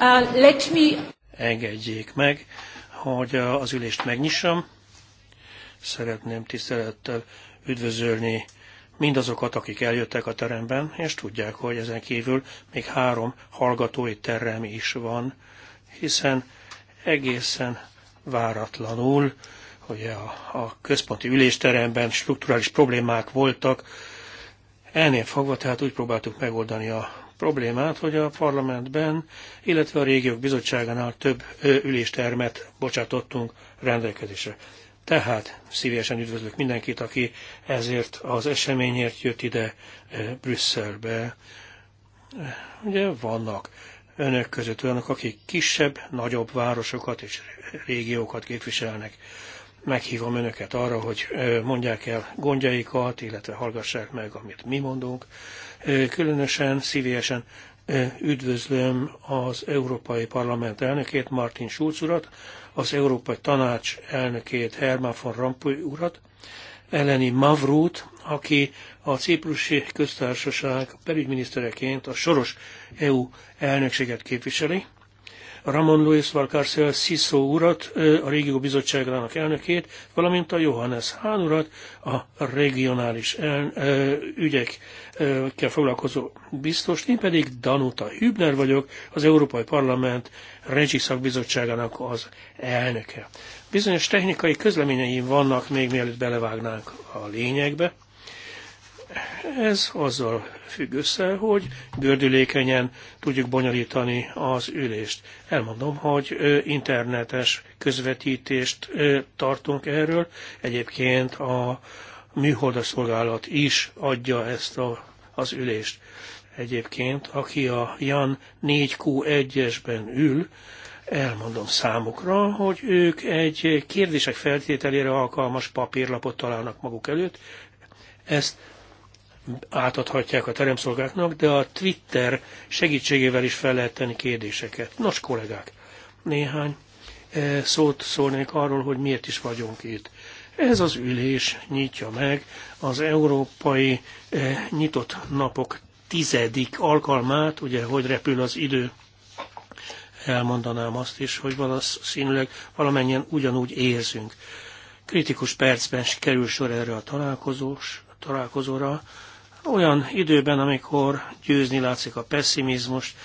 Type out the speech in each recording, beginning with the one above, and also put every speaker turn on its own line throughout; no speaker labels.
Uh, let me...
Engedjék meg, hogy uh, az ülést megnyissam. Szeretném tisztelettel üdvözölni mindazokat, akik eljöttek a teremben, és tudják, hogy ezen kívül még három hallgatói terem is van, hiszen egészen váratlanul, hogy a, a központi ülésteremben strukturális problémák voltak, ennél fogva tehát úgy próbáltuk megoldani a problémát, hogy a parlamentben, illetve a régiók bizottságánál több üléstermet bocsátottunk rendelkezésre. Tehát szívesen üdvözlök mindenkit, aki ezért az eseményért jött ide Brüsszelbe. Ugye vannak önök között olyanok, akik kisebb, nagyobb városokat és régiókat képviselnek meghívom önöket arra, hogy mondják el gondjaikat, illetve hallgassák meg, amit mi mondunk. Különösen, szívélyesen üdvözlöm az Európai Parlament elnökét, Martin Schulz urat, az Európai Tanács elnökét, Herman von Rompuy urat, Eleni Mavrút, aki a Ciprusi Köztársaság belügyminisztereként a soros EU elnökséget képviseli, Ramon Luis Valcárcel Sziszó urat, a régió bizottságának elnökét, valamint a Johannes Hán urat, a regionális el, ügyekkel foglalkozó biztos, én pedig Danuta Hübner vagyok, az Európai Parlament Regi Szakbizottságának az elnöke. Bizonyos technikai közleményeim vannak, még mielőtt belevágnánk a lényegbe. Ez azzal függ össze, hogy gördülékenyen tudjuk bonyolítani az ülést. Elmondom, hogy internetes közvetítést tartunk erről. Egyébként a műholdaszolgálat is adja ezt a, az ülést. Egyébként, aki a Jan 4Q1-esben ül, elmondom számukra, hogy ők egy kérdések feltételére alkalmas papírlapot találnak maguk előtt, ezt átadhatják a teremszolgáknak, de a Twitter segítségével is fel lehet tenni kérdéseket. Nos, kollégák, néhány eh, szót szólnék arról, hogy miért is vagyunk itt. Ez az ülés nyitja meg az európai eh, nyitott napok tizedik alkalmát, ugye, hogy repül az idő. Elmondanám azt is, hogy valószínűleg valamennyien ugyanúgy érzünk. Kritikus percben kerül sor erre a találkozós, találkozóra, olyan időben, amikor győzni látszik a pessimizmust,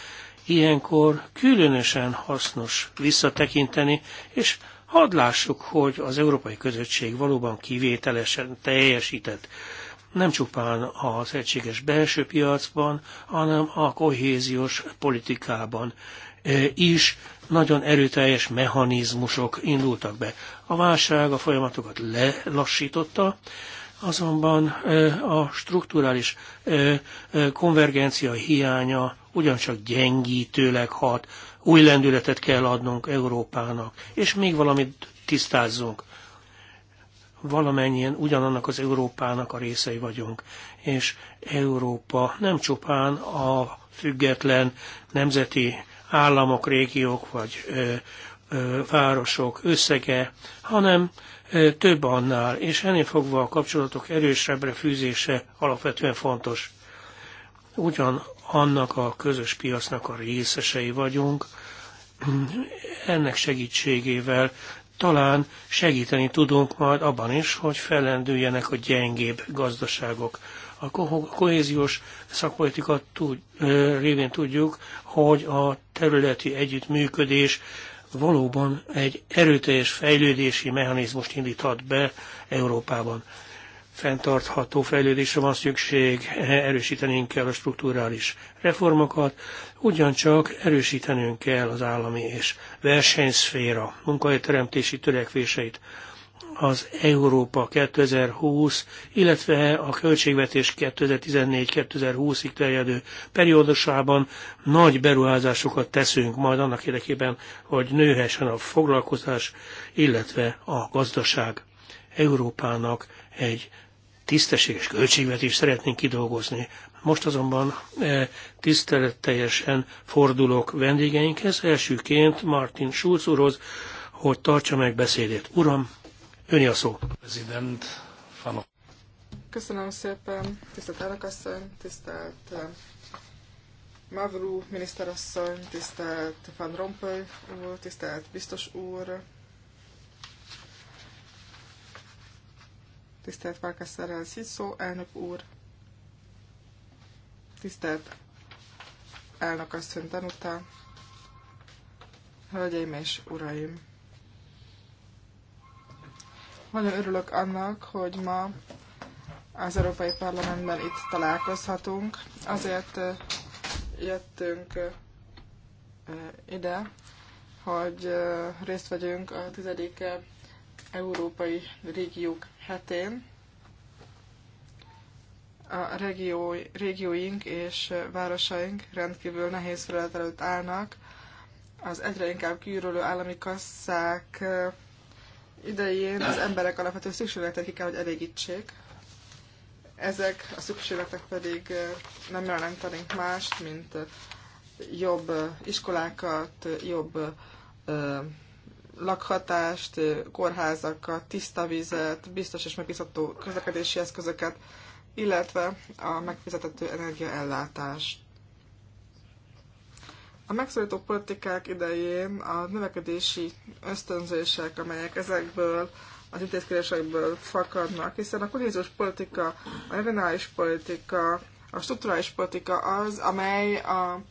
ilyenkor különösen hasznos visszatekinteni, és hadd lássuk, hogy az európai közösség valóban kivételesen teljesített. Nem csupán az egységes belső piacban, hanem a kohéziós politikában e, is nagyon erőteljes mechanizmusok indultak be. A válság a folyamatokat lelassította, Azonban a strukturális konvergencia hiánya ugyancsak gyengítőleg hat, új lendületet kell adnunk Európának, és még valamit tisztázzunk. Valamennyien ugyanannak az Európának a részei vagyunk, és Európa nem csupán a független nemzeti államok, régiók vagy ö, ö, városok összege, hanem több annál, és ennél fogva a kapcsolatok erősebbre fűzése alapvetően fontos. Ugyan annak a közös piacnak a részesei vagyunk, ennek segítségével talán segíteni tudunk majd abban is, hogy fellendüljenek a gyengébb gazdaságok. A kohéziós szakpolitika tud, révén tudjuk, hogy a területi együttműködés valóban egy erőteljes fejlődési mechanizmust indíthat be Európában. Fentartható fejlődésre van szükség, erősítenünk kell a strukturális reformokat, ugyancsak erősítenünk kell az állami és versenyszféra munkahelyteremtési törekvéseit az Európa 2020, illetve a költségvetés 2014-2020-ig terjedő periódusában nagy beruházásokat teszünk majd annak érdekében, hogy nőhessen a foglalkozás, illetve a gazdaság. Európának egy tisztességes költségvetést szeretnénk kidolgozni. Most azonban e, tiszteletteljesen fordulok vendégeinkhez, elsőként Martin Schulz úrhoz, hogy tartsa meg beszédét. Uram, Öni a szó.
Köszönöm szépen, tisztelt elnökasszony, tisztelt eh, Mavrú miniszterasszony, tisztelt Van Rompuy úr, tisztelt biztos úr, tisztelt Válkászerrel Sziszó elnök úr, tisztelt elnökasszony tanúta, hölgyeim és uraim! Nagyon örülök annak, hogy ma az Európai Parlamentben itt találkozhatunk. Azért jöttünk ide, hogy részt vegyünk a tizedik Európai Régiók hetén. A régió, régióink és városaink rendkívül nehéz feladat előtt állnak. Az egyre inkább kiürülő állami kasszák idején az emberek alapvető szükségleteit ki kell, hogy elégítsék. Ezek a szükségletek pedig nem jelentenénk mást, mint jobb iskolákat, jobb lakhatást, kórházakat, tiszta vizet, biztos és megbízható közlekedési eszközöket, illetve a megfizethető energiaellátást. A megszorító politikák idején a növekedési ösztönzések, amelyek ezekből az intézkedésekből fakadnak, hiszen a kohéziós politika, a regionális politika, a strukturális politika az, amely a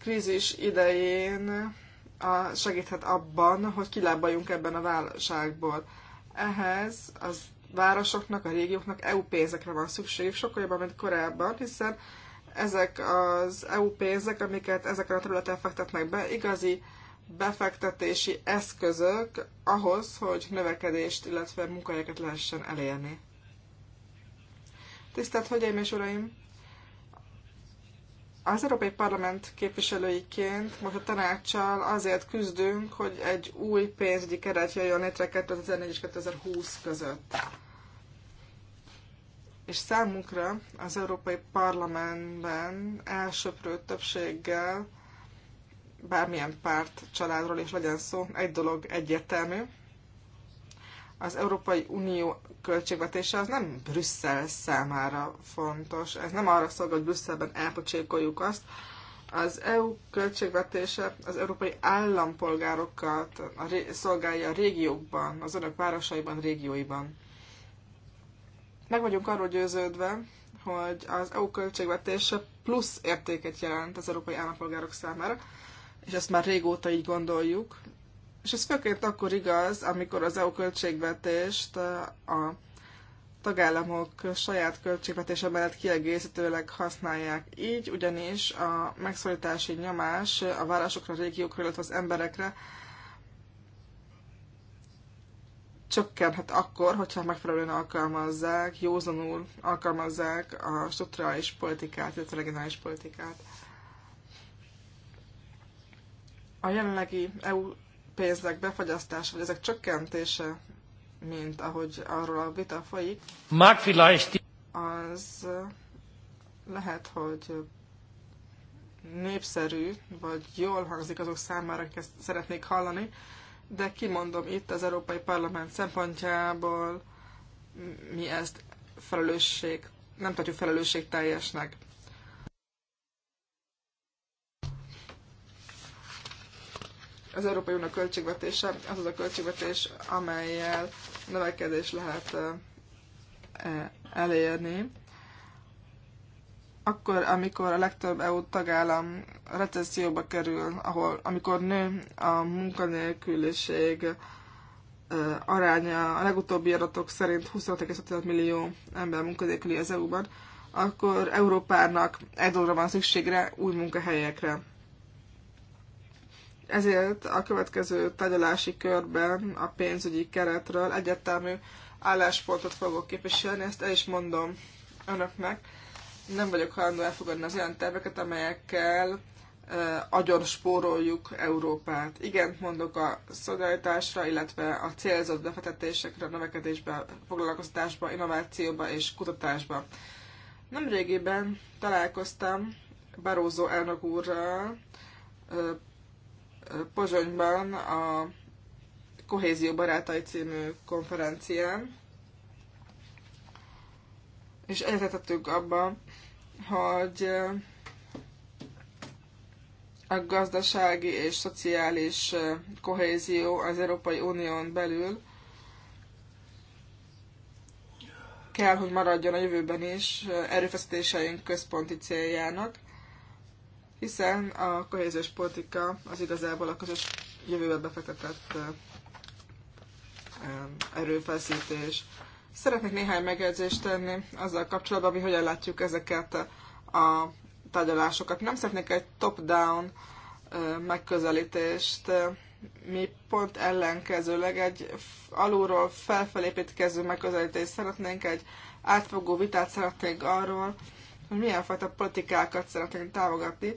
krízis idején a, segíthet abban, hogy kilábaljunk ebben a válságból. Ehhez az városoknak, a régióknak EU pénzekre van szükségük, sokkal jobban, mint korábban, hiszen ezek az EU pénzek, amiket ezeken a területen fektetnek be, igazi befektetési eszközök ahhoz, hogy növekedést, illetve munkahelyeket lehessen elérni. Tisztelt Hölgyeim és Uraim! Az Európai Parlament képviselőiként most a tanácssal azért küzdünk, hogy egy új pénzügyi keret jöjjön létre 2014 és 2020 között és számunkra az Európai Parlamentben elsöprő többséggel bármilyen párt családról is legyen szó, egy dolog egyértelmű. Az Európai Unió költségvetése az nem Brüsszel számára fontos. Ez nem arra szolgál, hogy Brüsszelben elpocsékoljuk azt. Az EU költségvetése az európai állampolgárokat szolgálja a régiókban, az önök városaiban, régióiban. Meg vagyunk arról győződve, hogy az EU költségvetése plusz értéket jelent az európai állampolgárok számára, és ezt már régóta így gondoljuk. És ez főként akkor igaz, amikor az EU költségvetést a tagállamok saját költségvetése mellett kiegészítőleg használják. Így ugyanis a megszorítási nyomás a városokra, a régiókra, illetve az emberekre csökkenhet akkor, hogyha megfelelően alkalmazzák, józanul alkalmazzák a strukturális politikát, illetve a regionális politikát. A jelenlegi EU pénzek befagyasztása, vagy ezek csökkentése, mint ahogy arról a vita folyik, az lehet, hogy népszerű, vagy jól hangzik azok számára, akik ezt szeretnék hallani, de kimondom itt az Európai Parlament szempontjából, mi ezt felelősség, nem tartjuk teljesnek. Az Európai Unió költségvetése az az a költségvetés, amelyel növekedés lehet eh, elérni akkor, amikor a legtöbb EU tagállam recesszióba kerül, ahol, amikor nő a munkanélküliség aránya, a legutóbbi adatok szerint 26,5 millió ember munkanélküli az EU-ban, akkor Európának egy dologra van szükségre, új munkahelyekre. Ezért a következő tagyalási körben a pénzügyi keretről egyértelmű álláspontot fogok képviselni, ezt el is mondom önöknek nem vagyok hajlandó elfogadni az olyan terveket, amelyekkel agyon spóroljuk Európát. Igen, mondok a szolidaritásra, illetve a célzott befektetésekre, növekedésbe, foglalkoztatásba, innovációba és kutatásba. Nemrégiben találkoztam Barózó elnök úrral Pozsonyban a Kohézió Barátai című konferencián, és egyetettük abban, hogy a gazdasági és szociális kohézió az Európai Unión belül kell, hogy maradjon a jövőben is erőfeszítéseink központi céljának, hiszen a kohéziós politika az igazából a közös jövőbe befektetett erőfeszítés. Szeretnék néhány megjegyzést tenni azzal kapcsolatban, hogy hogyan látjuk ezeket a tárgyalásokat. Nem szeretnék egy top-down megközelítést. Mi pont ellenkezőleg egy alulról felfelépítkező megközelítést szeretnénk, egy átfogó vitát szeretnénk arról, hogy milyen fajta politikákat szeretnénk támogatni.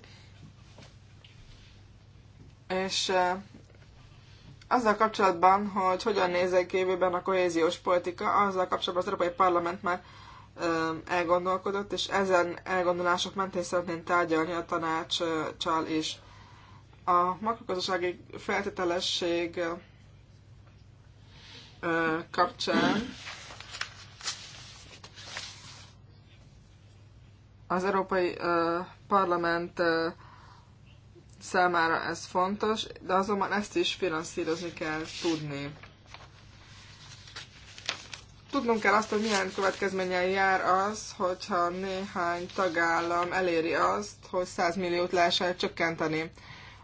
És azzal kapcsolatban, hogy hogyan nézek jövőben a kohéziós politika, azzal kapcsolatban az Európai Parlament már elgondolkodott, és ezen elgondolások mentén szeretném tárgyalni a tanácssal is. A makrogazdasági feltételesség kapcsán az Európai Parlament számára ez fontos, de azonban ezt is finanszírozni kell tudni. Tudnunk kell azt, hogy milyen következménnyel jár az, hogyha néhány tagállam eléri azt, hogy 100 milliót lehessen csökkenteni.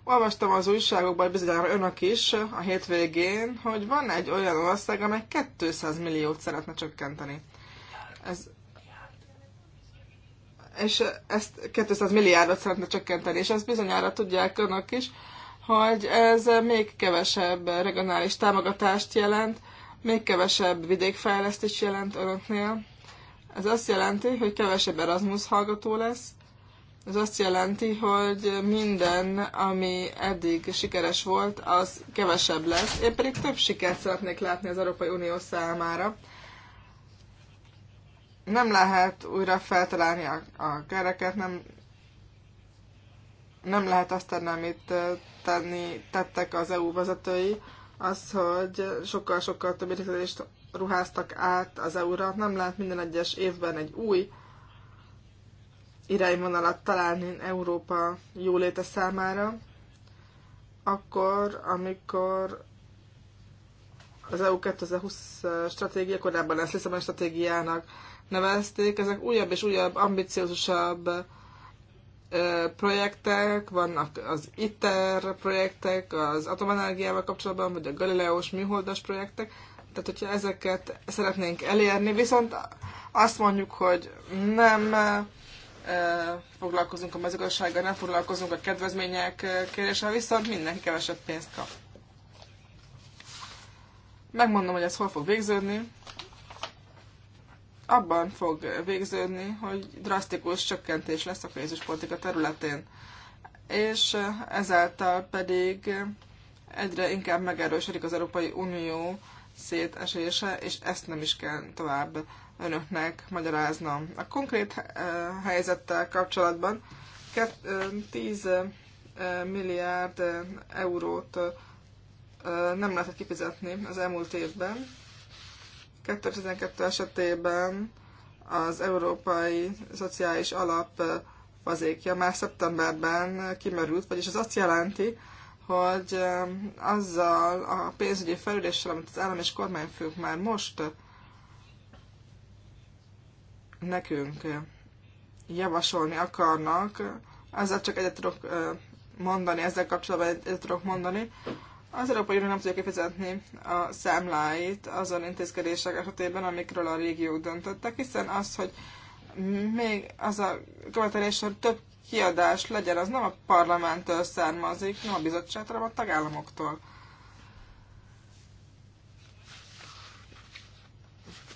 Olvastam az újságokban, bizonyára önök is a hétvégén, hogy van egy olyan ország, amely 200 milliót szeretne csökkenteni. Ez és ezt 200 milliárdot szeretne csökkenteni, és ezt bizonyára tudják önök is, hogy ez még kevesebb regionális támogatást jelent, még kevesebb vidékfejlesztés jelent önöknél. Ez azt jelenti, hogy kevesebb Erasmus hallgató lesz, ez azt jelenti, hogy minden, ami eddig sikeres volt, az kevesebb lesz. Én pedig több sikert szeretnék látni az Európai Unió számára. Nem lehet újra feltalálni a, a kereket, nem, nem lehet azt tenni, amit tenni, tettek az EU vezetői, az, hogy sokkal-sokkal több érkezést ruháztak át az EU-ra. Nem lehet minden egyes évben egy új irányvonalat találni Európa jóléte számára, akkor, amikor az EU 2020 stratégia korábban lesz a stratégiának nevezték, ezek újabb és újabb, ambiciózusabb projektek, vannak az ITER projektek, az atomenergiával kapcsolatban, vagy a Galileos műholdas projektek, tehát hogyha ezeket szeretnénk elérni, viszont azt mondjuk, hogy nem foglalkozunk a mezőgazdasággal, nem foglalkozunk a kedvezmények kérésével, viszont mindenki kevesebb pénzt kap. Megmondom, hogy ez hol fog végződni abban fog végződni, hogy drasztikus csökkentés lesz a politika területén. És ezáltal pedig egyre inkább megerősödik az Európai Unió szétesése, és ezt nem is kell tovább önöknek magyaráznom. A konkrét eh, helyzettel kapcsolatban 10 eh, eh, milliárd eurót nem lehetett kifizetni az elmúlt évben, 2012 esetében az Európai Szociális Alap fazékja már szeptemberben kimerült, vagyis az azt jelenti, hogy azzal a pénzügyi felüléssel, amit az állam és kormányfők már most nekünk javasolni akarnak, ezzel csak egyet tudok mondani, ezzel kapcsolatban egyet tudok mondani, az Európai Unió nem tudja kifizetni a számláit azon intézkedések esetében, amikről a régiók döntöttek, hiszen az, hogy még az a követelés, hogy több kiadás legyen, az nem a parlamenttől származik, nem a bizottságtól, hanem a tagállamoktól.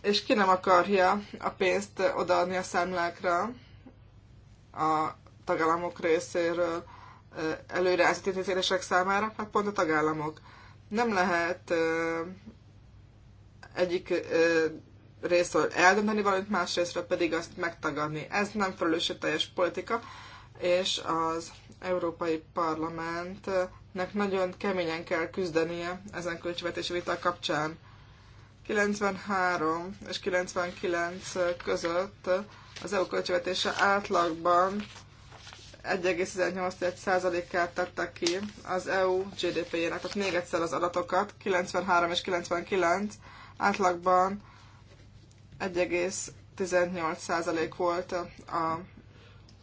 És ki nem akarja a pénzt odaadni a számlákra a tagállamok részéről előre intézkedések számára, hát pont a tagállamok. Nem lehet egyik részről eldönteni valamit, más részről pedig azt megtagadni. Ez nem teljes politika, és az Európai Parlamentnek nagyon keményen kell küzdenie ezen költségvetési vita kapcsán. 93 és 99 között az EU költségvetése átlagban 1,18%-át tettek ki az EU GDP-jének. Tehát még egyszer az adatokat, 93 és 99 átlagban 1,18% volt a,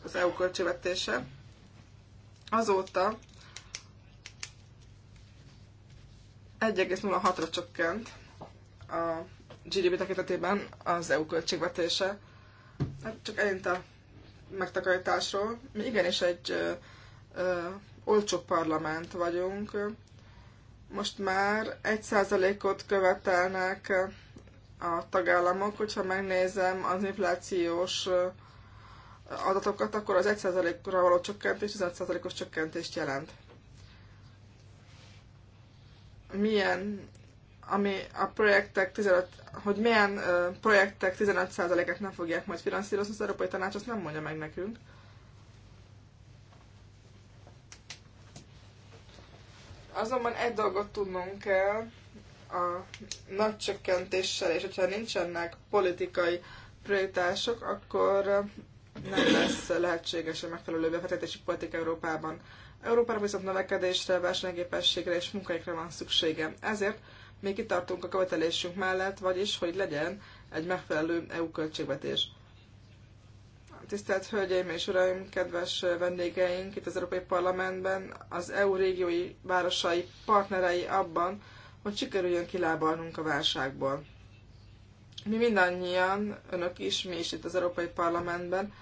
az EU költségvetése. Azóta 1,06-ra csökkent a GDP tekintetében az EU költségvetése. Hát csak elint a megtakarításról. Mi igenis egy ö, ö, olcsó parlament vagyunk. Most már egy százalékot követelnek a tagállamok, hogyha megnézem az inflációs adatokat, akkor az 1%-ra való csökkentés 15%-os csökkentést jelent. Milyen ami a projektek 15, hogy milyen projektek 15%-et nem fogják majd finanszírozni, az Európai Tanács azt nem mondja meg nekünk. Azonban egy dolgot tudnunk kell, a nagy csökkentéssel, és hogyha nincsenek politikai prioritások, akkor nem lesz lehetséges a megfelelő befektetési politika Európában. Európára viszont növekedésre, versenyképességre és munkaikra van szüksége. Ezért mi kitartunk a követelésünk mellett, vagyis, hogy legyen egy megfelelő EU költségvetés. Tisztelt Hölgyeim és Uraim, kedves vendégeink itt az Európai Parlamentben, az EU régiói városai partnerei abban, hogy sikerüljön kilábalnunk a válságból. Mi mindannyian, önök is, mi is itt az Európai Parlamentben,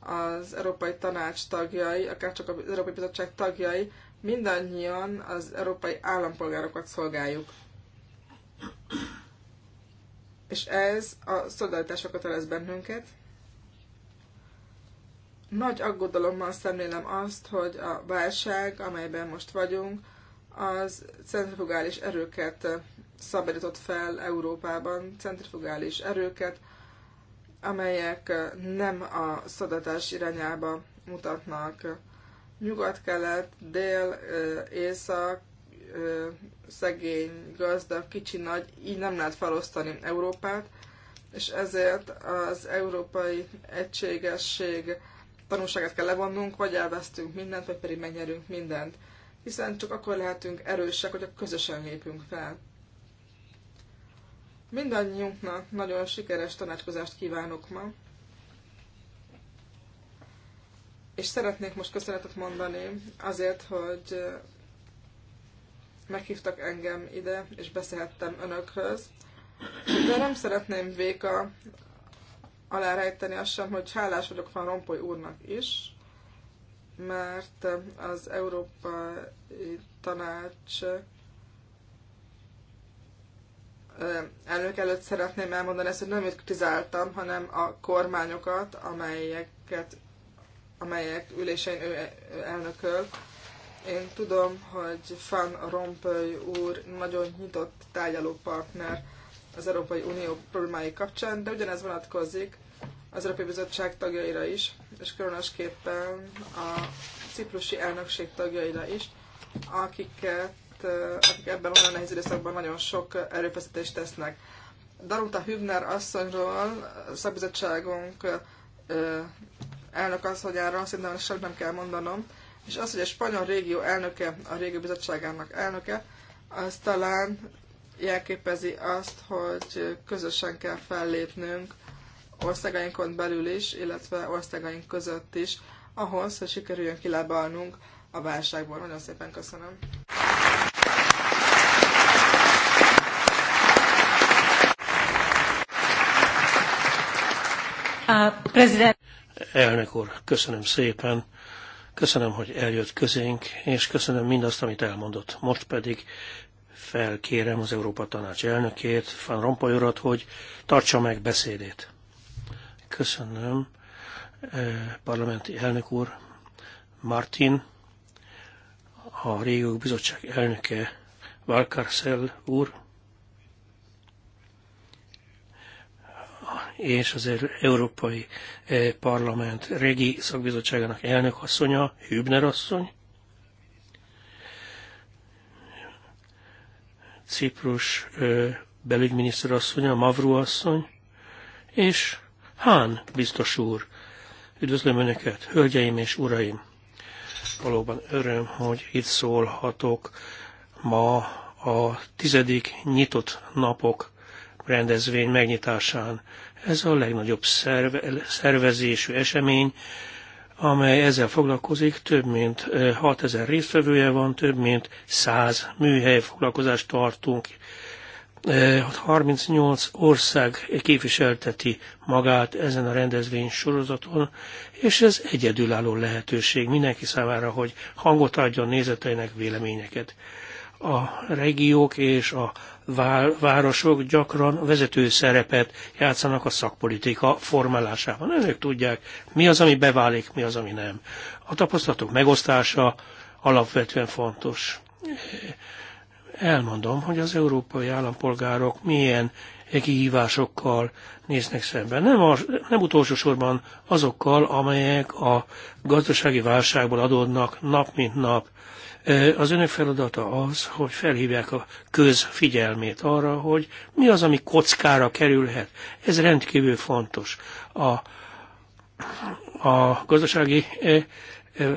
az Európai Tanács tagjai, akár csak az Európai Bizottság tagjai, mindannyian az európai állampolgárokat szolgáljuk. És ez a szolidaritásra kötelez bennünket. Nagy aggodalommal szemlélem azt, hogy a válság, amelyben most vagyunk, az centrifugális erőket szabadított fel Európában, centrifugális erőket, amelyek nem a szadatás irányába mutatnak. Nyugat-kelet, dél, észak, szegény, gazdag, kicsi, nagy, így nem lehet felosztani Európát, és ezért az európai egységesség tanulságát kell levonnunk, vagy elvesztünk mindent, vagy pedig megnyerünk mindent. Hiszen csak akkor lehetünk erősek, hogyha közösen lépünk fel. Mindannyiunknak nagyon sikeres tanácskozást kívánok ma. És szeretnék most köszönetet mondani azért, hogy meghívtak engem ide, és beszélhettem önökhöz. De nem szeretném véka alárejteni azt sem, hogy hálás vagyok Van Rompoly úrnak is, mert az Európai Tanács elnök előtt szeretném elmondani ezt, hogy nem őt kritizáltam, hanem a kormányokat, amelyeket, amelyek ülésein ő elnököl, én tudom, hogy Van Rompuy úr nagyon nyitott partner, az Európai Unió problémái kapcsán, de ugyanez vonatkozik az Európai Bizottság tagjaira is, és különösképpen a ciprusi elnökség tagjaira is, akiket, akik ebben olyan nehéz időszakban nagyon sok erőfeszítést tesznek. Daruta Hübner asszonyról, szakbizottságunk elnök asszonyáról szerintem semmit nem kell mondanom, és az, hogy a spanyol régió elnöke, a régió bizottságának elnöke, az talán jelképezi azt, hogy közösen kell fellépnünk országainkon belül is, illetve országaink között is, ahhoz, hogy sikerüljön kilábalnunk a válságból. Nagyon szépen köszönöm.
Elnök úr, köszönöm szépen. Köszönöm, hogy eljött közénk, és köszönöm mindazt, amit elmondott. Most pedig felkérem az Európa Tanács elnökét, Van Rompuy urat, hogy tartsa meg beszédét. Köszönöm, eh, parlamenti elnök úr, Martin, a Régiók Bizottság elnöke, Valkarszel úr, és az Európai eh, Parlament régi szakbizottságának asszonya, Hübner asszony, Ciprus eh, belügyminiszter asszonya, Mavru asszony, és Hán biztos úr. Üdvözlöm Önöket, hölgyeim és uraim! Valóban öröm, hogy itt szólhatok ma a tizedik nyitott napok rendezvény megnyitásán. Ez a legnagyobb szervezésű esemény, amely ezzel foglalkozik, több mint 6000 résztvevője van, több mint 100 műhely foglalkozást tartunk. 38 ország képviselteti magát ezen a rendezvény sorozaton, és ez egyedülálló lehetőség mindenki számára, hogy hangot adjon nézeteinek, véleményeket a regiók és a városok gyakran vezető szerepet játszanak a szakpolitika formálásában. Önök tudják, mi az, ami beválik, mi az, ami nem. A tapasztalatok megosztása alapvetően fontos. Elmondom, hogy az európai állampolgárok milyen kihívásokkal néznek szemben. Nem, az, nem utolsó sorban azokkal, amelyek a gazdasági válságból adódnak nap mint nap az önök feladata az, hogy felhívják a közfigyelmét arra, hogy mi az, ami kockára kerülhet. Ez rendkívül fontos. A, a gazdasági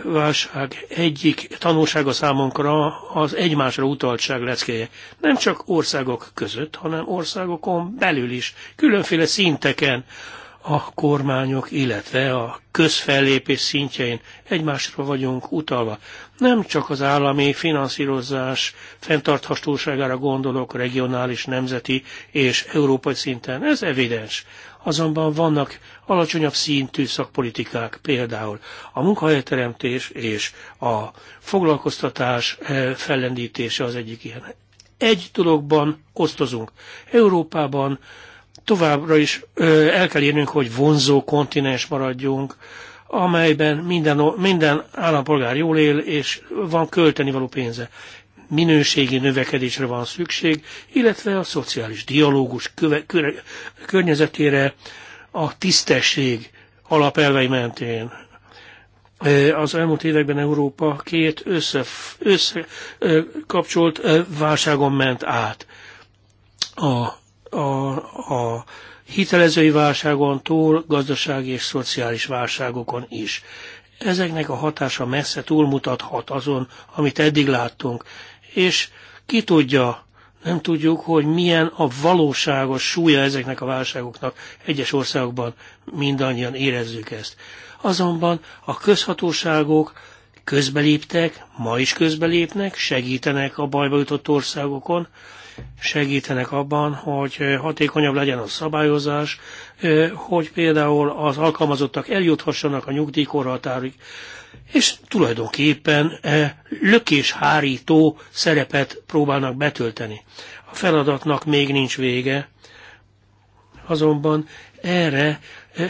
válság egyik tanulsága számunkra az egymásra utaltság leckéje. Nem csak országok között, hanem országokon belül is, különféle szinteken a kormányok, illetve a közfellépés szintjein egymásra vagyunk utalva. Nem csak az állami finanszírozás fenntarthatóságára gondolok regionális, nemzeti és európai szinten, ez evidens. Azonban vannak alacsonyabb szintű szakpolitikák, például a munkahelyteremtés és a foglalkoztatás eh, fellendítése az egyik ilyen. Egy dologban osztozunk. Európában Továbbra is el kell érnünk, hogy vonzó kontinens maradjunk, amelyben minden, minden állampolgár jól él, és van költeni való pénze. Minőségi növekedésre van szükség, illetve a szociális dialógus köve, köre, környezetére, a tisztesség alapelvei mentén. Az elmúlt években Európa két összekapcsolt össze, válságon ment át. A a, a hitelezői válságon túl gazdasági és szociális válságokon is. Ezeknek a hatása messze túlmutathat azon, amit eddig láttunk, és ki tudja, nem tudjuk, hogy milyen a valóságos súlya ezeknek a válságoknak. Egyes országokban mindannyian érezzük ezt. Azonban a közhatóságok közbeléptek, ma is közbelépnek, segítenek a bajba jutott országokon, segítenek abban, hogy hatékonyabb legyen a szabályozás, hogy például az alkalmazottak eljuthassanak a nyugdíjkorhatárig, és tulajdonképpen lökéshárító szerepet próbálnak betölteni. A feladatnak még nincs vége, azonban erre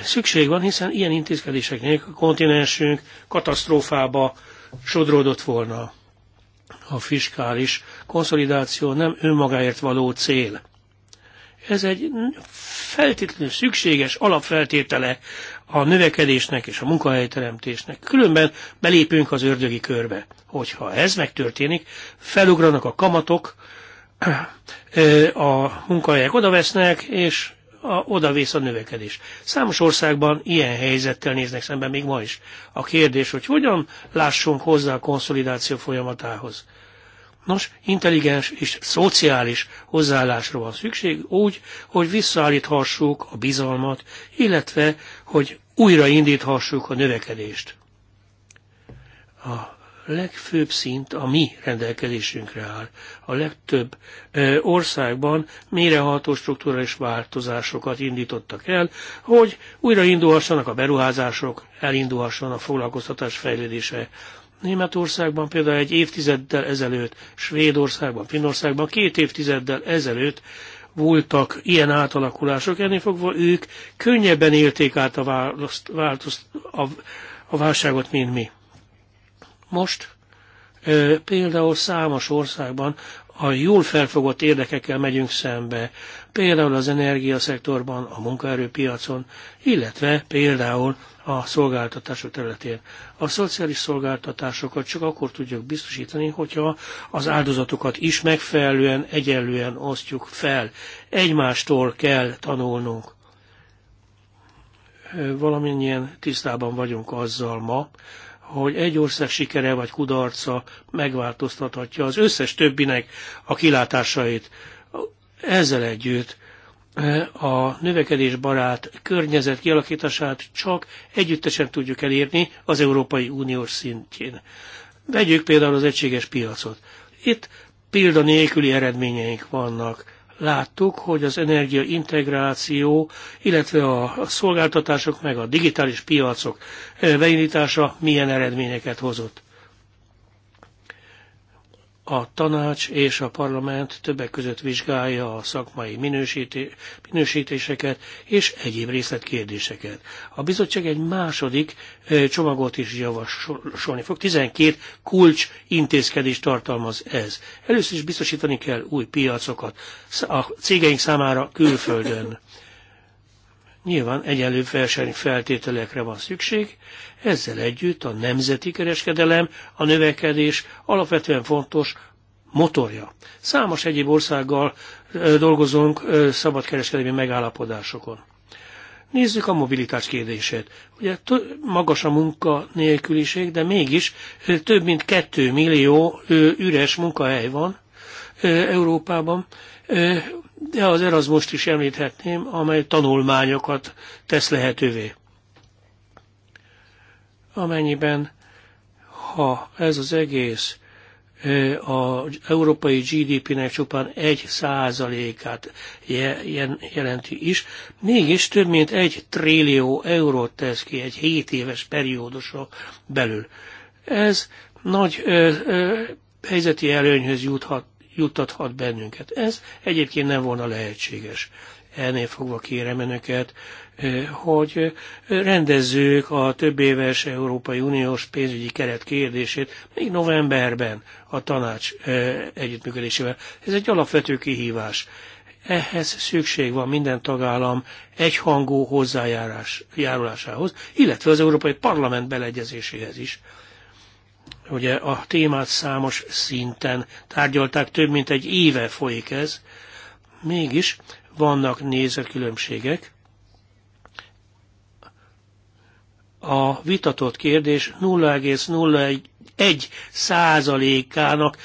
szükség van, hiszen ilyen intézkedések nélkül a kontinensünk katasztrófába sodródott volna a fiskális konszolidáció nem önmagáért való cél. Ez egy feltétlenül szükséges alapfeltétele a növekedésnek és a munkahelyteremtésnek. Különben belépünk az ördögi körbe. Hogyha ez megtörténik, felugranak a kamatok, a munkahelyek odavesznek, és a, oda a növekedés. Számos országban ilyen helyzettel néznek szemben még ma is. A kérdés, hogy hogyan lássunk hozzá a konszolidáció folyamatához. Nos, intelligens és szociális hozzáállásra van szükség úgy, hogy visszaállíthassuk a bizalmat, illetve, hogy újraindíthassuk a növekedést. A legfőbb szint a mi rendelkezésünkre áll. A legtöbb országban méreható struktúrális változásokat indítottak el, hogy újraindulhassanak a beruházások, elindulhasson a foglalkoztatás fejlődése. Németországban például egy évtizeddel ezelőtt, Svédországban, Finnországban két évtizeddel ezelőtt voltak ilyen átalakulások, ennél fogva ők könnyebben élték át a, választ, változt, a, a válságot, mint mi. Most például számos országban a jól felfogott érdekekkel megyünk szembe, például az energiaszektorban, a munkaerőpiacon, illetve például a szolgáltatások területén. A szociális szolgáltatásokat csak akkor tudjuk biztosítani, hogyha az áldozatokat is megfelelően, egyenlően osztjuk fel. Egymástól kell tanulnunk. Valamennyien tisztában vagyunk azzal ma, hogy egy ország sikere vagy kudarca megváltoztathatja az összes többinek a kilátásait. Ezzel együtt eh, a növekedésbarát környezet kialakítását csak együttesen tudjuk elérni az Európai Uniós szintjén. Vegyük például az egységes piacot. Itt példa nélküli eredményeink vannak láttuk, hogy az energiaintegráció, illetve a szolgáltatások meg a digitális piacok beindítása milyen eredményeket hozott a tanács és a parlament többek között vizsgálja a szakmai minősítéseket és egyéb részletkérdéseket. A bizottság egy második csomagot is javasolni fog. 12 kulcs intézkedés tartalmaz ez. Először is biztosítani kell új piacokat a cégeink számára külföldön. Nyilván egyenlő feltételekre van szükség, ezzel együtt a nemzeti kereskedelem, a növekedés alapvetően fontos motorja. Számos egyéb országgal dolgozunk szabadkereskedelmi megállapodásokon. Nézzük a mobilitás kérdését. Ugye magas a munka nélküliség, de mégis több mint 2 millió üres munkahely van Európában de az erasmus most is említhetném, amely tanulmányokat tesz lehetővé. Amennyiben, ha ez az egész az európai GDP-nek csupán egy százalékát jelenti is, mégis több mint egy trillió eurót tesz ki egy 7 éves periódusra belül. Ez nagy ö, ö, helyzeti előnyhöz juthat, juttathat bennünket. Ez egyébként nem volna lehetséges. Ennél fogva kérem önöket, eh, hogy eh, rendezzük a több éves Európai Uniós pénzügyi keret kérdését még novemberben a tanács eh, együttműködésével. Ez egy alapvető kihívás. Ehhez szükség van minden tagállam egyhangú hozzájárulásához, illetve az Európai Parlament beleegyezéséhez is. Ugye a témát számos szinten tárgyalták, több mint egy éve folyik ez, mégis vannak nézetkülönbségek. A vitatott kérdés 0,01 százalékának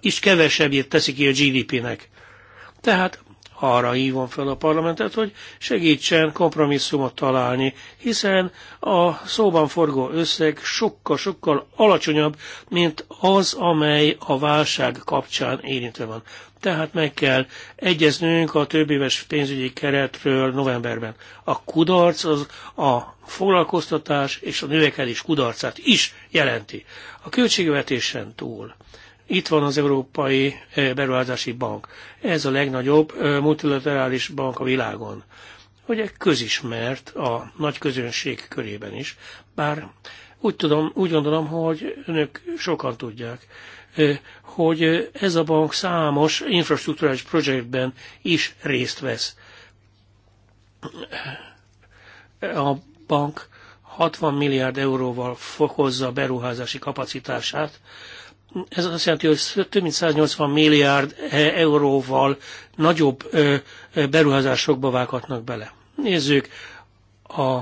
is kevesebbét teszi ki a GDP-nek. Tehát arra hívom fel a parlamentet, hogy segítsen kompromisszumot találni, hiszen a szóban forgó összeg sokkal-sokkal alacsonyabb, mint az, amely a válság kapcsán érintve van. Tehát meg kell egyeznünk a több éves pénzügyi keretről novemberben. A kudarc az a foglalkoztatás és a növekedés kudarcát is jelenti. A költségvetésen túl itt van az Európai Beruházási Bank. Ez a legnagyobb multilaterális bank a világon. Ugye közismert a nagy közönség körében is, bár úgy, tudom, úgy gondolom, hogy önök sokan tudják, hogy ez a bank számos infrastruktúrális projektben is részt vesz. A bank 60 milliárd euróval fokozza beruházási kapacitását, ez azt jelenti, hogy több mint 180 milliárd eh, euróval nagyobb eh, eh, beruházásokba vághatnak bele. Nézzük a,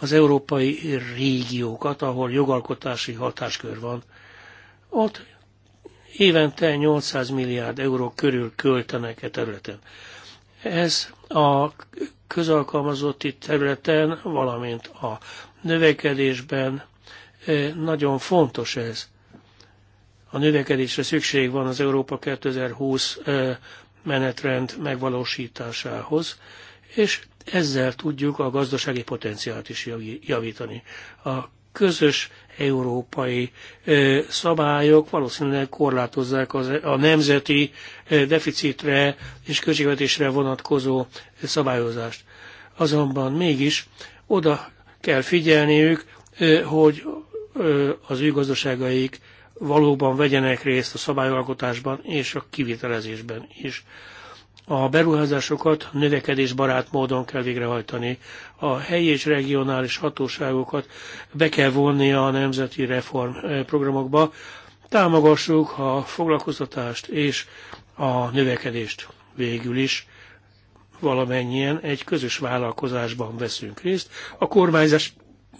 az európai régiókat, ahol jogalkotási hatáskör van. Ott évente 800 milliárd euró körül költenek e területen. Ez a közalkalmazotti területen, valamint a növekedésben nagyon fontos ez a növekedésre szükség van az Európa 2020 menetrend megvalósításához, és ezzel tudjuk a gazdasági potenciált is javítani. A közös európai szabályok valószínűleg korlátozzák a nemzeti deficitre és költségvetésre vonatkozó szabályozást. Azonban mégis oda kell figyelniük, hogy az ő gazdaságaik valóban vegyenek részt a szabályalkotásban és a kivitelezésben is. A beruházásokat növekedésbarát módon kell végrehajtani. A helyi és regionális hatóságokat be kell vonni a nemzeti reformprogramokba. Eh, Támogassuk a foglalkoztatást és a növekedést végül is valamennyien egy közös vállalkozásban veszünk részt. A kormányzás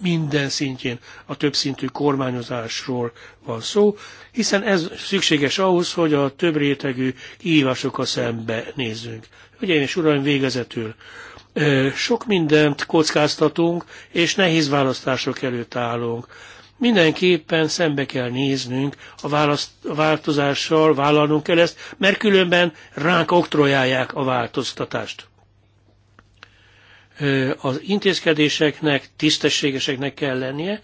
minden szintjén a többszintű kormányozásról van szó, hiszen ez szükséges ahhoz, hogy a több rétegű kihívásokkal szembe nézzünk. Hölgyeim és uraim, végezetül sok mindent kockáztatunk, és nehéz választások előtt állunk. Mindenképpen szembe kell néznünk a, választ, a változással, vállalnunk kell ezt, mert különben ránk oktrojálják a változtatást az intézkedéseknek tisztességeseknek kell lennie,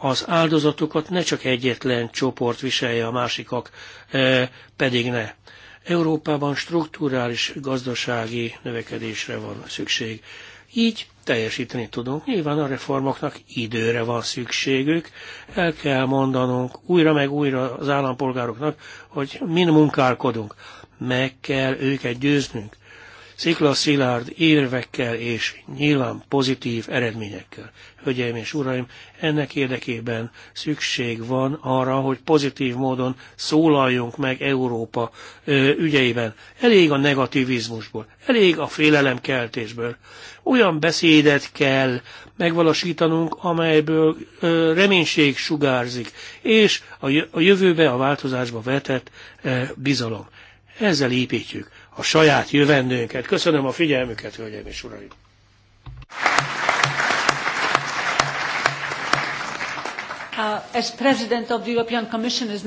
az áldozatokat ne csak egyetlen csoport viselje, a másikak pedig ne. Európában strukturális gazdasági növekedésre van szükség. Így teljesíteni tudunk. Nyilván a reformoknak időre van szükségük. El kell mondanunk újra meg újra az állampolgároknak, hogy min munkálkodunk. Meg kell őket győznünk sziklaszilárd érvekkel és nyilván pozitív eredményekkel. Hölgyeim és uraim, ennek érdekében szükség van arra, hogy pozitív módon szólaljunk meg Európa ügyeiben. Elég a negativizmusból, elég a félelemkeltésből. Olyan beszédet kell megvalósítanunk, amelyből reménység sugárzik, és a jövőbe, a változásba vetett bizalom. Ezzel építjük a saját jövendőnket. Köszönöm a figyelmüket, hölgyeim és uraim!
Uh,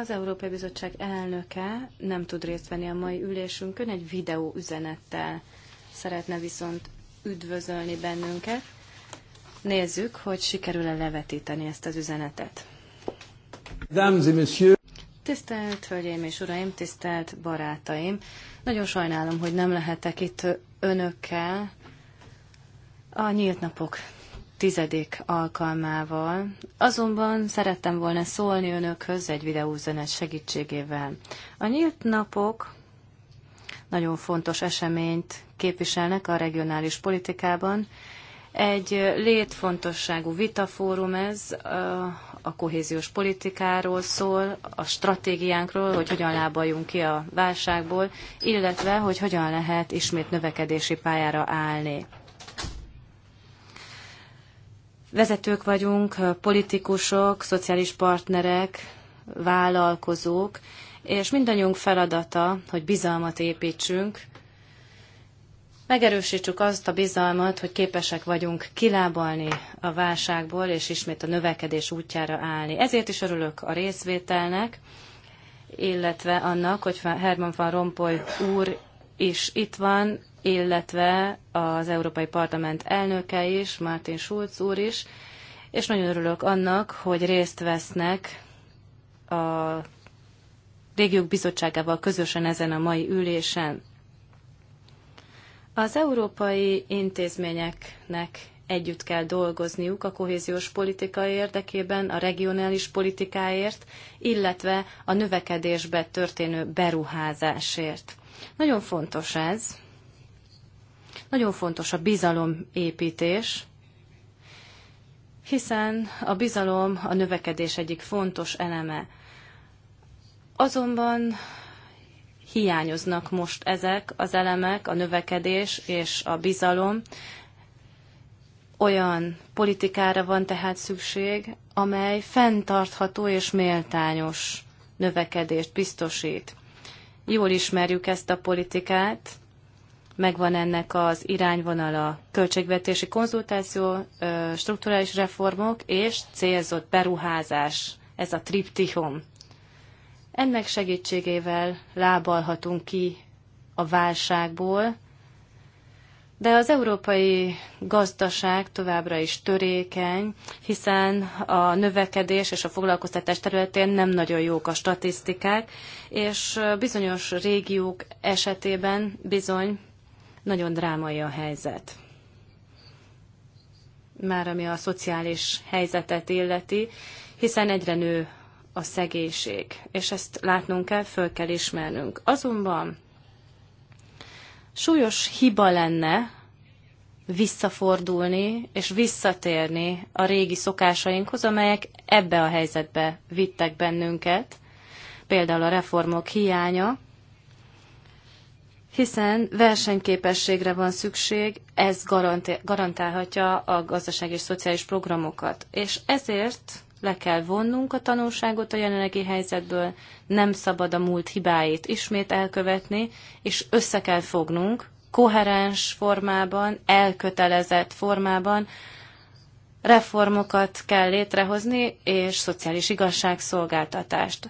az Európai Bizottság elnöke nem tud részt venni a mai ülésünkön, egy videó üzenettel szeretne viszont üdvözölni bennünket. Nézzük, hogy sikerül-e levetíteni ezt az üzenetet. Dames et messieurs, Tisztelt Hölgyeim és Uraim, tisztelt barátaim! Nagyon sajnálom, hogy nem lehetek itt önökkel a nyílt napok tizedik alkalmával. Azonban szerettem volna szólni önökhöz egy videózenet segítségével. A nyílt napok nagyon fontos eseményt képviselnek a regionális politikában, egy létfontosságú vitafórum ez, a kohéziós politikáról szól, a stratégiánkról, hogy hogyan lábaljunk ki a válságból, illetve, hogy hogyan lehet ismét növekedési pályára állni. Vezetők vagyunk, politikusok, szociális partnerek, vállalkozók, és mindannyiunk feladata, hogy bizalmat építsünk megerősítsük azt a bizalmat, hogy képesek vagyunk kilábalni a válságból, és ismét a növekedés útjára állni. Ezért is örülök a részvételnek, illetve annak, hogy Herman van Rompuy úr is itt van, illetve az Európai Parlament elnöke is, Martin Schulz úr is, és nagyon örülök annak, hogy részt vesznek a régiók bizottságával közösen ezen a mai ülésen. Az európai intézményeknek együtt kell dolgozniuk a kohéziós politika érdekében, a regionális politikáért, illetve a növekedésbe történő beruházásért. Nagyon fontos ez. Nagyon fontos a bizalomépítés, hiszen a bizalom a növekedés egyik fontos eleme. Azonban hiányoznak most ezek az elemek, a növekedés és a bizalom. Olyan politikára van tehát szükség, amely fenntartható és méltányos növekedést biztosít. Jól ismerjük ezt a politikát, megvan ennek az irányvonala költségvetési konzultáció, strukturális reformok és célzott beruházás. Ez a triptihom. Ennek segítségével lábalhatunk ki a válságból, de az európai gazdaság továbbra is törékeny, hiszen a növekedés és a foglalkoztatás területén nem nagyon jók a statisztikák, és bizonyos régiók esetében bizony nagyon drámai a helyzet. Már ami a szociális helyzetet illeti, hiszen egyre nő a szegénység, és ezt látnunk kell, föl kell ismernünk. Azonban súlyos hiba lenne visszafordulni és visszatérni a régi szokásainkhoz, amelyek ebbe a helyzetbe vittek bennünket, például a reformok hiánya, hiszen versenyképességre van szükség, ez garantálhatja a gazdaság és szociális programokat. És ezért le kell vonnunk a tanulságot a jelenlegi helyzetből, nem szabad a múlt hibáit ismét elkövetni, és össze kell fognunk koherens formában, elkötelezett formában, reformokat kell létrehozni, és szociális igazságszolgáltatást.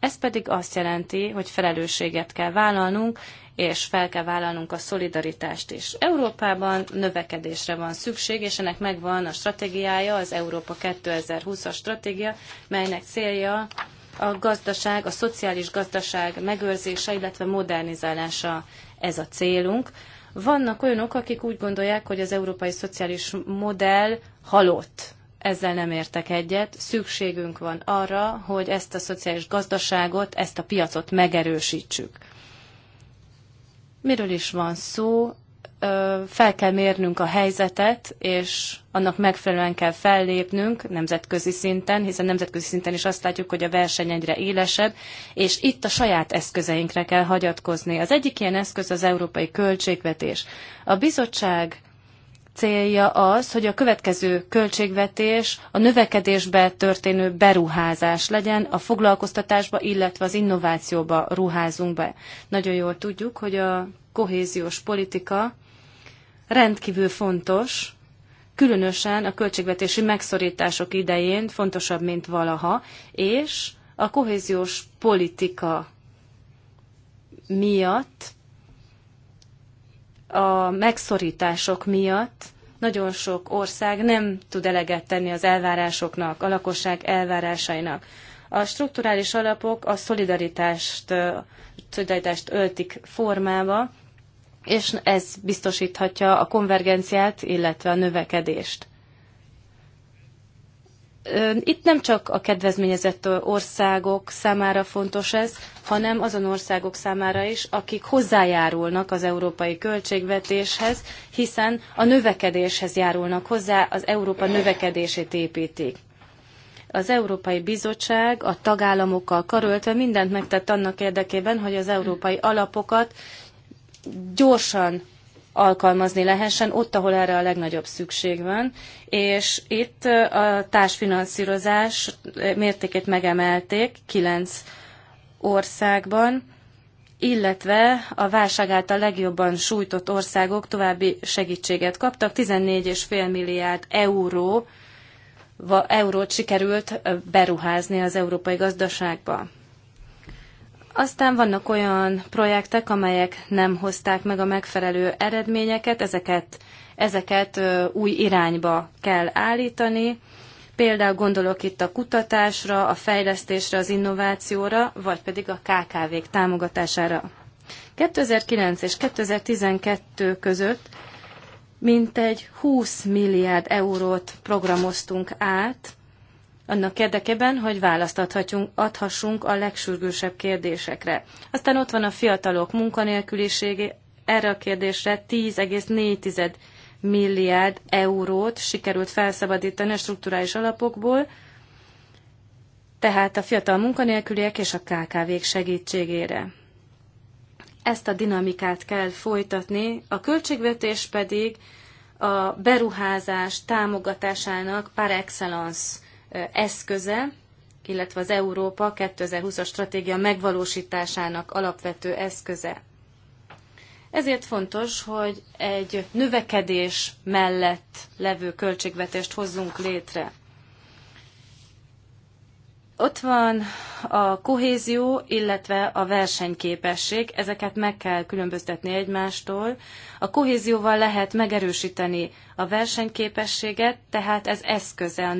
Ez pedig azt jelenti, hogy felelősséget kell vállalnunk, és fel kell vállalnunk a szolidaritást is. Európában növekedésre van szükség, és ennek megvan a stratégiája, az Európa 2020-as stratégia, melynek célja a gazdaság, a szociális gazdaság megőrzése, illetve modernizálása ez a célunk. Vannak olyanok, akik úgy gondolják, hogy az európai szociális modell halott. Ezzel nem értek egyet. Szükségünk van arra, hogy ezt a szociális gazdaságot, ezt a piacot megerősítsük. Miről is van szó? Fel kell mérnünk a helyzetet, és annak megfelelően kell fellépnünk nemzetközi szinten, hiszen nemzetközi szinten is azt látjuk, hogy a verseny egyre élesebb, és itt a saját eszközeinkre kell hagyatkozni. Az egyik ilyen eszköz az európai költségvetés. A bizottság célja az, hogy a következő költségvetés a növekedésbe történő beruházás legyen, a foglalkoztatásba, illetve az innovációba ruházunk be. Nagyon jól tudjuk, hogy a kohéziós politika rendkívül fontos, különösen a költségvetési megszorítások idején fontosabb, mint valaha, és a kohéziós politika miatt a megszorítások miatt nagyon sok ország nem tud eleget tenni az elvárásoknak, a lakosság elvárásainak. A strukturális alapok a szolidaritást, szolidaritást öltik formába, és ez biztosíthatja a konvergenciát, illetve a növekedést. Itt nem csak a kedvezményezett országok számára fontos ez, hanem azon országok számára is, akik hozzájárulnak az európai költségvetéshez, hiszen a növekedéshez járulnak hozzá, az Európa növekedését építik. Az Európai Bizottság a tagállamokkal karöltve mindent megtett annak érdekében, hogy az európai alapokat gyorsan alkalmazni lehessen ott, ahol erre a legnagyobb szükség van, és itt a társfinanszírozás mértékét megemelték kilenc országban, illetve a válság által legjobban sújtott országok további segítséget kaptak, 14,5 milliárd euró, eurót sikerült beruházni az európai gazdaságba. Aztán vannak olyan projektek, amelyek nem hozták meg a megfelelő eredményeket, ezeket, ezeket új irányba kell állítani. Például gondolok itt a kutatásra, a fejlesztésre, az innovációra, vagy pedig a KKV-k támogatására. 2009 és 2012 között mintegy 20 milliárd eurót programoztunk át annak érdekében, hogy választ adhatjunk, adhassunk a legsürgősebb kérdésekre. Aztán ott van a fiatalok munkanélkülisége, erre a kérdésre 10,4 milliárd eurót sikerült felszabadítani a strukturális alapokból, tehát a fiatal munkanélküliek és a KKV-k segítségére. Ezt a dinamikát kell folytatni, a költségvetés pedig a beruházás támogatásának par excellence eszköze, illetve az Európa 2020-as stratégia megvalósításának alapvető eszköze. Ezért fontos, hogy egy növekedés mellett levő költségvetést hozzunk létre. Ott van a kohézió, illetve a versenyképesség, ezeket meg kell különböztetni egymástól. A kohézióval lehet megerősíteni a versenyképességet, tehát ez eszköze a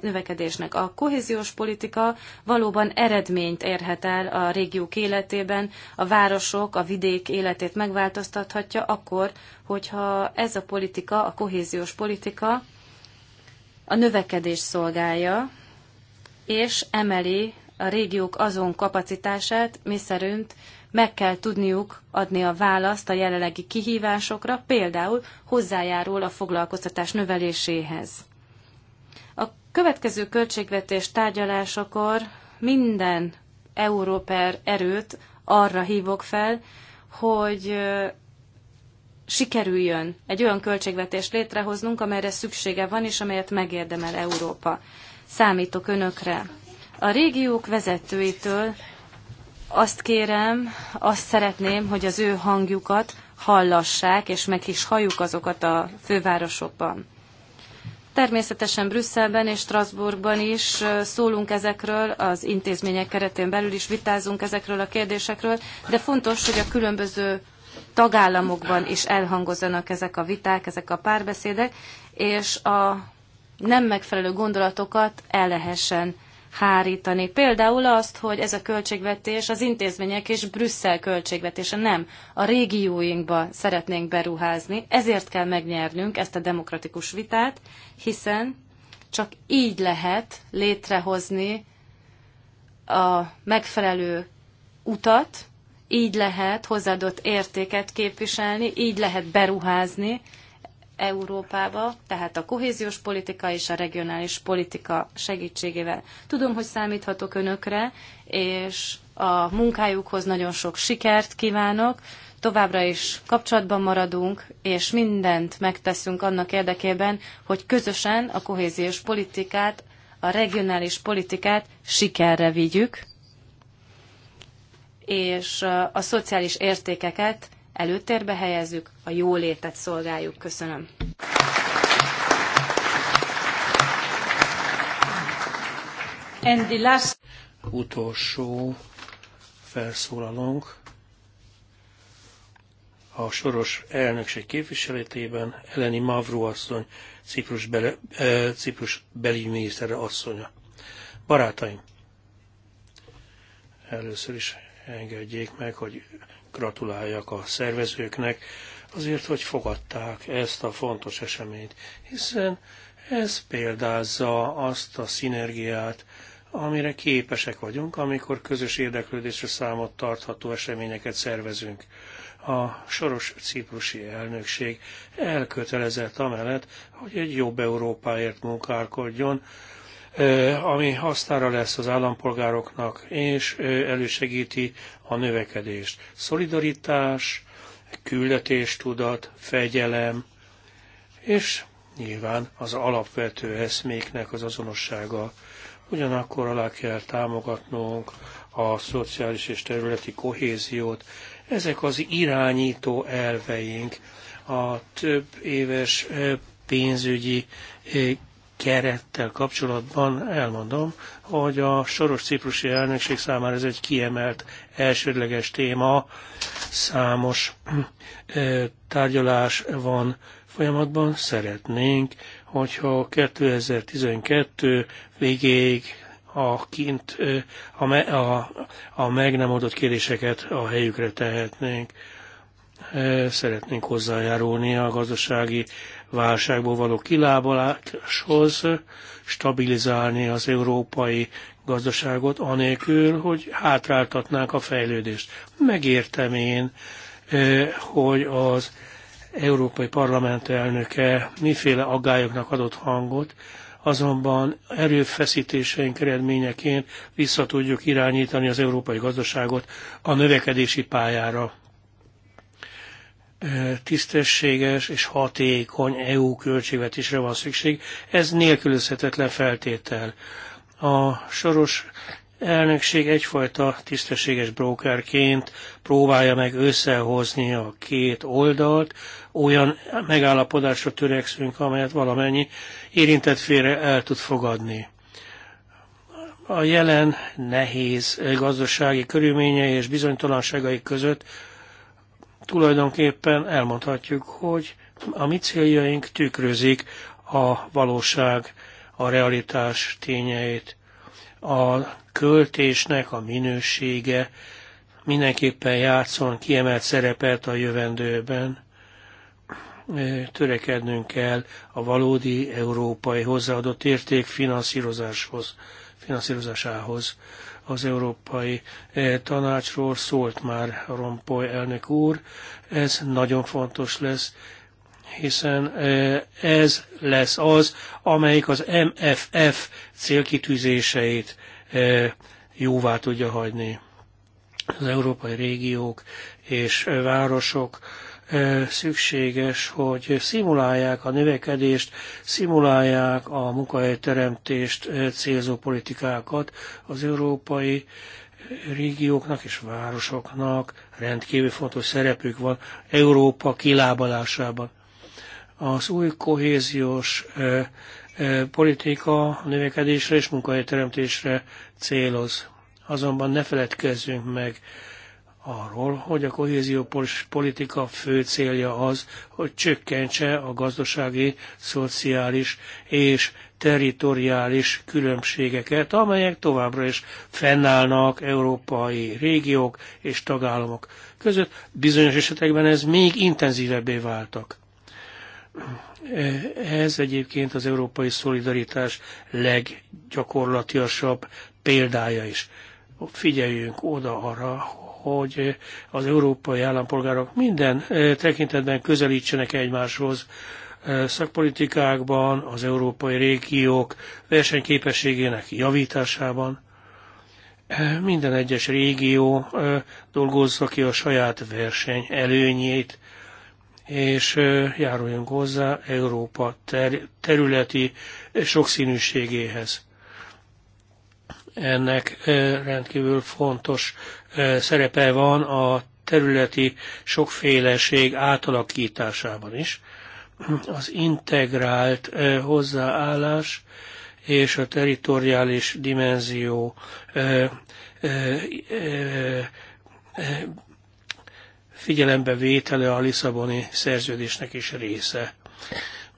növekedésnek. A kohéziós politika valóban eredményt érhet el a régiók életében, a városok, a vidék életét megváltoztathatja akkor, hogyha ez a politika, a kohéziós politika a növekedés szolgálja, és emeli a régiók azon kapacitását, miszerint meg kell tudniuk adni a választ a jelenlegi kihívásokra, például hozzájárul a foglalkoztatás növeléséhez. A következő költségvetés tárgyalásakor minden európer erőt arra hívok fel, hogy sikerüljön egy olyan költségvetést létrehoznunk, amelyre szüksége van, és amelyet megérdemel Európa. Számítok önökre. A régiók vezetőitől azt kérem, azt szeretném, hogy az ő hangjukat hallassák, és meg is halljuk azokat a fővárosokban. Természetesen Brüsszelben és Strasbourgban is szólunk ezekről, az intézmények keretén belül is vitázunk ezekről a kérdésekről, de fontos, hogy a különböző tagállamokban is elhangozzanak ezek a viták, ezek a párbeszédek, és a nem megfelelő gondolatokat el lehessen hárítani. Például azt, hogy ez a költségvetés az intézmények és Brüsszel költségvetése nem. A régióinkba szeretnénk beruházni, ezért kell megnyernünk ezt a demokratikus vitát, hiszen csak így lehet létrehozni a megfelelő utat, így lehet hozzáadott értéket képviselni, így lehet beruházni, Európába, tehát a kohéziós politika és a regionális politika segítségével. Tudom, hogy számíthatok önökre, és a munkájukhoz nagyon sok sikert kívánok. Továbbra is kapcsolatban maradunk, és mindent megteszünk annak érdekében, hogy közösen a kohéziós politikát, a regionális politikát sikerre vigyük, és a szociális értékeket előtérbe helyezzük, a jólétet szolgáljuk. Köszönöm. And
the last... Utolsó felszólalónk a soros elnökség képviseletében Eleni Mavró asszony, Ciprus, bele, eh, Ciprus belügyminisztere asszonya. Barátaim, először is engedjék meg, hogy gratuláljak a szervezőknek, azért, hogy fogadták ezt a fontos eseményt, hiszen ez példázza azt a szinergiát, amire képesek vagyunk, amikor közös érdeklődésre számot tartható eseményeket szervezünk. A soros ciprusi elnökség elkötelezett amellett, hogy egy jobb Európáért munkálkodjon, ami hasznára lesz az állampolgároknak, és elősegíti a növekedést. Szolidaritás, küldetéstudat, fegyelem, és nyilván az alapvető eszméknek az azonossága. Ugyanakkor alá kell támogatnunk a szociális és területi kohéziót. Ezek az irányító elveink a több éves pénzügyi kerettel kapcsolatban elmondom, hogy a soros ciprusi elnökség számára ez egy kiemelt elsődleges téma, számos tárgyalás van folyamatban. Szeretnénk, hogyha 2012 végéig a kint a, me, a, a meg nem adott kéréseket a helyükre tehetnénk. Szeretnénk hozzájárulni a gazdasági válságból való kilábaláshoz, stabilizálni az európai gazdaságot, anélkül, hogy hátráltatnák a fejlődést. Megértem én, hogy az Európai Parlament elnöke miféle aggályoknak adott hangot, azonban erőfeszítéseink eredményeként vissza tudjuk irányítani az európai gazdaságot a növekedési pályára tisztességes és hatékony EU költségvetésre van szükség. Ez nélkülözhetetlen feltétel. A soros elnökség egyfajta tisztességes brókerként próbálja meg összehozni a két oldalt, olyan megállapodásra törekszünk, amelyet valamennyi érintett félre el tud fogadni. A jelen nehéz gazdasági körülményei és bizonytalanságai között tulajdonképpen elmondhatjuk, hogy a mi céljaink tükrözik a valóság, a realitás tényeit. A költésnek a minősége mindenképpen játszon kiemelt szerepet a jövendőben. Törekednünk kell a valódi európai hozzáadott érték finanszírozáshoz, finanszírozásához az Európai eh, Tanácsról szólt már Rompoy elnök úr. Ez nagyon fontos lesz, hiszen eh, ez lesz az, amelyik az MFF célkitűzéseit eh, jóvá tudja hagyni. Az európai régiók és városok szükséges, hogy szimulálják a növekedést, szimulálják a munkahelyteremtést célzó politikákat az európai régióknak és városoknak rendkívül fontos szerepük van Európa kilábalásában. Az új kohéziós politika növekedésre és munkahelyteremtésre céloz. Azonban ne feledkezzünk meg arról, hogy a kohézió politika fő célja az, hogy csökkentse a gazdasági, szociális és territoriális különbségeket, amelyek továbbra is fennállnak európai régiók és tagállamok között. Bizonyos esetekben ez még intenzívebbé váltak. Ez egyébként az európai szolidaritás leggyakorlatiasabb példája is. Figyeljünk oda arra, hogy hogy eh, az európai állampolgárok minden eh, tekintetben közelítsenek egymáshoz eh, szakpolitikákban, az európai régiók versenyképességének javításában. Minden egyes régió dolgozza ki a saját verseny előnyét, és járuljunk hozzá Európa ter- területi sokszínűségéhez ennek rendkívül fontos szerepe van a területi sokféleség átalakításában is. Az integrált hozzáállás és a teritoriális dimenzió figyelembe vétele a Lisszaboni szerződésnek is része.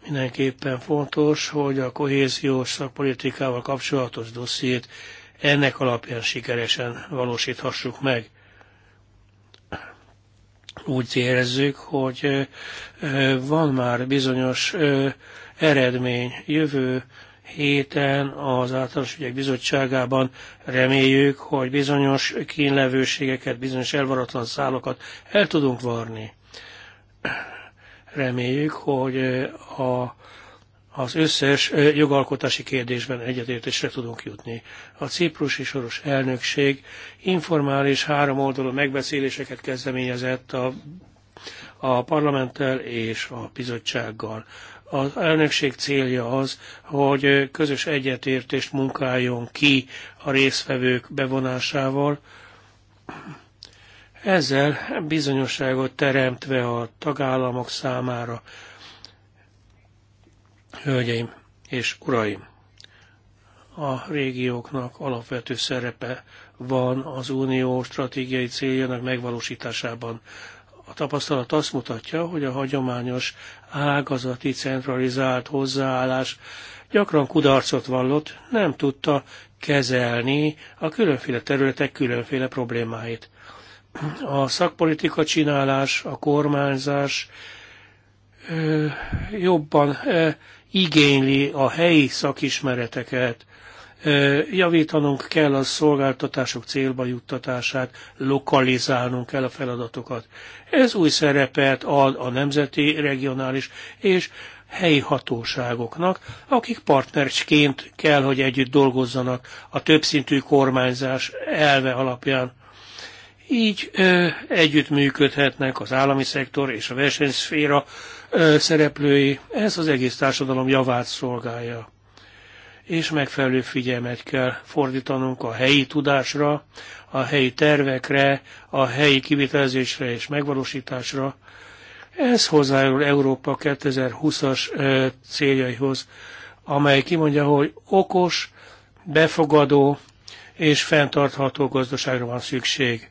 Mindenképpen fontos, hogy a kohéziós szakpolitikával kapcsolatos dossziét ennek alapján sikeresen valósíthassuk meg. Úgy érezzük, hogy van már bizonyos eredmény jövő héten az általános ügyek bizottságában reméljük, hogy bizonyos kínlevőségeket, bizonyos elvaratlan szálokat el tudunk varni. Reméljük, hogy a az összes jogalkotási kérdésben egyetértésre tudunk jutni. A ciprusi soros elnökség informális háromoldalú megbeszéléseket kezdeményezett a, a parlamenttel és a bizottsággal. Az elnökség célja az, hogy közös egyetértést munkáljon ki a részvevők bevonásával, ezzel bizonyosságot teremtve a tagállamok számára Hölgyeim és uraim! A régióknak alapvető szerepe van az unió stratégiai céljának megvalósításában. A tapasztalat azt mutatja, hogy a hagyományos ágazati centralizált hozzáállás gyakran kudarcot vallott, nem tudta kezelni a különféle területek különféle problémáit. A szakpolitika csinálás, a kormányzás jobban igényli a helyi szakismereteket. Javítanunk kell a szolgáltatások célba juttatását, lokalizálnunk kell a feladatokat. Ez új szerepet ad a nemzeti, regionális és helyi hatóságoknak, akik partnercsként kell, hogy együtt dolgozzanak a többszintű kormányzás elve alapján. Így ö, együtt működhetnek az állami szektor és a versenyszféra szereplői, ez az egész társadalom javát szolgálja. És megfelelő figyelmet kell fordítanunk a helyi tudásra, a helyi tervekre, a helyi kivitelezésre és megvalósításra. Ez hozzájárul Európa 2020-as céljaihoz, amely kimondja, hogy okos, befogadó és fenntartható gazdaságra van szükség.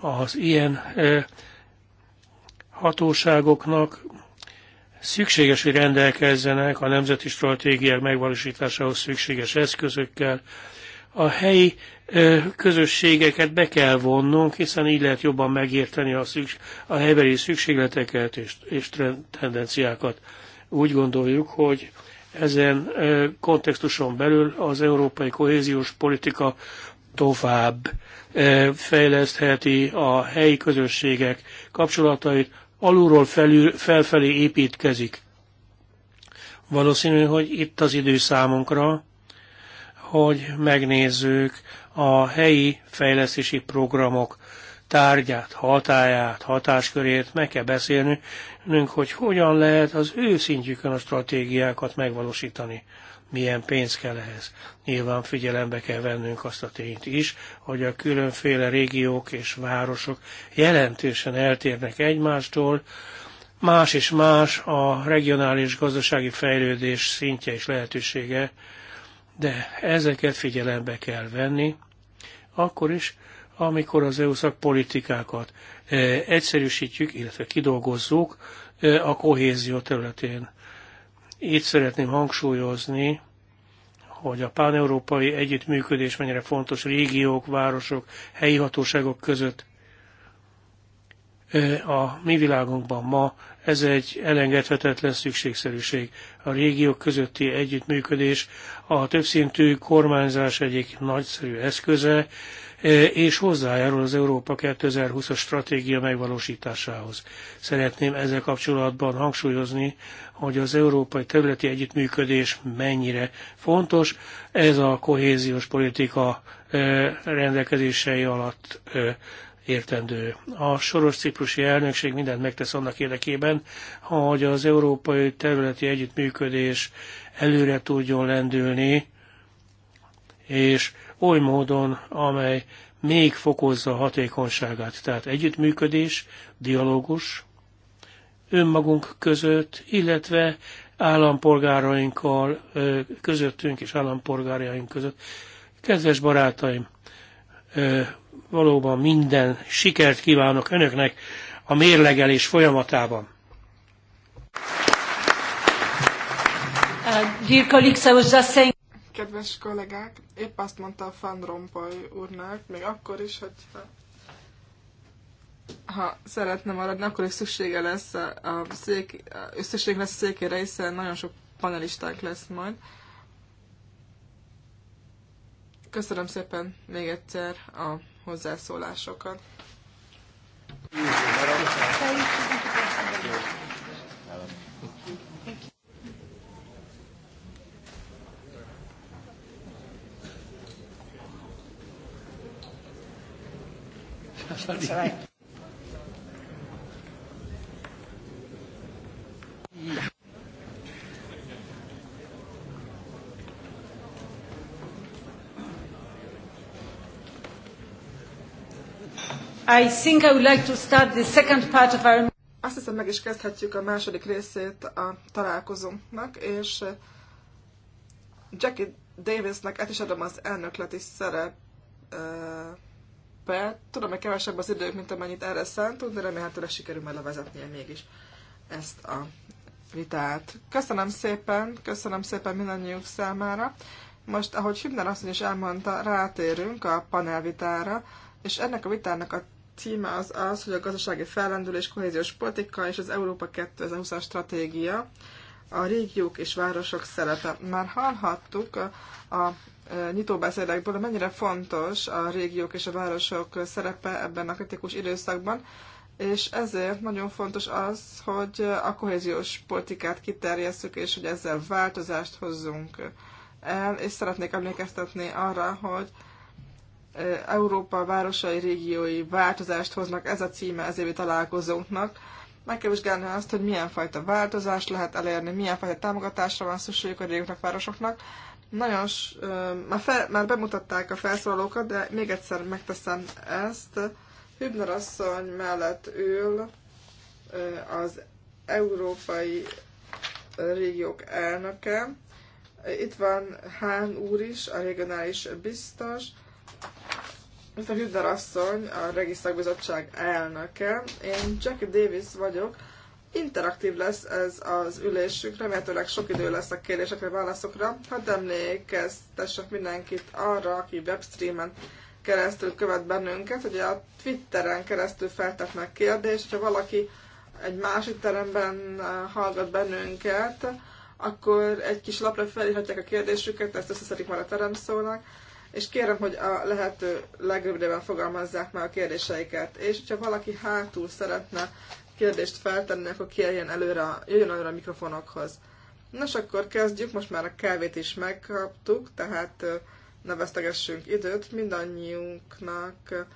Az ilyen hatóságoknak szükséges, hogy rendelkezzenek a nemzeti stratégiák megvalósításához szükséges eszközökkel. A helyi közösségeket be kell vonnunk, hiszen így lehet jobban megérteni a, szükség, a helybeli szükségleteket és, és tendenciákat. Úgy gondoljuk, hogy ezen kontextuson belül az európai kohéziós politika tovább fejlesztheti a helyi közösségek kapcsolatait, alulról felül, felfelé építkezik. Valószínű, hogy itt az idő számunkra, hogy megnézzük a helyi fejlesztési programok tárgyát, hatáját, hatáskörét, meg kell beszélnünk, hogy hogyan lehet az ő szintjükön a stratégiákat megvalósítani milyen pénz kell ehhez. Nyilván figyelembe kell vennünk azt a tényt is, hogy a különféle régiók és városok jelentősen eltérnek egymástól, más és más a regionális gazdasági fejlődés szintje és lehetősége, de ezeket figyelembe kell venni, akkor is, amikor az EU szakpolitikákat eh, egyszerűsítjük, illetve kidolgozzuk eh, a kohézió területén. Itt szeretném hangsúlyozni, hogy a páneurópai együttműködés mennyire fontos régiók, városok, helyi hatóságok között. A mi világunkban ma ez egy elengedhetetlen szükségszerűség. A régiók közötti együttműködés a többszintű kormányzás egyik nagyszerű eszköze, E, és hozzájárul az Európa 2020-as stratégia megvalósításához. Szeretném ezzel kapcsolatban hangsúlyozni, hogy az európai területi együttműködés mennyire fontos. Ez a kohéziós politika e, rendelkezései alatt e, értendő. A soros ciprusi elnökség mindent megtesz annak érdekében, hogy az európai területi együttműködés előre tudjon lendülni, és oly módon, amely még fokozza hatékonyságát. Tehát együttműködés, dialógus önmagunk között, illetve állampolgárainkkal közöttünk és állampolgáraink között. Kedves barátaim, valóban minden sikert kívánok önöknek a mérlegelés folyamatában.
Uh, dear colleagues, I was just saying kedves kollégák, épp azt mondta a Van Rompuy úrnak, még akkor is, hogy ha szeretne maradni, akkor is szüksége lesz a, a szék, szükség lesz a székére, hiszen nagyon sok panelisták lesz majd. Köszönöm szépen még egyszer a hozzászólásokat. Köszönöm.
I
think I would like to start the
second part of our... Azt hiszem, meg is kezdhetjük a második részét a találkozónknak, és eh, Jackie Davisnek ezt is adom az elnökleti szerep eh, be. Tudom, hogy kevesebb az idők, mint amennyit erre szántunk, de remélhetőleg sikerül majd levezetnie mégis ezt a vitát. Köszönöm szépen, köszönöm szépen mindannyiuk számára. Most, ahogy Hübner asszony is elmondta, rátérünk a panelvitára, és ennek a vitának a címe az az, hogy a gazdasági fellendülés, kohéziós politika és az Európa 2020-as stratégia, a régiók és városok szerepe. Már hallhattuk a, a nyitóbeszédekből, mennyire fontos a régiók és a városok szerepe ebben a kritikus időszakban, és ezért nagyon fontos az, hogy a kohéziós politikát kiterjesszük, és hogy ezzel változást hozzunk el, és szeretnék emlékeztetni arra, hogy Európa városai, régiói változást hoznak, ez a címe az évi találkozónknak. Meg kell vizsgálni azt, hogy milyen fajta változást lehet elérni, milyen fajta támogatásra van szükségük a régióknak, városoknak, nagyon, már, fel, már bemutatták a felszólalókat, de még egyszer megteszem ezt. Hübner asszony mellett ül az európai régiók elnöke. Itt van Hán úr is, a regionális biztos. Itt a Hübner asszony, a Regisztrakbizottság elnöke. Én Jack Davis vagyok, interaktív lesz ez az ülésünk, remélhetőleg sok idő lesz a kérdésekre, válaszokra. Hadd emlékeztessek mindenkit arra, aki webstreamen keresztül követ bennünket, hogy a Twitteren keresztül meg kérdést, ha valaki egy másik teremben eh, hallgat bennünket, akkor egy kis lapra felírhatják a kérdésüket, ezt összeszedik már a teremszónak, és kérem, hogy a lehető legrövidebben fogalmazzák meg a kérdéseiket. És hogyha valaki hátul szeretne kérdést feltenni, akkor kérjen előre, jöjjön előre a mikrofonokhoz. Nos, akkor kezdjük, most már a kávét is megkaptuk, tehát ne vesztegessünk időt. Mindannyiunknak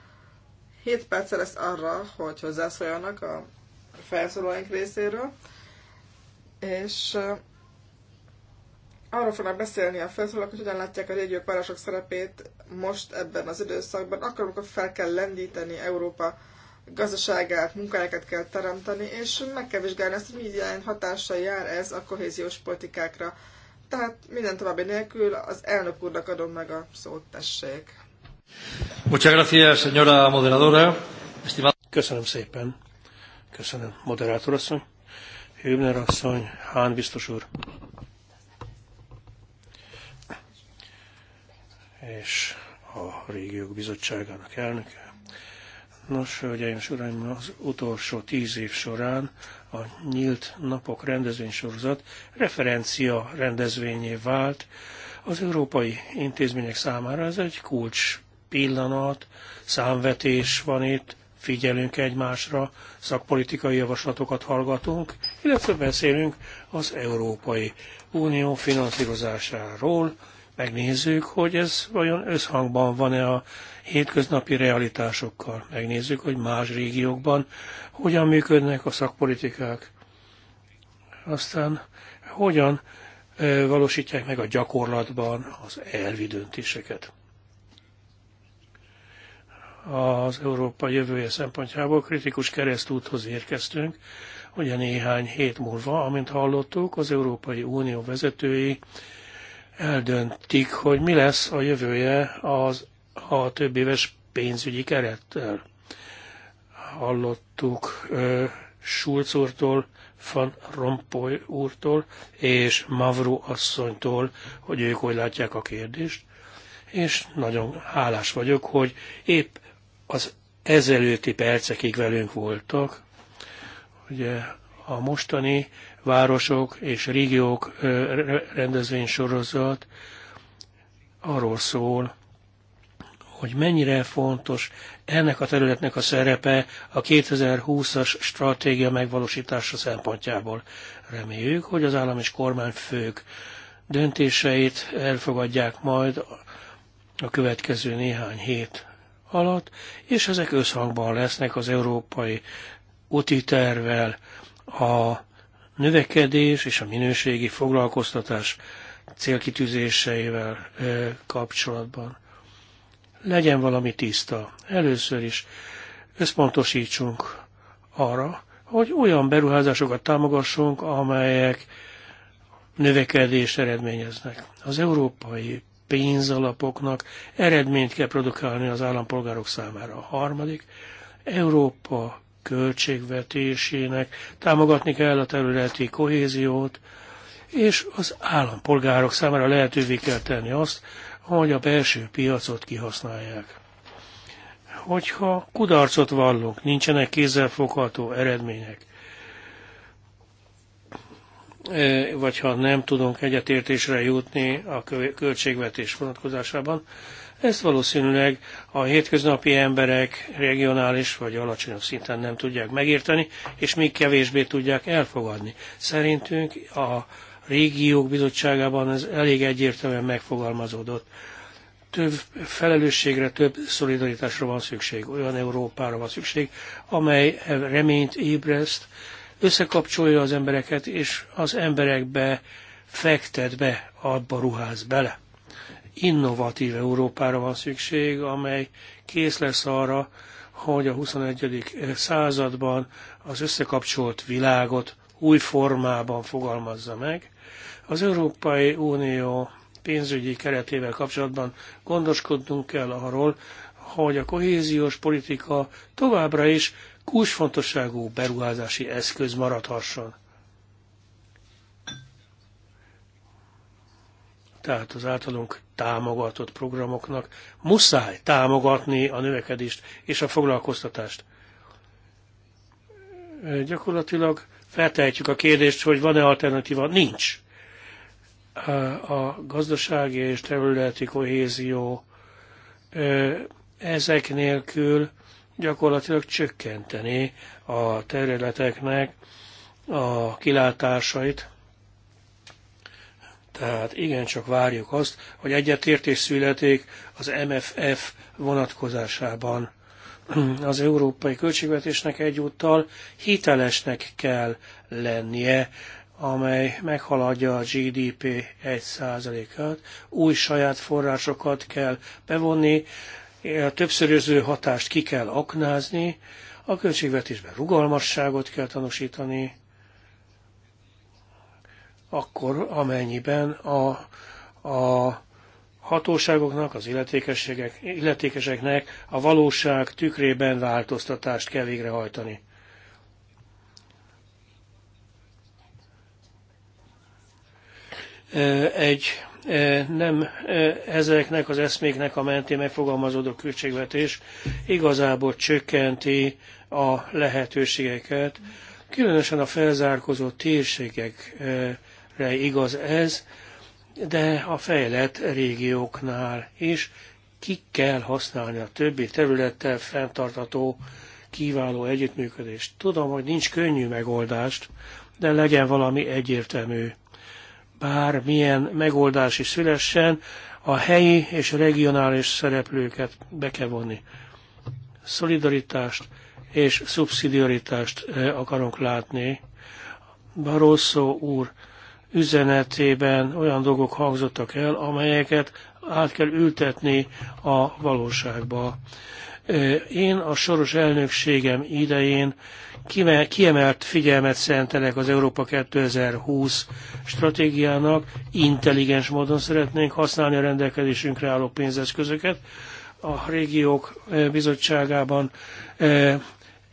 7 perc lesz arra, hogy hozzászóljanak a felszólóink részéről, és arról fognak beszélni a felszólalók, hogy hogyan látják a régiók, városok szerepét most ebben az időszakban, akkor, amikor fel kell lendíteni Európa gazdaságát, munkahelyeket kell teremteni, és meg kell vizsgálni azt, hogy milyen hatással jár ez a kohéziós politikákra. Tehát minden további nélkül az elnök úrnak adom meg a szót, tessék.
Köszönöm szépen. Köszönöm, moderátor asszony. Hübner asszony, Hán biztos úr. És a régiók bizottságának elnöke. Nos, hölgyeim és uraim, az utolsó tíz év során a Nyílt Napok rendezvénysorozat referencia rendezvényé vált. Az európai intézmények számára ez egy kulcs pillanat, számvetés van itt, figyelünk egymásra, szakpolitikai javaslatokat hallgatunk, illetve beszélünk az Európai Unió finanszírozásáról, megnézzük, hogy ez vajon összhangban van-e a hétköznapi realitásokkal. Megnézzük, hogy más régiókban hogyan működnek a szakpolitikák. Aztán hogyan valósítják meg a gyakorlatban az elvi döntéseket. Az Európa jövője szempontjából kritikus keresztúthoz érkeztünk, ugye néhány hét múlva, amint hallottuk, az Európai Unió vezetői eldöntik, hogy mi lesz a jövője az, a több éves pénzügyi kerettel. Hallottuk Schulz úrtól, Van Rompuy úrtól és Mavro asszonytól, hogy ők hogy látják a kérdést, és nagyon hálás vagyok, hogy épp az ezelőtti percekig velünk voltak. Ugye a mostani városok és régiók rendezvénysorozat arról szól, hogy mennyire fontos ennek a területnek a szerepe a 2020-as stratégia megvalósítása szempontjából. Reméljük, hogy az állam és kormány fők döntéseit elfogadják majd a következő néhány hét alatt, és ezek összhangban lesznek az európai úti tervvel, a növekedés és a minőségi foglalkoztatás célkitűzéseivel kapcsolatban. Legyen valami tiszta. Először is összpontosítsunk arra, hogy olyan beruházásokat támogassunk, amelyek növekedést eredményeznek. Az európai pénzalapoknak eredményt kell produkálni az állampolgárok számára. A harmadik, Európa költségvetésének, támogatni kell a területi kohéziót, és az állampolgárok számára lehetővé kell tenni azt, hogy a belső piacot kihasználják. Hogyha kudarcot vallunk, nincsenek kézzelfogható eredmények, e, vagy ha nem tudunk egyetértésre jutni a költségvetés vonatkozásában, ezt valószínűleg a hétköznapi emberek regionális vagy alacsonyabb szinten nem tudják megérteni, és még kevésbé tudják elfogadni. Szerintünk a régiók bizottságában ez elég egyértelműen megfogalmazódott. Több felelősségre, több szolidaritásra van szükség, olyan Európára van szükség, amely reményt ébreszt, összekapcsolja az embereket, és az emberekbe fektet be, abba ruház bele innovatív Európára van szükség, amely kész lesz arra, hogy a 21. században az összekapcsolt világot új formában fogalmazza meg. Az Európai Unió pénzügyi keretével kapcsolatban gondoskodnunk kell arról, hogy a kohéziós politika továbbra is kulcsfontosságú beruházási eszköz maradhasson. Tehát az általunk támogatott programoknak muszáj támogatni a növekedést és a foglalkoztatást. Gyakorlatilag feltehetjük a kérdést, hogy van-e alternatíva? Nincs. A gazdasági és területi kohézió ezek nélkül gyakorlatilag csökkenteni a területeknek a kilátásait, tehát igencsak várjuk azt, hogy egyetértés születik az MFF vonatkozásában. Az európai költségvetésnek egyúttal hitelesnek kell lennie, amely meghaladja a GDP 1%-át, új saját forrásokat kell bevonni, a többszöröző hatást ki kell aknázni, a költségvetésben rugalmasságot kell tanúsítani, akkor amennyiben a, a hatóságoknak, az illetékeseknek a valóság tükrében változtatást kell végrehajtani. Egy nem ezeknek az eszméknek a mentén megfogalmazódó költségvetés igazából csökkenti a lehetőségeket, különösen a felzárkozó térségek igaz ez, de a fejlett régióknál is ki kell használni a többi területtel fenntartató kiváló együttműködést. Tudom, hogy nincs könnyű megoldást, de legyen valami egyértelmű. Bár milyen megoldás is szülessen, a helyi és regionális szereplőket be kell vonni. Szolidaritást és szubszidiaritást eh, akarunk látni. Barroso úr üzenetében olyan dolgok hangzottak el, amelyeket át kell ültetni a valóságba. Én a soros elnökségem idején kiemelt figyelmet szentelek az Európa 2020 stratégiának, intelligens módon szeretnénk használni a rendelkezésünkre álló pénzeszközöket. A régiók bizottságában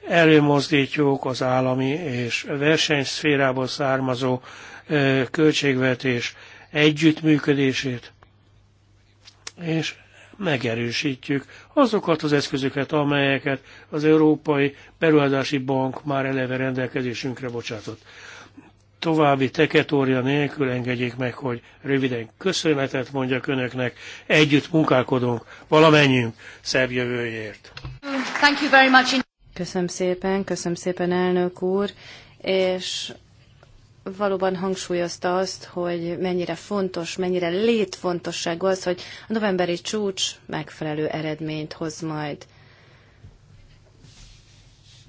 előmozdítjuk az állami és versenyszférából származó költségvetés együttműködését, és megerősítjük azokat az eszközöket, amelyeket az Európai Beruházási Bank már eleve rendelkezésünkre bocsátott. További teketória nélkül engedjék meg, hogy röviden köszönetet mondjak Önöknek, együtt munkálkodunk valamennyünk szebb jövőjért.
Köszönöm szépen, köszönöm szépen elnök úr, és valóban hangsúlyozta azt, hogy mennyire fontos, mennyire létfontosság az, hogy a novemberi csúcs megfelelő eredményt hoz majd.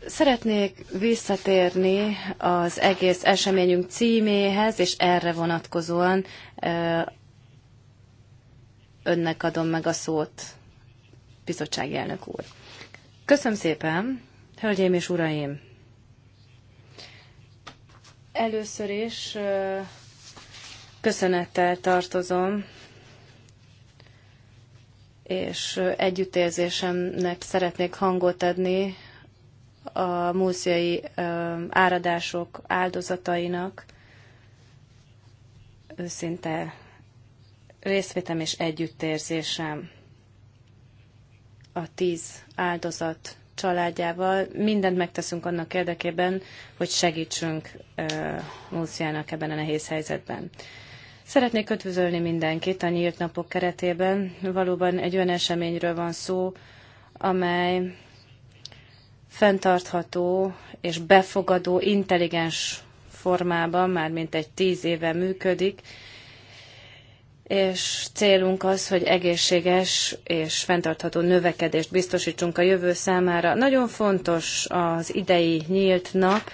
Szeretnék visszatérni az egész eseményünk címéhez, és erre vonatkozóan önnek adom meg a szót, bizottsági elnök úr. Köszönöm szépen, hölgyeim és uraim! Először is köszönettel tartozom, és együttérzésemnek szeretnék hangot adni a múzeai áradások áldozatainak. Őszinte részvétem és együttérzésem a tíz áldozat családjával mindent megteszünk annak érdekében, hogy segítsünk Múciának ebben a nehéz helyzetben. Szeretnék ötvözölni mindenkit a nyílt napok keretében. Valóban egy olyan eseményről van szó, amely fenntartható és befogadó, intelligens formában már mint egy tíz éve működik, és célunk az, hogy egészséges és fenntartható növekedést biztosítsunk a jövő számára. Nagyon fontos az idei nyílt nap,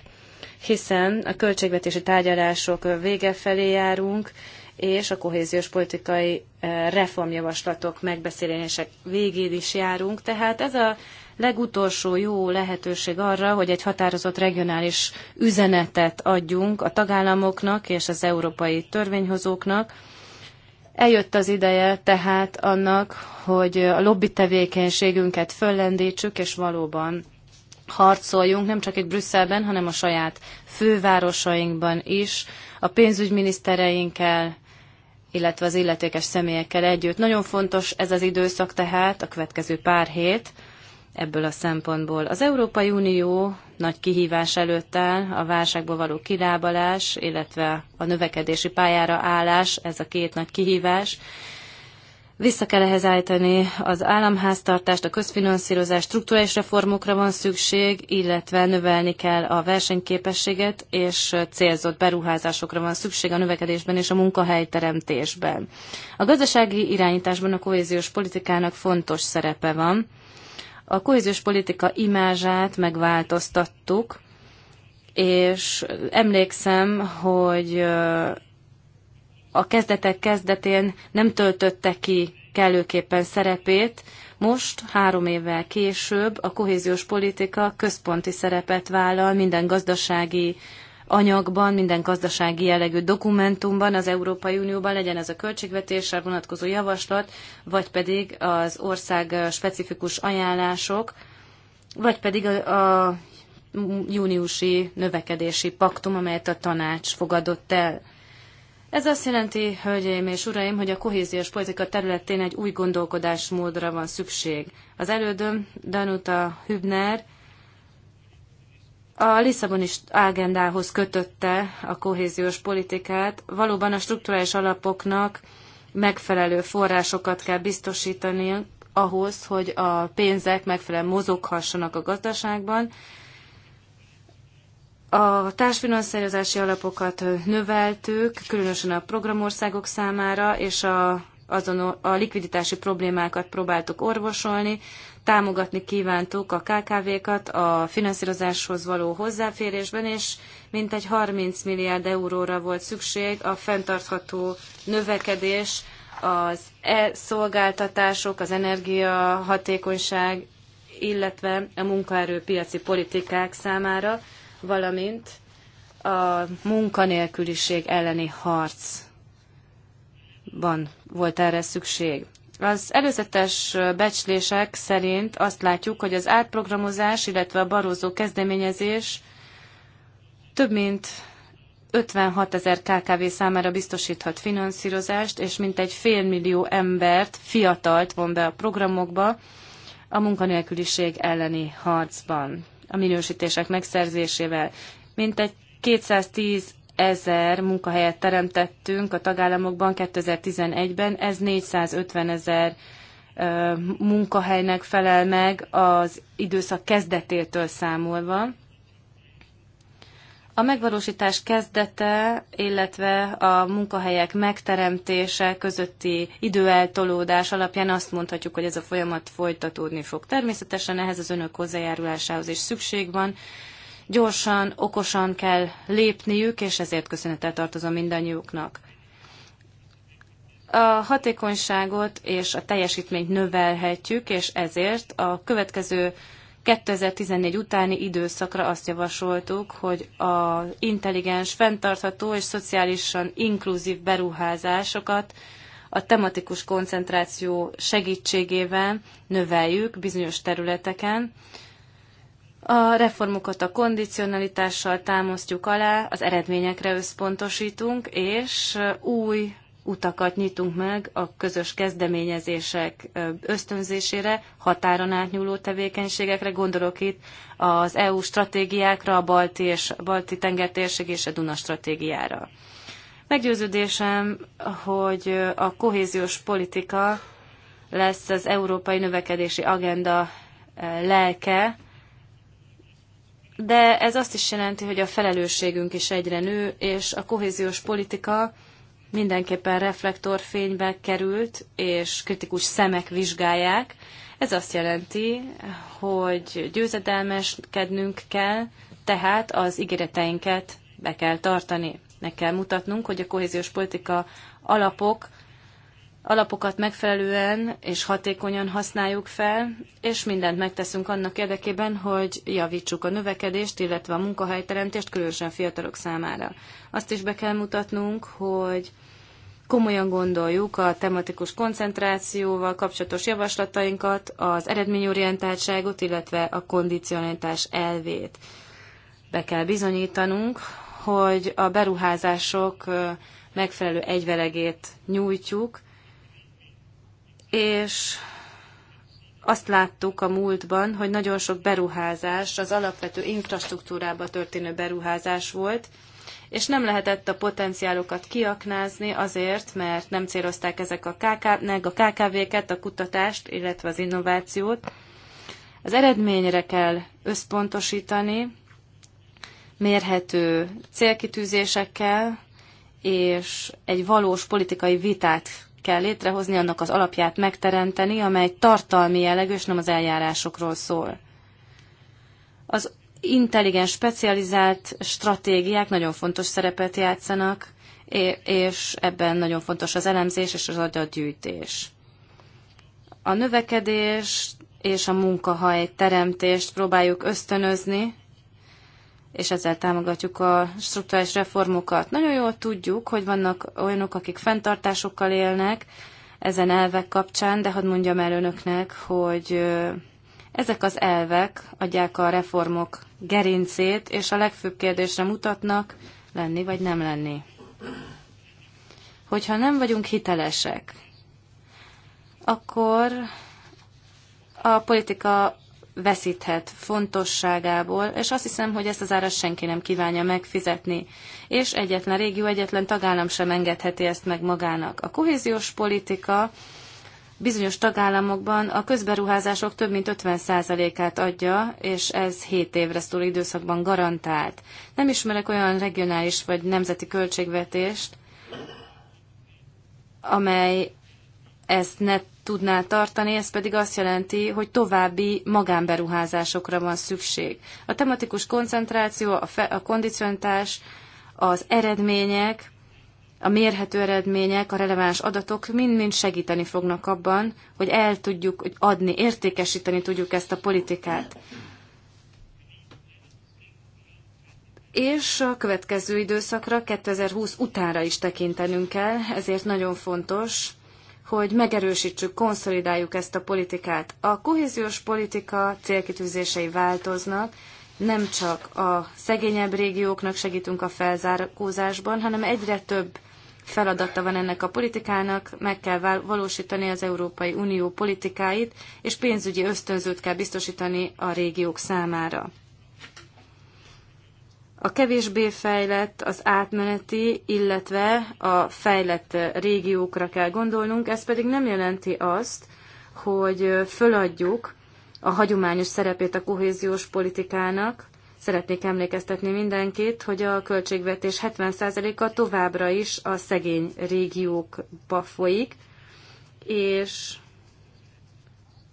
hiszen a költségvetési tárgyalások vége felé járunk, és a kohéziós politikai eh, reformjavaslatok megbeszélések végén is járunk. Tehát ez a legutolsó jó lehetőség arra, hogy egy határozott regionális üzenetet adjunk a tagállamoknak és az európai törvényhozóknak, Eljött az ideje tehát annak, hogy a lobby tevékenységünket föllendítsük, és valóban harcoljunk, nem csak itt Brüsszelben, hanem a saját fővárosainkban is, a pénzügyminisztereinkkel, illetve az illetékes személyekkel együtt. Nagyon fontos ez az időszak tehát, a következő pár hét ebből a szempontból. Az Európai Unió nagy kihívás előtt áll, a válságból való kilábalás, illetve a növekedési pályára állás, ez a két nagy kihívás. Vissza kell ehhez állítani az államháztartást, a közfinanszírozás, strukturális reformokra van szükség, illetve növelni kell a versenyképességet, és célzott beruházásokra van szükség a növekedésben és a munkahelyteremtésben. A gazdasági irányításban a kohéziós politikának fontos szerepe van. A kohéziós politika imázsát megváltoztattuk, és emlékszem, hogy a kezdetek kezdetén nem töltötte ki kellőképpen szerepét, most, három évvel később a kohéziós politika központi szerepet vállal minden gazdasági anyagban, minden gazdasági jellegű dokumentumban az Európai Unióban, legyen ez a költségvetésre vonatkozó javaslat, vagy pedig az ország specifikus ajánlások, vagy pedig a, a júniusi növekedési paktum, amelyet a tanács fogadott el. Ez azt jelenti, hölgyeim és uraim, hogy a kohéziós politika területén egy új gondolkodásmódra van szükség. Az elődöm Danuta Hübner a Lisszaboni ágendához kötötte a kohéziós politikát. Valóban a strukturális alapoknak megfelelő forrásokat kell biztosítani ahhoz, hogy a pénzek megfelelően mozoghassanak a gazdaságban. A társfinanszírozási alapokat növeltük, különösen a programországok számára, és a azon a likviditási problémákat próbáltuk orvosolni, támogatni kívántuk a KKV-kat a finanszírozáshoz való hozzáférésben, és mintegy 30 milliárd euróra volt szükség a fenntartható növekedés, az e-szolgáltatások, az energiahatékonyság, illetve a munkaerőpiaci politikák számára, valamint a munkanélküliség elleni harcban volt erre szükség. Az előzetes becslések szerint azt látjuk, hogy az átprogramozás, illetve a barózó kezdeményezés több mint 56 ezer KKV számára biztosíthat finanszírozást, és mintegy millió embert, fiatalt von be a programokba a munkanélküliség elleni harcban, a minősítések megszerzésével. Mintegy 210 ezer munkahelyet teremtettünk a tagállamokban 2011-ben, ez 450 ezer munkahelynek felel meg az időszak kezdetétől számolva. A megvalósítás kezdete, illetve a munkahelyek megteremtése közötti időeltolódás alapján azt mondhatjuk, hogy ez a folyamat folytatódni fog. Természetesen ehhez az önök hozzájárulásához is szükség van, gyorsan, okosan kell lépniük, és ezért köszönettel tartozom mindannyiuknak. A hatékonyságot és a teljesítményt növelhetjük, és ezért a következő 2014 utáni időszakra azt javasoltuk, hogy a intelligens, fenntartható és szociálisan inkluzív beruházásokat a tematikus koncentráció segítségével növeljük bizonyos területeken, a reformokat a kondicionalitással támasztjuk alá, az eredményekre összpontosítunk, és új utakat nyitunk meg a közös kezdeményezések ösztönzésére, határon átnyúló tevékenységekre, gondolok itt az EU stratégiákra, a balti, és, a balti tengertérség és a Duna stratégiára. Meggyőződésem, hogy a kohéziós politika lesz az európai növekedési agenda lelke, de ez azt is jelenti, hogy a felelősségünk is egyre nő, és a kohéziós politika mindenképpen reflektorfénybe került, és kritikus szemek vizsgálják. Ez azt jelenti, hogy győzedelmeskednünk kell, tehát az ígéreteinket be kell tartani. Meg kell mutatnunk, hogy a kohéziós politika alapok alapokat megfelelően és hatékonyan használjuk fel, és mindent megteszünk annak érdekében, hogy javítsuk a növekedést, illetve a munkahelyteremtést, különösen fiatalok számára. Azt is be kell mutatnunk, hogy komolyan gondoljuk a tematikus koncentrációval kapcsolatos javaslatainkat, az eredményorientáltságot, illetve a kondicionalitás elvét. Be kell bizonyítanunk, hogy a beruházások megfelelő egyvelegét nyújtjuk, és azt láttuk a múltban, hogy nagyon sok beruházás, az alapvető infrastruktúrába történő beruházás volt, és nem lehetett a potenciálokat kiaknázni azért, mert nem célozták ezek a, KK, meg a KKV-ket, a kutatást, illetve az innovációt. Az eredményre kell összpontosítani, mérhető célkitűzésekkel, és egy valós politikai vitát kell létrehozni, annak az alapját megteremteni, amely tartalmi jellegű, és nem az eljárásokról szól. Az intelligens, specializált stratégiák nagyon fontos szerepet játszanak, és ebben nagyon fontos az elemzés és az adatgyűjtés. A növekedés és a munkahely teremtést próbáljuk ösztönözni, és ezzel támogatjuk a struktúrális reformokat. Nagyon jól tudjuk, hogy vannak olyanok, akik fenntartásokkal élnek ezen elvek kapcsán, de hadd mondjam el önöknek, hogy ezek az elvek adják a reformok gerincét, és a legfőbb kérdésre mutatnak, lenni vagy nem lenni. Hogyha nem vagyunk hitelesek, akkor a politika veszíthet fontosságából, és azt hiszem, hogy ezt az árat senki nem kívánja megfizetni. És egyetlen régió, egyetlen tagállam sem engedheti ezt meg magának. A kohéziós politika bizonyos tagállamokban a közberuházások több mint 50%-át adja, és ez 7 évre szóló időszakban garantált. Nem ismerek olyan regionális vagy nemzeti költségvetést, amely ezt ne tudná tartani, ez pedig azt jelenti, hogy további magánberuházásokra van szükség. A tematikus koncentráció, a, fe, a kondicionitás, az eredmények, a mérhető eredmények, a releváns adatok mind-mind segíteni fognak abban, hogy el tudjuk adni, értékesíteni tudjuk ezt a politikát. És a következő időszakra, 2020 utára is tekintenünk kell, ezért nagyon fontos, hogy megerősítsük, konszolidáljuk ezt a politikát. A kohéziós politika célkitűzései változnak, nem csak a szegényebb régióknak segítünk a felzárkózásban, hanem egyre több feladata van ennek a politikának, meg kell valósítani az Európai Unió politikáit, és pénzügyi ösztönzőt kell biztosítani a régiók számára. A kevésbé fejlett, az átmeneti, illetve a fejlett régiókra kell gondolnunk, ez pedig nem jelenti azt, hogy föladjuk a hagyományos szerepét a kohéziós politikának. Szeretnék emlékeztetni mindenkit, hogy a költségvetés 70%-a továbbra is a szegény régiókba folyik, és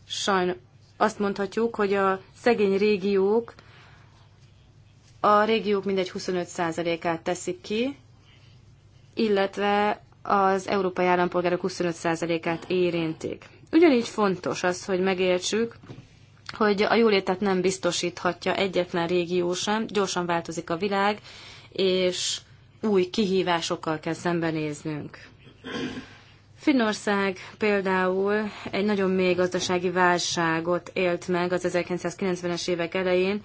sajnos azt mondhatjuk, hogy a szegény régiók a régiók mindegy 25%-át teszik ki, illetve az európai állampolgárok 25%-át érintik. Ugyanígy fontos az, hogy megértsük, hogy a jólétet nem biztosíthatja egyetlen régió sem, gyorsan változik a világ, és új kihívásokkal kell szembenéznünk. Finnország például egy nagyon mély gazdasági válságot élt meg az 1990-es évek elején,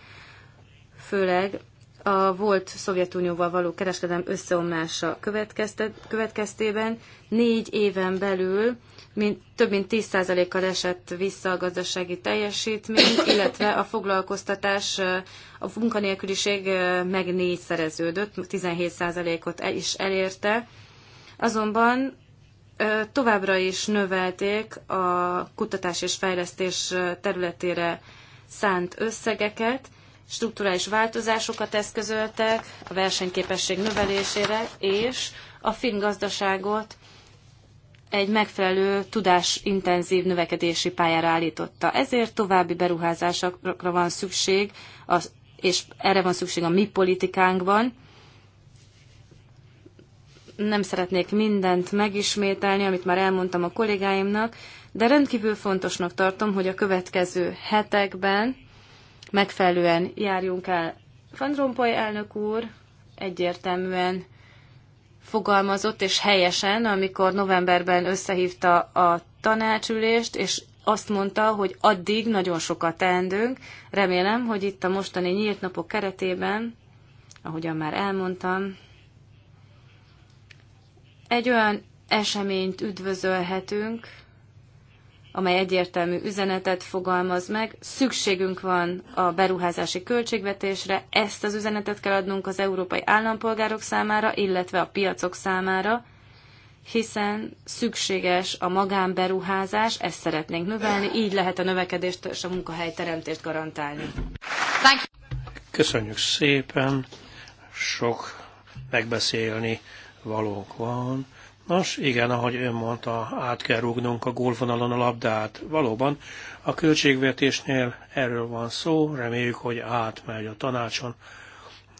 főleg a volt Szovjetunióval való kereskedelem összeomlása következtében négy éven belül mint, több mint 10%-kal esett vissza a gazdasági teljesítmény, illetve a foglalkoztatás, a munkanélküliség meg szereződött, 17%-ot is elérte. Azonban továbbra is növelték a kutatás és fejlesztés területére szánt összegeket, strukturális változásokat eszközöltek a versenyképesség növelésére, és a finn gazdaságot egy megfelelő tudásintenzív növekedési pályára állította. Ezért további beruházásokra van szükség, és erre van szükség a mi politikánkban. Nem szeretnék mindent megismételni, amit már elmondtam a kollégáimnak, de rendkívül fontosnak tartom, hogy a következő hetekben megfelelően járjunk el. Van Rompuy elnök úr egyértelműen fogalmazott, és helyesen, amikor novemberben összehívta a tanácsülést, és azt mondta, hogy addig nagyon sokat teendőnk. Remélem, hogy itt a mostani nyílt napok keretében, ahogyan már elmondtam, egy olyan eseményt üdvözölhetünk, amely egyértelmű üzenetet fogalmaz meg. Szükségünk van a beruházási költségvetésre, ezt az üzenetet kell adnunk az európai állampolgárok számára, illetve a piacok számára, hiszen szükséges a magánberuházás, ezt szeretnénk növelni, így lehet a növekedést és a munkahelyteremtést garantálni.
Köszönjük szépen, sok megbeszélni valók van Nos, igen, ahogy ön mondta, át kell rúgnunk a gólvonalon a labdát. Valóban a költségvetésnél erről van szó, reméljük, hogy átmegy a tanácson.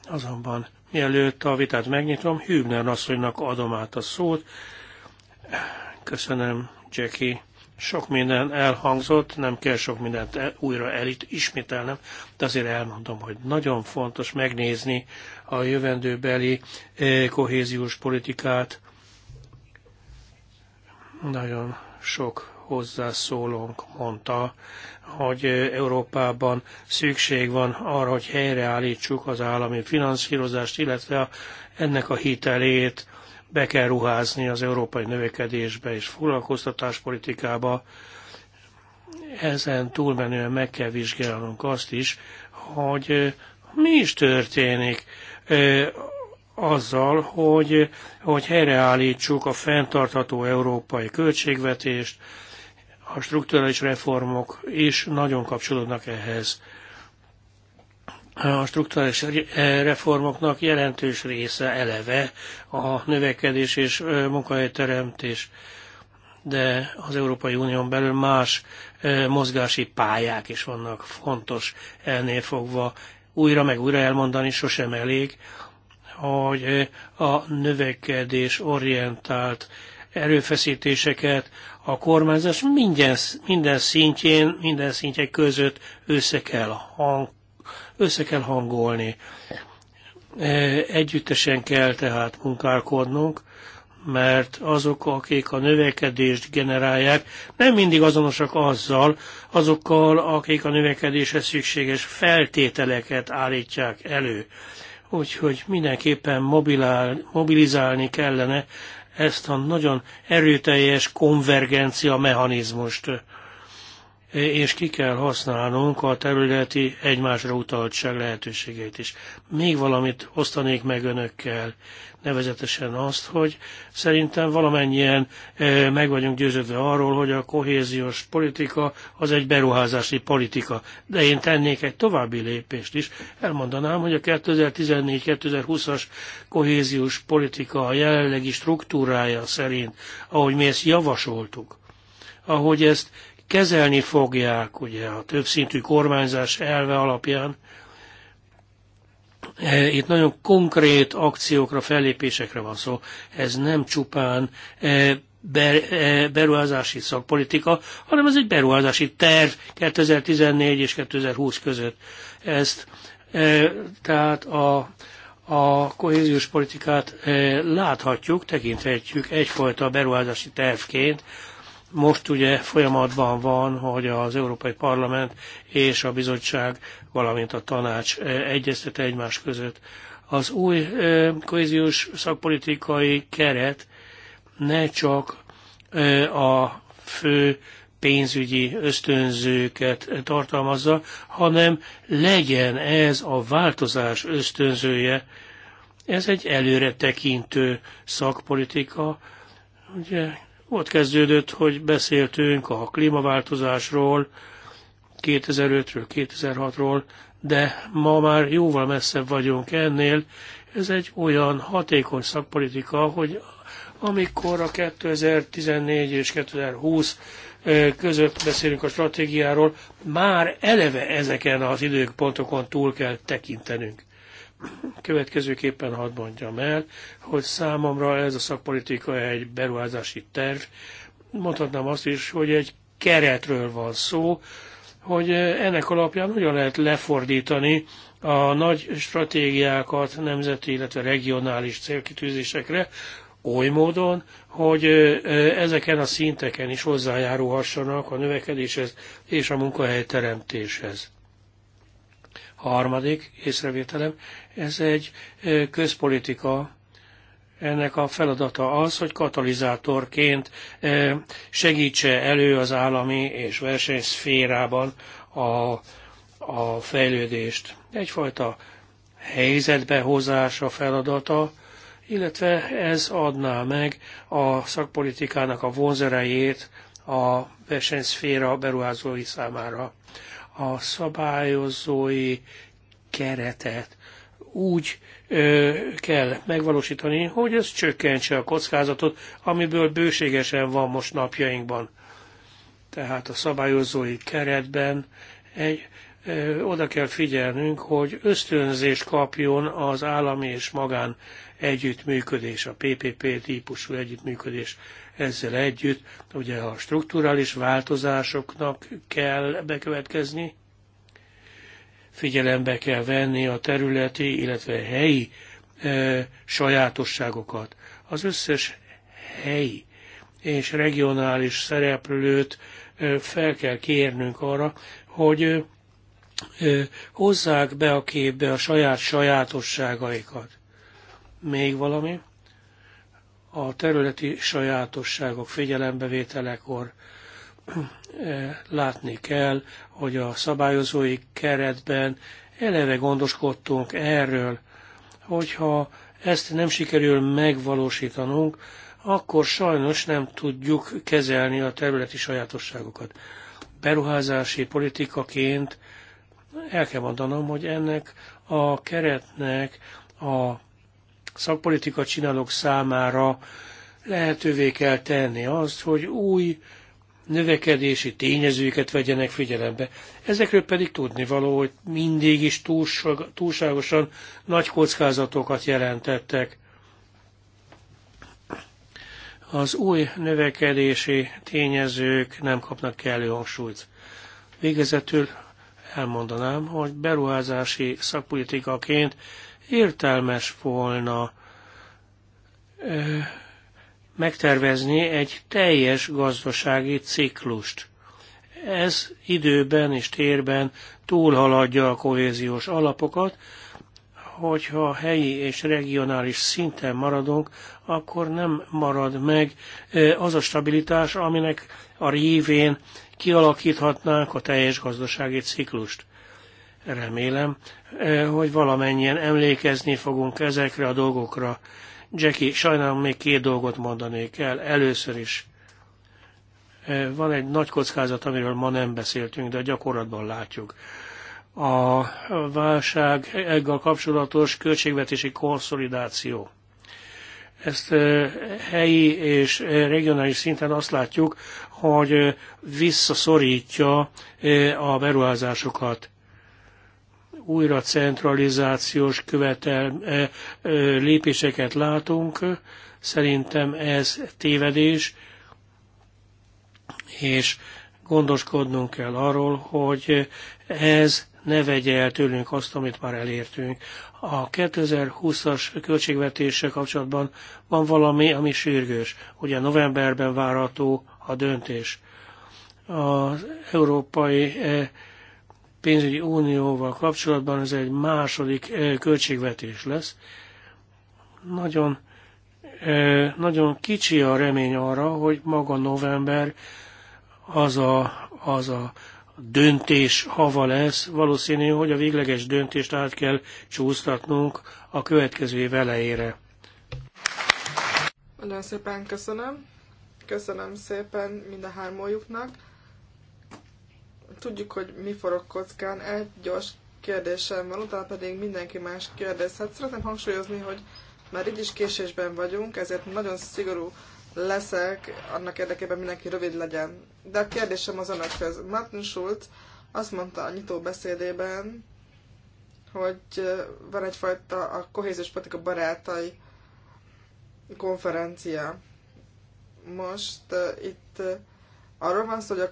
Azonban mielőtt a vitát megnyitom, Hübner asszonynak adom át a szót. Köszönöm, Jackie. Sok minden elhangzott, nem kell sok mindent e- újra elit ismételnem, de azért elmondom, hogy nagyon fontos megnézni a jövendőbeli eh, kohéziós politikát, nagyon sok hozzászólónk mondta, hogy Európában szükség van arra, hogy helyreállítsuk az állami finanszírozást, illetve ennek a hitelét be kell ruházni az európai növekedésbe és foglalkoztatáspolitikába. Ezen túlmenően meg kell vizsgálnunk azt is, hogy mi is történik azzal, hogy, hogy helyreállítsuk a fenntartható európai költségvetést, a strukturális reformok is nagyon kapcsolódnak ehhez. A strukturális reformoknak jelentős része eleve a növekedés és munkahelyteremtés, de az Európai Unión belül más mozgási pályák is vannak fontos ennél fogva. Újra meg újra elmondani sosem elég hogy eh, a növekedés orientált erőfeszítéseket a kormányzás minden, minden szintjén, minden szintje között össze kell, hang, össze kell hangolni. Eh, együttesen kell tehát munkálkodnunk, mert azok, akik a növekedést generálják, nem mindig azonosak azzal, azokkal, akik a növekedéshez szükséges feltételeket állítják elő úgyhogy mindenképpen mobilál, mobilizálni kellene ezt a nagyon erőteljes konvergencia mechanizmust, és ki kell használnunk a területi egymásra utaltság lehetőségeit is. Még valamit osztanék meg önökkel nevezetesen azt, hogy szerintem valamennyien meg vagyunk győződve arról, hogy a kohéziós politika az egy beruházási politika. De én tennék egy további lépést is. Elmondanám, hogy a 2014-2020-as kohéziós politika a jelenlegi struktúrája szerint, ahogy mi ezt javasoltuk, ahogy ezt kezelni fogják ugye a többszintű kormányzás elve alapján, E, itt nagyon konkrét akciókra, fellépésekre van szó. Ez nem csupán e, e, beruházási szakpolitika, hanem ez egy beruházási terv 2014 és 2020 között. Ezt tehát a, a kohéziós politikát láthatjuk, tekinthetjük egyfajta beruházási tervként most ugye folyamatban van, hogy az Európai Parlament és a bizottság, valamint a tanács eh, egyeztet egymás között. Az új eh, kohéziós szakpolitikai keret ne csak eh, a fő pénzügyi ösztönzőket tartalmazza, hanem legyen ez a változás ösztönzője. Ez egy előre tekintő szakpolitika, ugye ott kezdődött, hogy beszéltünk a klímaváltozásról, 2005-ről, 2006-ról, de ma már jóval messzebb vagyunk ennél. Ez egy olyan hatékony szakpolitika, hogy amikor a 2014 és 2020 eh, között beszélünk a stratégiáról, már eleve ezeken az időpontokon túl kell tekintenünk. Következőképpen hadd mondjam el, hogy számomra ez a szakpolitika egy beruházási terv. Mondhatnám azt is, hogy egy keretről van szó, hogy ennek alapján hogyan lehet lefordítani a nagy stratégiákat nemzeti, illetve regionális célkitűzésekre, oly módon, hogy ezeken a szinteken is hozzájárulhassanak a növekedéshez és a munkahely teremtéshez. Harmadik észrevételem, ez egy közpolitika, ennek a feladata az, hogy katalizátorként segítse elő az állami és versenyszférában a, a fejlődést. Egyfajta helyzetbe hozása feladata, illetve ez adná meg a szakpolitikának a vonzerejét a versenyszféra beruházói számára a szabályozói keretet úgy ö, kell megvalósítani, hogy ez csökkentse a kockázatot, amiből bőségesen van most napjainkban. Tehát a szabályozói keretben egy, ö, oda kell figyelnünk, hogy ösztönzés kapjon az állami és magán együttműködés, a PPP típusú együttműködés ezzel együtt, ugye a strukturális változásoknak kell bekövetkezni, figyelembe kell venni a területi, illetve helyi e, sajátosságokat. Az összes helyi és regionális szereplőt e, fel kell kérnünk arra, hogy e, hozzák be a képbe a saját sajátosságaikat. Még valami? A területi sajátosságok figyelembevételekor eh, látni kell, hogy a szabályozói keretben eleve gondoskodtunk erről, hogyha ezt nem sikerül megvalósítanunk, akkor sajnos nem tudjuk kezelni a területi sajátosságokat. Beruházási politikaként el kell mondanom, hogy ennek a keretnek a szakpolitika csinálók számára lehetővé kell tenni azt, hogy új növekedési tényezőket vegyenek figyelembe. Ezekről pedig tudni való, hogy mindig is túlságosan nagy kockázatokat jelentettek. Az új növekedési tényezők nem kapnak kellő hangsúlyt. Végezetül elmondanám, hogy beruházási szakpolitikaként értelmes volna megtervezni egy teljes gazdasági ciklust. Ez időben és térben túlhaladja a kohéziós alapokat, hogyha helyi és regionális szinten maradunk, akkor nem marad meg az a stabilitás, aminek a révén kialakíthatnánk a teljes gazdasági ciklust remélem, eh, hogy valamennyien emlékezni fogunk ezekre a dolgokra. Jackie, sajnálom, még két dolgot mondanék el. Először is eh, van egy nagy kockázat, amiről ma nem beszéltünk, de a gyakorlatban látjuk. A válsággal kapcsolatos költségvetési konszolidáció. Ezt eh, helyi és regionális szinten azt látjuk, hogy visszaszorítja a beruházásokat újra centralizációs követel, e, e, lépéseket látunk. Szerintem ez tévedés, és gondoskodnunk kell arról, hogy ez ne vegye el tőlünk azt, amit már elértünk. A 2020-as költségvetéssel kapcsolatban van valami, ami sürgős. Ugye novemberben várható a döntés. Az európai e, pénzügyi unióval kapcsolatban ez egy második költségvetés lesz. Nagyon, nagyon kicsi a remény arra, hogy maga november az a, az a döntés hava lesz. Valószínű, hogy a végleges döntést át kell csúsztatnunk a következő év elejére.
Nagyon szépen köszönöm. Köszönöm szépen mind a hármójuknak tudjuk, hogy mi forog kockán. Egy gyors kérdésem van, utána pedig mindenki más kérdezhet. Szeretném hangsúlyozni, hogy már így is késésben vagyunk, ezért nagyon szigorú leszek, annak érdekében mindenki rövid legyen. De a kérdésem az önökhöz. Martin Schulz azt mondta a nyitó beszédében, hogy van egyfajta a kohéziós politika barátai konferencia. Most uh, itt uh, Arról van szó, hogy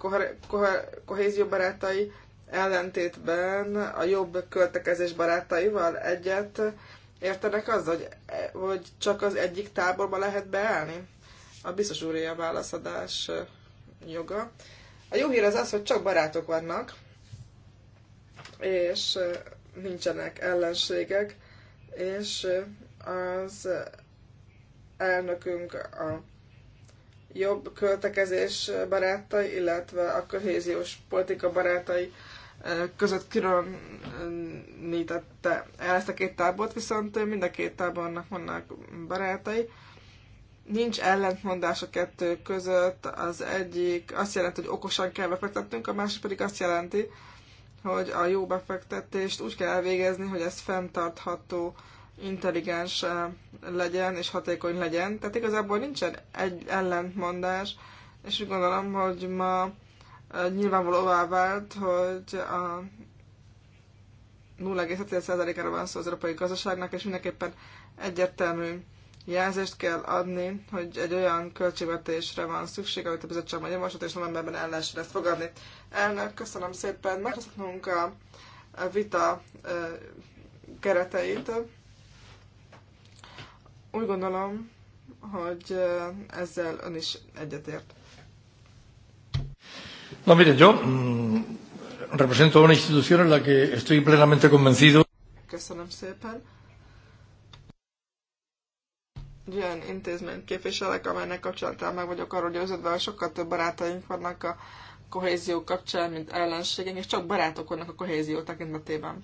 a kohézió barátai ellentétben a jobb költekezés barátaival egyet értenek az, hogy, hogy csak az egyik táborba lehet beállni? A biztos úré a válaszadás joga. A jó hír az az, hogy csak barátok vannak, és nincsenek ellenségek, és az elnökünk a jobb költekezés barátai, illetve a kohéziós politika barátai között különítette el ezt a két tábort, viszont mind a két tábornak vannak barátai. Nincs ellentmondás a kettő között, az egyik azt jelenti, hogy okosan kell befektetnünk, a másik pedig azt jelenti, hogy a jó befektetést úgy kell elvégezni, hogy ez fenntartható intelligens eh, legyen és hatékony legyen. Tehát igazából nincsen egy ellentmondás, és úgy gondolom, hogy ma eh, nyilvánvalóvá vált, hogy a 0,7%-ára van szó az európai gazdaságnak, és mindenképpen egyértelmű jelzést kell adni, hogy egy olyan költségvetésre van szükség, amit a bizottság majd javaslat, és novemberben el lehessen fogadni. Elnök, köszönöm szépen, megköszönünk a vita eh, kereteit. Úgy gondolom, hogy ezzel ön is egyetért.
Na, mire, jó. Mm, represento una institución en la que estoy plenamente convencido.
Köszönöm szépen. Olyan intézményt képviselek, amelynek kapcsolatában meg vagyok arról győződve, hogy sokkal több barátaink vannak a kohézió kapcsán, mint ellenségeink, és csak barátok vannak a kohézió tekintetében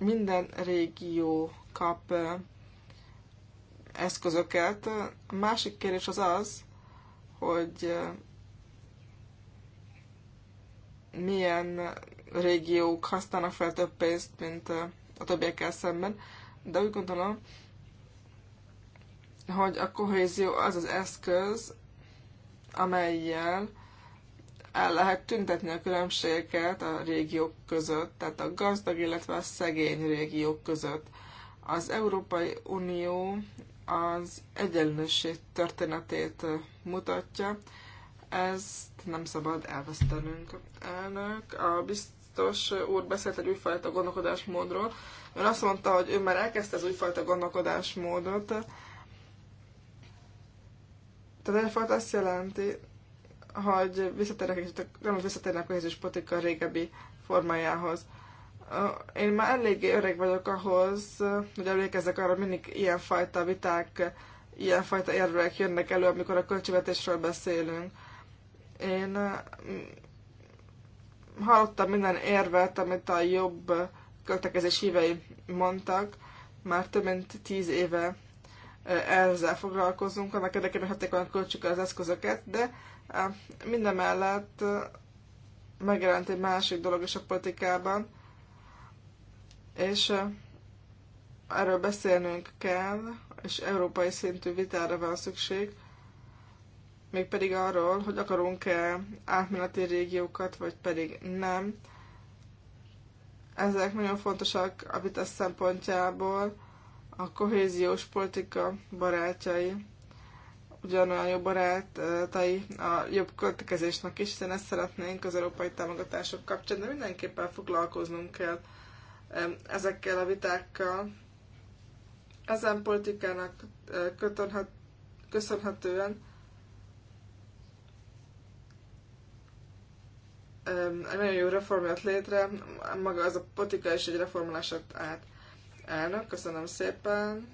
minden régió kap eszközöket. A másik kérdés az az, hogy milyen régiók használnak fel több pénzt, mint a többiekkel szemben, de úgy gondolom, hogy a kohézió az az eszköz, amelyel el lehet tüntetni a különbségeket a régiók között, tehát a gazdag, illetve a szegény régiók között. Az Európai Unió az egyenlőség történetét mutatja, ezt nem szabad elvesztenünk. Elnök, a biztos úr beszélt egy újfajta gondolkodásmódról. Ön azt mondta, hogy ő már elkezdte az újfajta gondolkodásmódot. Tehát egyfajta azt jelenti, hogy visszatérnek, és reméljük visszatérnek a kohéziós politika régebbi formájához. Én már eléggé öreg vagyok ahhoz, hogy emlékezzek arra, mindig ilyenfajta viták, ilyenfajta érvek jönnek elő, amikor a költségvetésről beszélünk. Én hallottam minden érvet, amit a jobb költekezés hívei mondtak, már több mint tíz éve ezzel foglalkozunk, annak érdekében hatékonyan költsük el az eszközöket, de mellett megjelent egy másik dolog is a politikában, és erről beszélnünk kell, és európai szintű vitára van szükség, mégpedig arról, hogy akarunk-e átmeneti régiókat, vagy pedig nem. Ezek nagyon fontosak a vita szempontjából, a kohéziós politika barátjai ugyanolyan jobb barátai a jobb költekezésnek is, hiszen ezt szeretnénk az európai támogatások kapcsán, de mindenképpen foglalkoznunk kell ezekkel a vitákkal. Ezen politikának köszönhetően egy nagyon jó reform jött létre, maga az a politika is egy reformulásat át. Elnök, köszönöm szépen!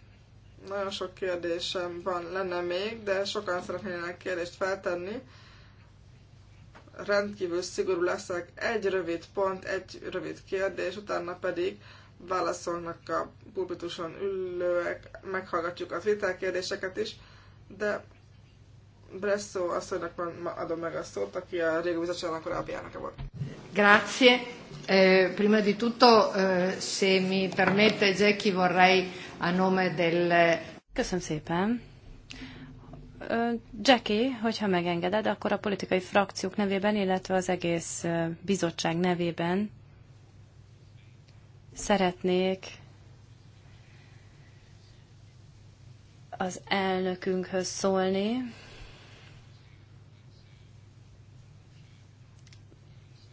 Nagyon sok kérdésem van, lenne még, de sokan szeretnének kérdést feltenni. Rendkívül szigorú leszek. Egy rövid pont, egy rövid kérdés, utána pedig válaszolnak a pulpituson ülőek, meghallgatjuk az Twitter kérdéseket is, de Bresso asszonynak van, adom meg a szót, aki a régi bizottságnak korábbi elnöke volt.
Grazie. Eh, prima di tutto, eh, se mi permette, Jackie, vorrei a nome del... Köszönöm szépen. Jackie, hogyha megengeded, akkor a politikai frakciók nevében, illetve az egész bizottság nevében szeretnék az elnökünkhöz szólni.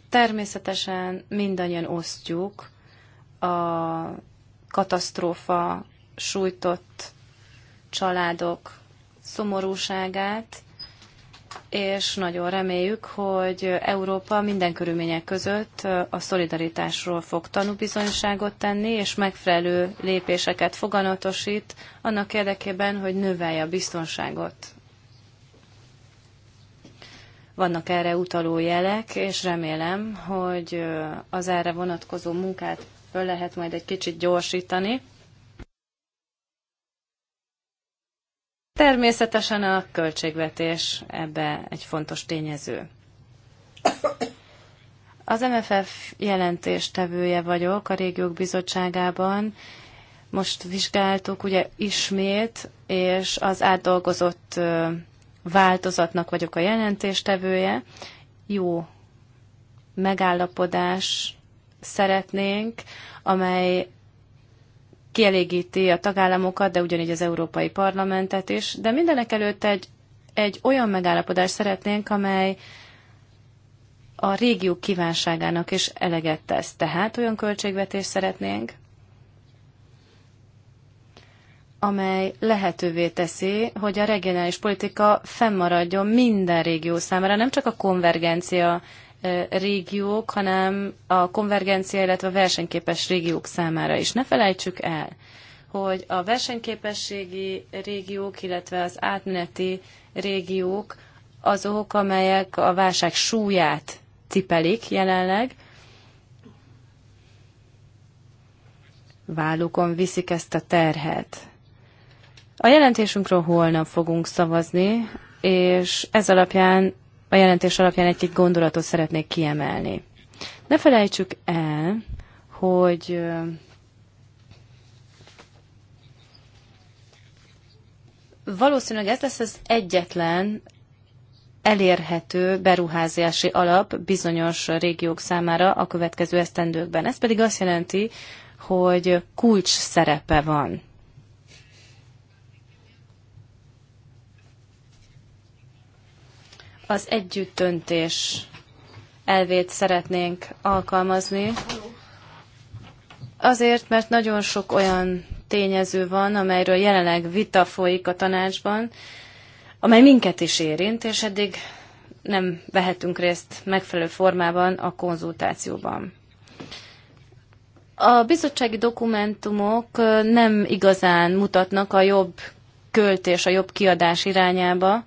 Természetesen mindannyian osztjuk a katasztrófa sújtott családok szomorúságát, és nagyon reméljük, hogy Európa minden körülmények között a szolidaritásról fog tanúbizonyságot tenni, és megfelelő lépéseket foganatosít annak érdekében, hogy növelje a biztonságot. Vannak erre utaló jelek, és remélem, hogy az erre vonatkozó munkát föl lehet majd egy kicsit gyorsítani. Természetesen a költségvetés ebbe egy fontos tényező. Az MFF jelentéstevője vagyok a régiók bizottságában. Most vizsgáltuk ugye ismét, és az átdolgozott változatnak vagyok a jelentéstevője. Jó megállapodás szeretnénk, amely kielégíti a tagállamokat, de ugyanígy az Európai Parlamentet is. De mindenek előtt egy, egy olyan megállapodást szeretnénk, amely a régió kívánságának is eleget tesz. Tehát olyan költségvetést szeretnénk, amely lehetővé teszi, hogy a regionális politika fennmaradjon minden régió számára, nem csak a konvergencia régiók, hanem a konvergencia, illetve a versenyképes régiók számára is. Ne felejtsük el, hogy a versenyképességi régiók, illetve az átmeneti régiók azok, amelyek a válság súlyát cipelik jelenleg, vállukon viszik ezt a terhet. A jelentésünkről holnap fogunk szavazni, és ez alapján a jelentés alapján egy-egy gondolatot szeretnék kiemelni. Ne felejtsük el, hogy valószínűleg ez lesz az egyetlen elérhető beruházási alap bizonyos régiók számára a következő esztendőkben. Ez pedig azt jelenti, hogy kulcs szerepe van az együttöntés elvét szeretnénk alkalmazni. Azért, mert nagyon sok olyan tényező van, amelyről jelenleg vita folyik a tanácsban, amely minket is érint, és eddig nem vehetünk részt megfelelő formában a konzultációban. A bizottsági dokumentumok nem igazán mutatnak a jobb költés, a jobb kiadás irányába,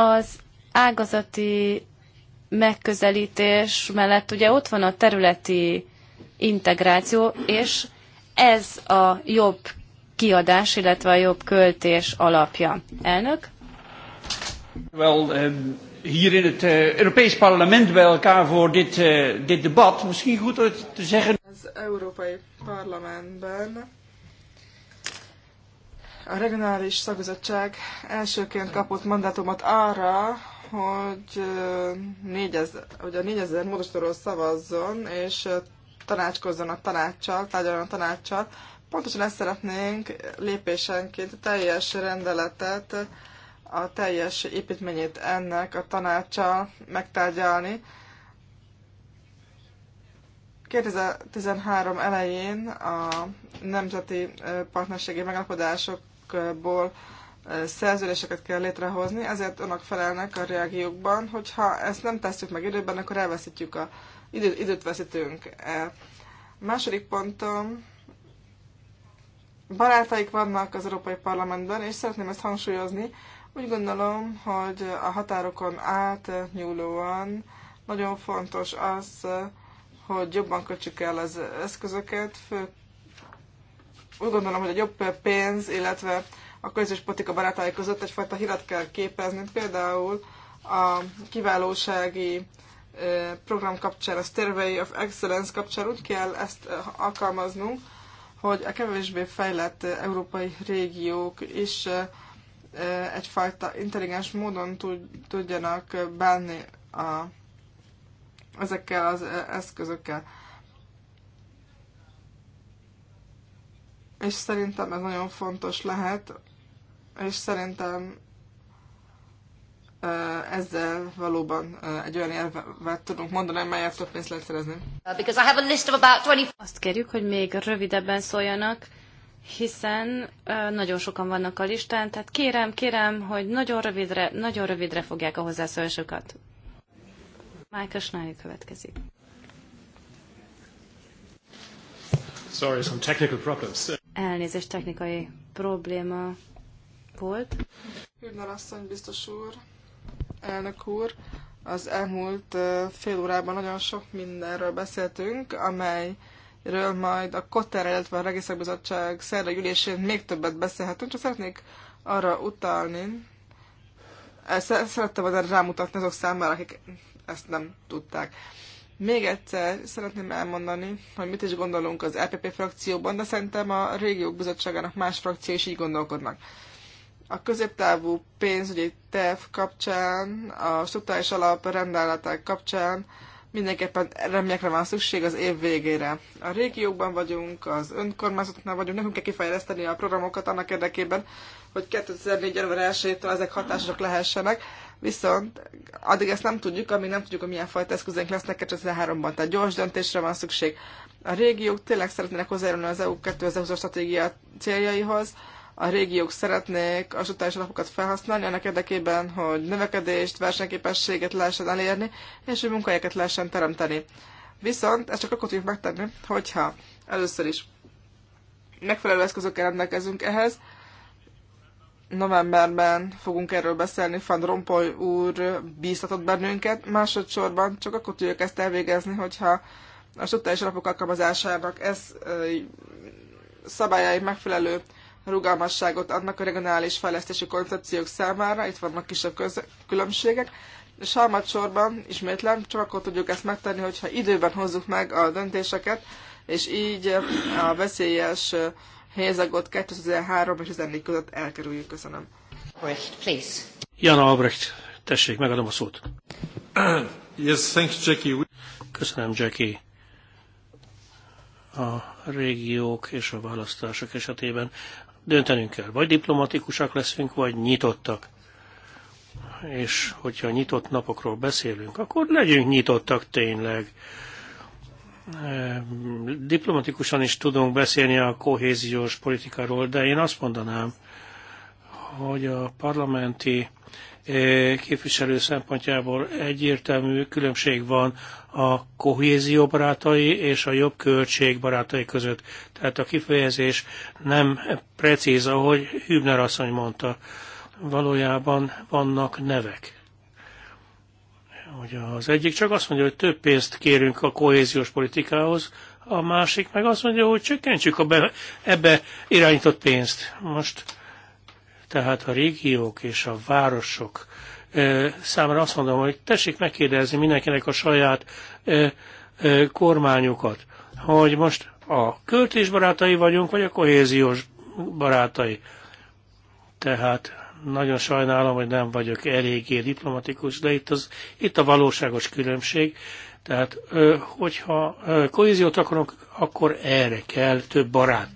Az ágazati megközelítés mellett ugye ott van a területi integráció, és ez a jobb kiadás, illetve a jobb költés alapja.
Elnök?
Well, um eh, hier in het uh, Europees Parlement bij elkaar voor dit, uh, dit debat. Misschien goed om te zeggen.
Het Europees Parlement a regionális szakbizottság elsőként kapott mandátumot arra, hogy, 4000, hogy a 4000 módosítóról szavazzon, és tanácskozzon a tanácssal, tárgyaljon a tanácssal. Pontosan ezt szeretnénk lépésenként a teljes rendeletet, a teljes építményét ennek a tanácssal megtárgyalni. 2013 elején a nemzeti partnerségi megalapodások tagállamokból szerződéseket kell létrehozni, ezért önök felelnek a reagiókban, hogyha ezt nem tesszük meg időben, akkor elveszítjük a idő, időt veszítünk el. Második pontom, barátaik vannak az Európai Parlamentben, és szeretném ezt hangsúlyozni. Úgy gondolom, hogy a határokon átnyúlóan nagyon fontos az, hogy jobban kötsük el az eszközöket, fő, úgy gondolom, hogy a jobb pénz, illetve a közös politika barátai között egyfajta hírat kell képezni. Például a kiválósági program kapcsán, a Stairway of Excellence kapcsán úgy kell ezt alkalmaznunk, hogy a kevésbé fejlett európai régiók is egyfajta intelligens módon tudjanak bánni a, ezekkel az eszközökkel. és szerintem ez nagyon fontos lehet, és szerintem ezzel valóban egy olyan érvet tudunk mondani, melyet több pénzt lehet szerezni.
Azt kérjük, hogy még rövidebben szóljanak, hiszen nagyon sokan vannak a listán, tehát kérem, kérem, hogy nagyon rövidre, nagyon rövidre fogják a hozzászólásokat. Michael Schneider következik.
Sorry, some technical problems.
Elnézést, technikai probléma volt.
Hübner asszony, biztos úr, elnök úr, az elmúlt fél órában nagyon sok mindenről beszéltünk, amelyről majd a Kotter, illetve a Regiszakbizottság szerda ülésén még többet beszélhetünk, csak szeretnék arra utalni, ezt szerettem volna rámutatni azok számára, akik ezt nem tudták. Még egyszer szeretném elmondani, hogy mit is gondolunk az LPP e frakcióban, de szerintem a régiók bizottságának más frakció is így gondolkodnak. A középtávú pénzügyi terv kapcsán, a struktúrális alap rendelletek kapcsán mindenképpen remélyekre van szükség az év végére. A régiókban vagyunk, az önkormányzatoknál vagyunk, nekünk kell kifejleszteni a programokat annak érdekében, hogy 2004. január 1 ezek hatásosak lehessenek, viszont addig ezt nem tudjuk, amíg nem tudjuk, hogy milyen fajta eszközénk lesznek 2003-ban. Tehát gyors döntésre van szükség. A régiók tényleg szeretnének hozzájárulni az EU 2020 stratégia céljaihoz, a régiók szeretnék a struktúrális alapokat felhasználni annak érdekében, hogy növekedést, versenyképességet lehessen elérni, és hogy munkahelyeket lehessen teremteni. Viszont ezt csak akkor tudjuk megtenni, hogyha először is megfelelő eszközökkel rendelkezünk ehhez, novemberben fogunk erről beszélni, Van Rompoy úr bíztatott bennünket. Másodszorban csak akkor tudjuk ezt elvégezni, hogyha a struktúrális alapok alkalmazásának ez szabályai megfelelő rugalmasságot adnak a regionális fejlesztési koncepciók számára, itt vannak kisebb különbségek, és harmadsorban, ismétlem, csak akkor tudjuk ezt megtenni, hogyha időben hozzuk meg a döntéseket, és így a veszélyes hézagot 2003 és 2004 között elkerüljük. Köszönöm. please.
Jan Albrecht, tessék, megadom a szót. yes, thanks, Jackie. Köszönöm, Jackie. A régiók és a választások esetében döntenünk kell, vagy diplomatikusak leszünk, vagy nyitottak. És hogyha nyitott napokról beszélünk, akkor legyünk nyitottak tényleg Ehm, diplomatikusan is tudunk beszélni a kohéziós politikáról, de én azt mondanám, hogy a parlamenti e, képviselő szempontjából egyértelmű különbség van a kohézió barátai és a jobb költség barátai között. Tehát a kifejezés nem precíz, ahogy Hübner asszony mondta. Valójában vannak nevek hogy az egyik csak azt mondja, hogy több pénzt kérünk a kohéziós politikához, a másik meg azt mondja, hogy csökkentsük a be, ebbe irányított pénzt. Most tehát a régiók és a városok ö, számára azt mondom, hogy tessék megkérdezni mindenkinek a saját ö, ö, kormányukat, hogy most a költésbarátai vagyunk, vagy a kohéziós barátai. Tehát nagyon sajnálom, hogy nem vagyok eléggé diplomatikus, de itt, az, itt a valóságos különbség. Tehát, hogyha kohéziót akarunk, akkor erre kell több barát.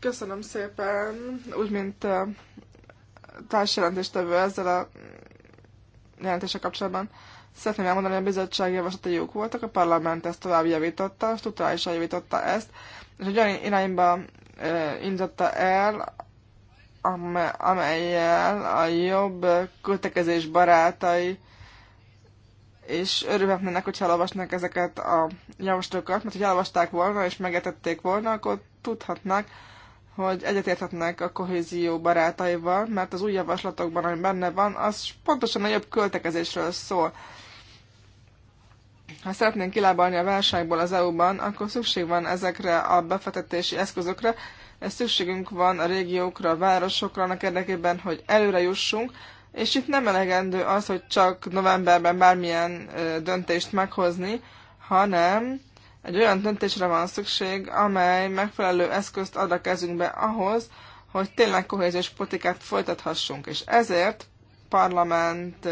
Köszönöm szépen, úgy mint társjelentéstevő ezzel a jelentése kapcsolatban. Szeretném elmondani, hogy a bizottság javaslatai jók voltak, a parlament ezt tovább javította, struktúrálisan javította ezt, és egy olyan irányba indította el, amelyel a jobb költekezés barátai és örülhetnének, hogyha elolvasnak ezeket a javaslatokat, mert hogy elolvasták volna és megetették volna, akkor tudhatnak, hogy egyetérthetnek a kohézió barátaival, mert az új javaslatokban, ami benne van, az pontosan a jobb költekezésről szól. Ha szeretnénk kilábalni a válságból az EU-ban, akkor szükség van ezekre a befektetési eszközökre, ez szükségünk van a régiókra, a városokra, annak érdekében, hogy előre jussunk, és itt nem elegendő az, hogy csak novemberben bármilyen döntést meghozni, hanem egy olyan döntésre van szükség, amely megfelelő eszközt ad a kezünkbe ahhoz, hogy tényleg kohéziós politikát folytathassunk. És ezért parlament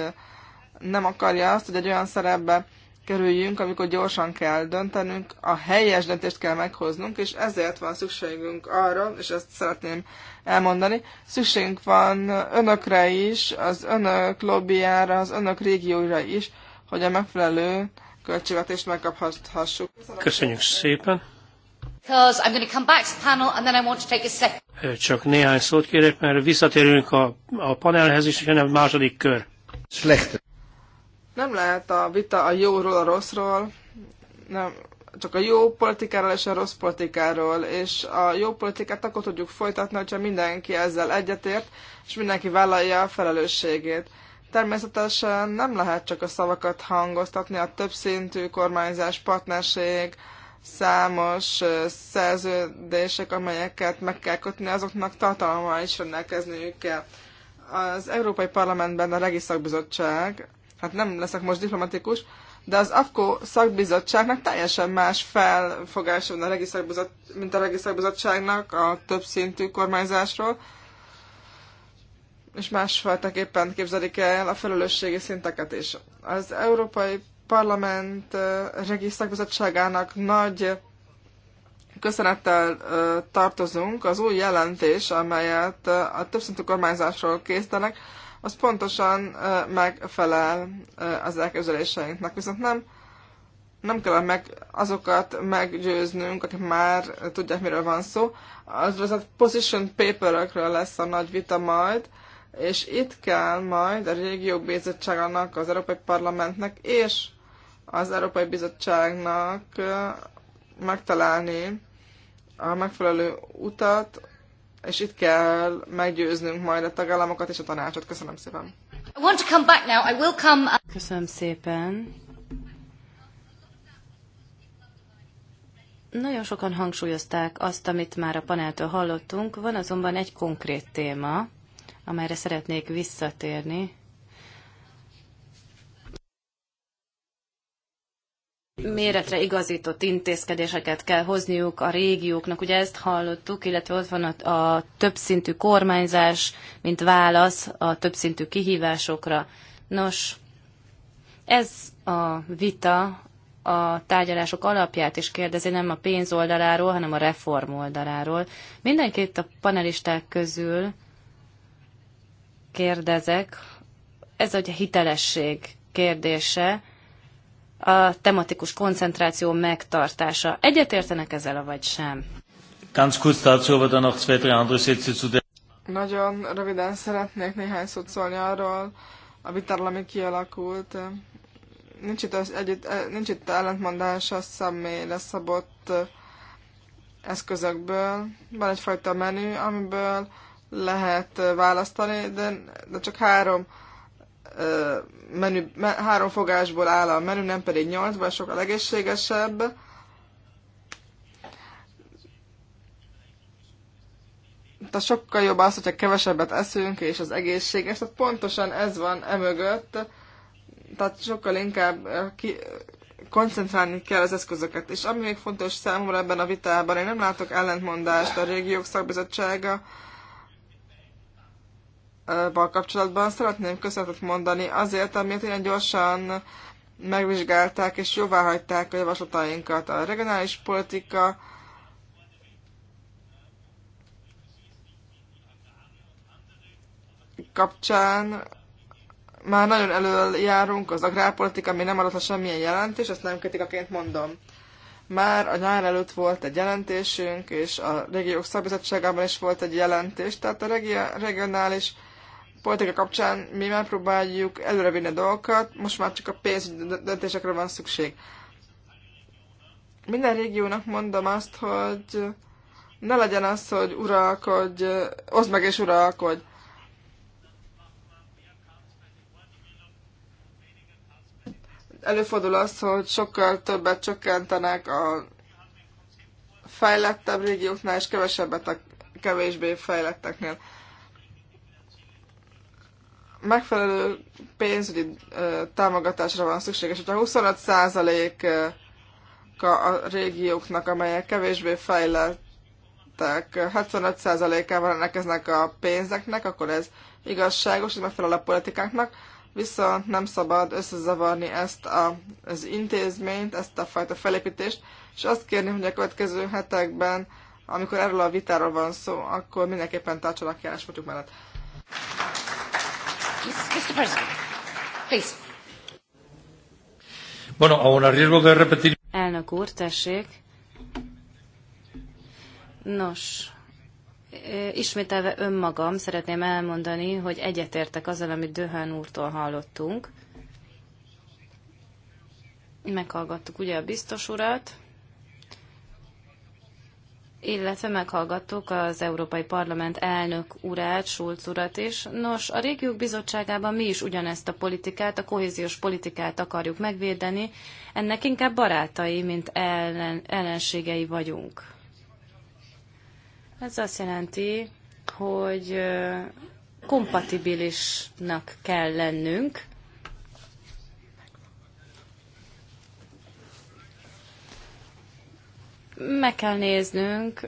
nem akarja azt, hogy egy olyan szerepbe kerüljünk, amikor gyorsan kell döntenünk, a helyes döntést kell meghoznunk, és ezért van szükségünk arra, és ezt szeretném elmondani, szükségünk van önökre is, az önök lobbyára, az önök régióira is, hogy a megfelelő költségvetést megkaphassuk.
Köszönjük szépen! Csak néhány szót kérek, mert visszatérünk a, a panelhez is, és jön a második kör. Schlechter.
Nem lehet a vita a jóról, a rosszról, nem, csak a jó politikáról és a rossz politikáról, és a jó politikát akkor tudjuk folytatni, hogyha mindenki ezzel egyetért, és mindenki vállalja a felelősségét. Természetesen nem lehet csak a szavakat hangoztatni, a többszintű kormányzás, partnerség, számos szerződések, amelyeket meg kell kötni, azoknak tartalommal is rendelkezniük kell. Az Európai Parlamentben a Regi Szakbizottság hát nem leszek most diplomatikus, de az AFKO szakbizottságnak teljesen más felfogása van a mint a regiszakbizottságnak a többszintű kormányzásról, és másfajtaképpen képzelik el a felelősségi szinteket is. Az Európai Parlament regiszakbizottságának nagy köszönettel tartozunk. Az új jelentés, amelyet a többszintű kormányzásról készítenek, az pontosan megfelel az elképzeléseinknek. Viszont nem, nem kell meg, azokat meggyőznünk, akik már tudják, miről van szó. Az a position paperökről lesz a nagy vita majd, és itt kell majd a régió bizottságának, az Európai Parlamentnek és az Európai Bizottságnak megtalálni a megfelelő utat, és itt kell meggyőznünk majd a tagállamokat és a tanácsot. Köszönöm szépen. I want to come back now. I will come. Uh, Köszönöm szépen.
Nagyon sokan hangsúlyozták azt, amit már a paneltől hallottunk. Van azonban egy konkrét téma, amelyre szeretnék visszatérni. méretre igazított intézkedéseket kell hozniuk a régióknak. Ugye ezt hallottuk, illetve ott van a, a többszintű kormányzás, mint válasz a többszintű kihívásokra. Nos, ez a vita a tárgyalások alapját is kérdezi, nem a pénz oldaláról, hanem a reform oldaláról. Mindenkit a panelisták közül kérdezek, ez a hitelesség kérdése, a tematikus koncentráció megtartása. Egyetértenek
ezzel, vagy sem?
Ganz kurz dazu, aber dann noch zwei, drei andere Sätze zu der...
Nagyon röviden szeretnék néhány szót szólni arról, a vitáról, ami kialakult. Nincs itt, az, egy, eh, nincs itt ellentmondás a személy leszabott eh, eszközökből. Van egyfajta menü, amiből lehet eh, választani, de, de csak három menü, három fogásból áll a menü, nem pedig nyolcban, vagy sokkal legészségesebb. Tehát sokkal jobb az, hogyha kevesebbet eszünk, és az egészséges. Tehát pontosan ez van emögött. Tehát sokkal inkább ki, koncentrálni kell az eszközöket. És ami még fontos számomra ebben a vitában, én nem látok ellentmondást a régiók szakbizottsága, bal kapcsolatban szeretném köszönetet mondani azért, amiért ilyen gyorsan megvizsgálták és jóváhagyták a javaslatainkat. A regionális politika kapcsán már nagyon elől járunk, az agrárpolitika még nem adott a semmilyen jelentés, ezt nem kritikaként mondom. Már a nyár előtt volt egy jelentésünk, és a régiók szabizottságában is volt egy jelentés, tehát a regi- regionális politika kapcsán mi már próbáljuk előrevinni a dolgokat, most már csak a pénzügyi döntésekre van szükség. Minden régiónak mondom azt, hogy ne legyen az, hogy uralkodj, oszd meg és uralkodj. Előfordul az, hogy sokkal többet csökkentenek a fejlettebb régióknál, és kevesebbet a kevésbé fejletteknél megfelelő pénzügyi támogatásra van szükséges. Hogyha 25 százalék a régióknak, amelyek kevésbé fejlettek, 75%-ával rendelkeznek a pénzeknek, akkor ez igazságos, és megfelel a politikáknak, viszont nem szabad összezavarni ezt a, az intézményt, ezt a fajta felépítést, és azt kérni, hogy a következő hetekben, amikor erről a vitáról van szó, akkor mindenképpen tartsanak ki álláspontjuk mellett. Mr. President, please.
Bueno, aún a riesgo de repetir...
Elnök úr, tessék. Nos, ismételve önmagam szeretném elmondani, hogy egyetértek azzal, amit Döhön úrtól hallottunk. Meghallgattuk ugye a biztos urat, illetve meghallgattuk az Európai Parlament elnök urát, Schulz urat is. Nos, a régiók bizottságában mi is ugyanezt a politikát, a kohéziós politikát akarjuk megvédeni, ennek inkább barátai, mint ellen, ellenségei vagyunk. Ez azt jelenti, hogy kompatibilisnak kell lennünk, Meg kell néznünk,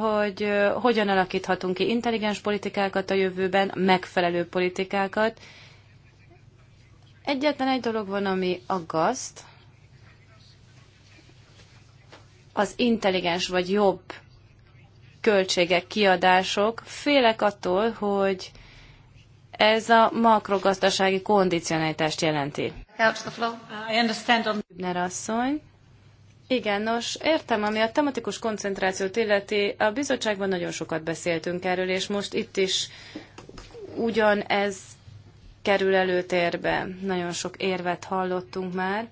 hogy hogyan alakíthatunk ki intelligens politikákat a jövőben, megfelelő politikákat. Egyetlen egy dolog van, ami aggaszt, az intelligens vagy jobb költségek, kiadások. Félek attól, hogy ez a makrogazdasági kondicionálitást jelenti. Uh, asszony. Igen, nos, értem, ami a tematikus koncentrációt illeti, a bizottságban nagyon sokat beszéltünk erről, és most itt is ugyanez kerül előtérbe. Nagyon sok érvet hallottunk már.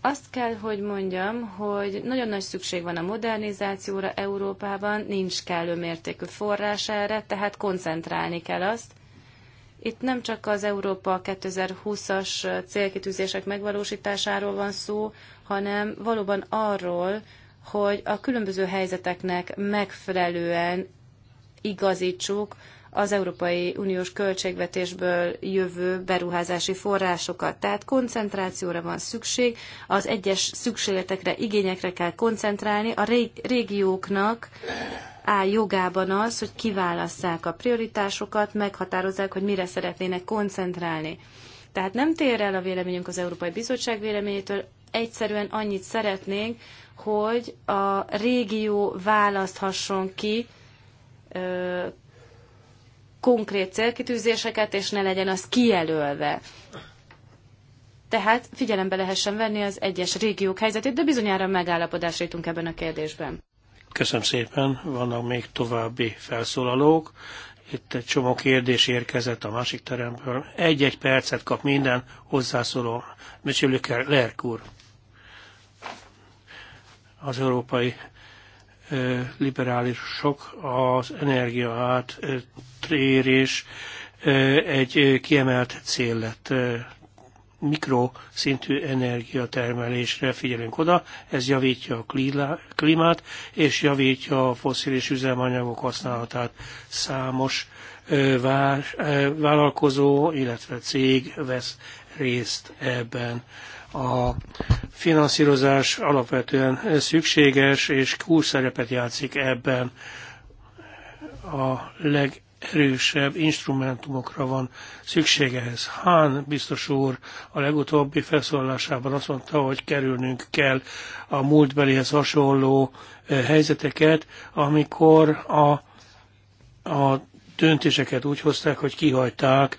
Azt kell, hogy mondjam, hogy nagyon nagy szükség van a modernizációra Európában, nincs kellő mértékű forrás erre, tehát koncentrálni kell azt. Itt nem csak az Európa 2020-as célkitűzések megvalósításáról van szó, hanem valóban arról, hogy a különböző helyzeteknek megfelelően igazítsuk az Európai Uniós költségvetésből jövő beruházási forrásokat. Tehát koncentrációra van szükség, az egyes szükségletekre, igényekre kell koncentrálni, a régióknak áll jogában az, hogy kiválasszák a prioritásokat, meghatározzák, hogy mire szeretnének koncentrálni. Tehát nem tér el a véleményünk az Európai Bizottság véleményétől, egyszerűen annyit szeretnénk, hogy a régió választhasson ki ö, konkrét célkitűzéseket, és ne legyen az kijelölve. Tehát figyelembe lehessen venni az egyes régiók helyzetét, de bizonyára megállapodásra jutunk ebben a kérdésben.
Köszönöm szépen, vannak még további felszólalók. Itt egy csomó kérdés érkezett a másik teremből. Egy-egy percet kap minden hozzászóló. Mr. Lerk úr az európai liberálisok az energia átérés egy kiemelt cél lett mikroszintű energiatermelésre figyelünk oda, ez javítja a klímát, és javítja a foszilis üzemanyagok használatát. Számos vállalkozó, illetve cég vesz részt ebben. A finanszírozás alapvetően szükséges, és kulcsszerepet játszik ebben a legerősebb instrumentumokra van szükségehez. Hán biztos úr a legutóbbi felszólalásában azt mondta, hogy kerülnünk kell a múltbelihez hasonló eh, helyzeteket, amikor a, a döntéseket úgy hozták, hogy kihagyták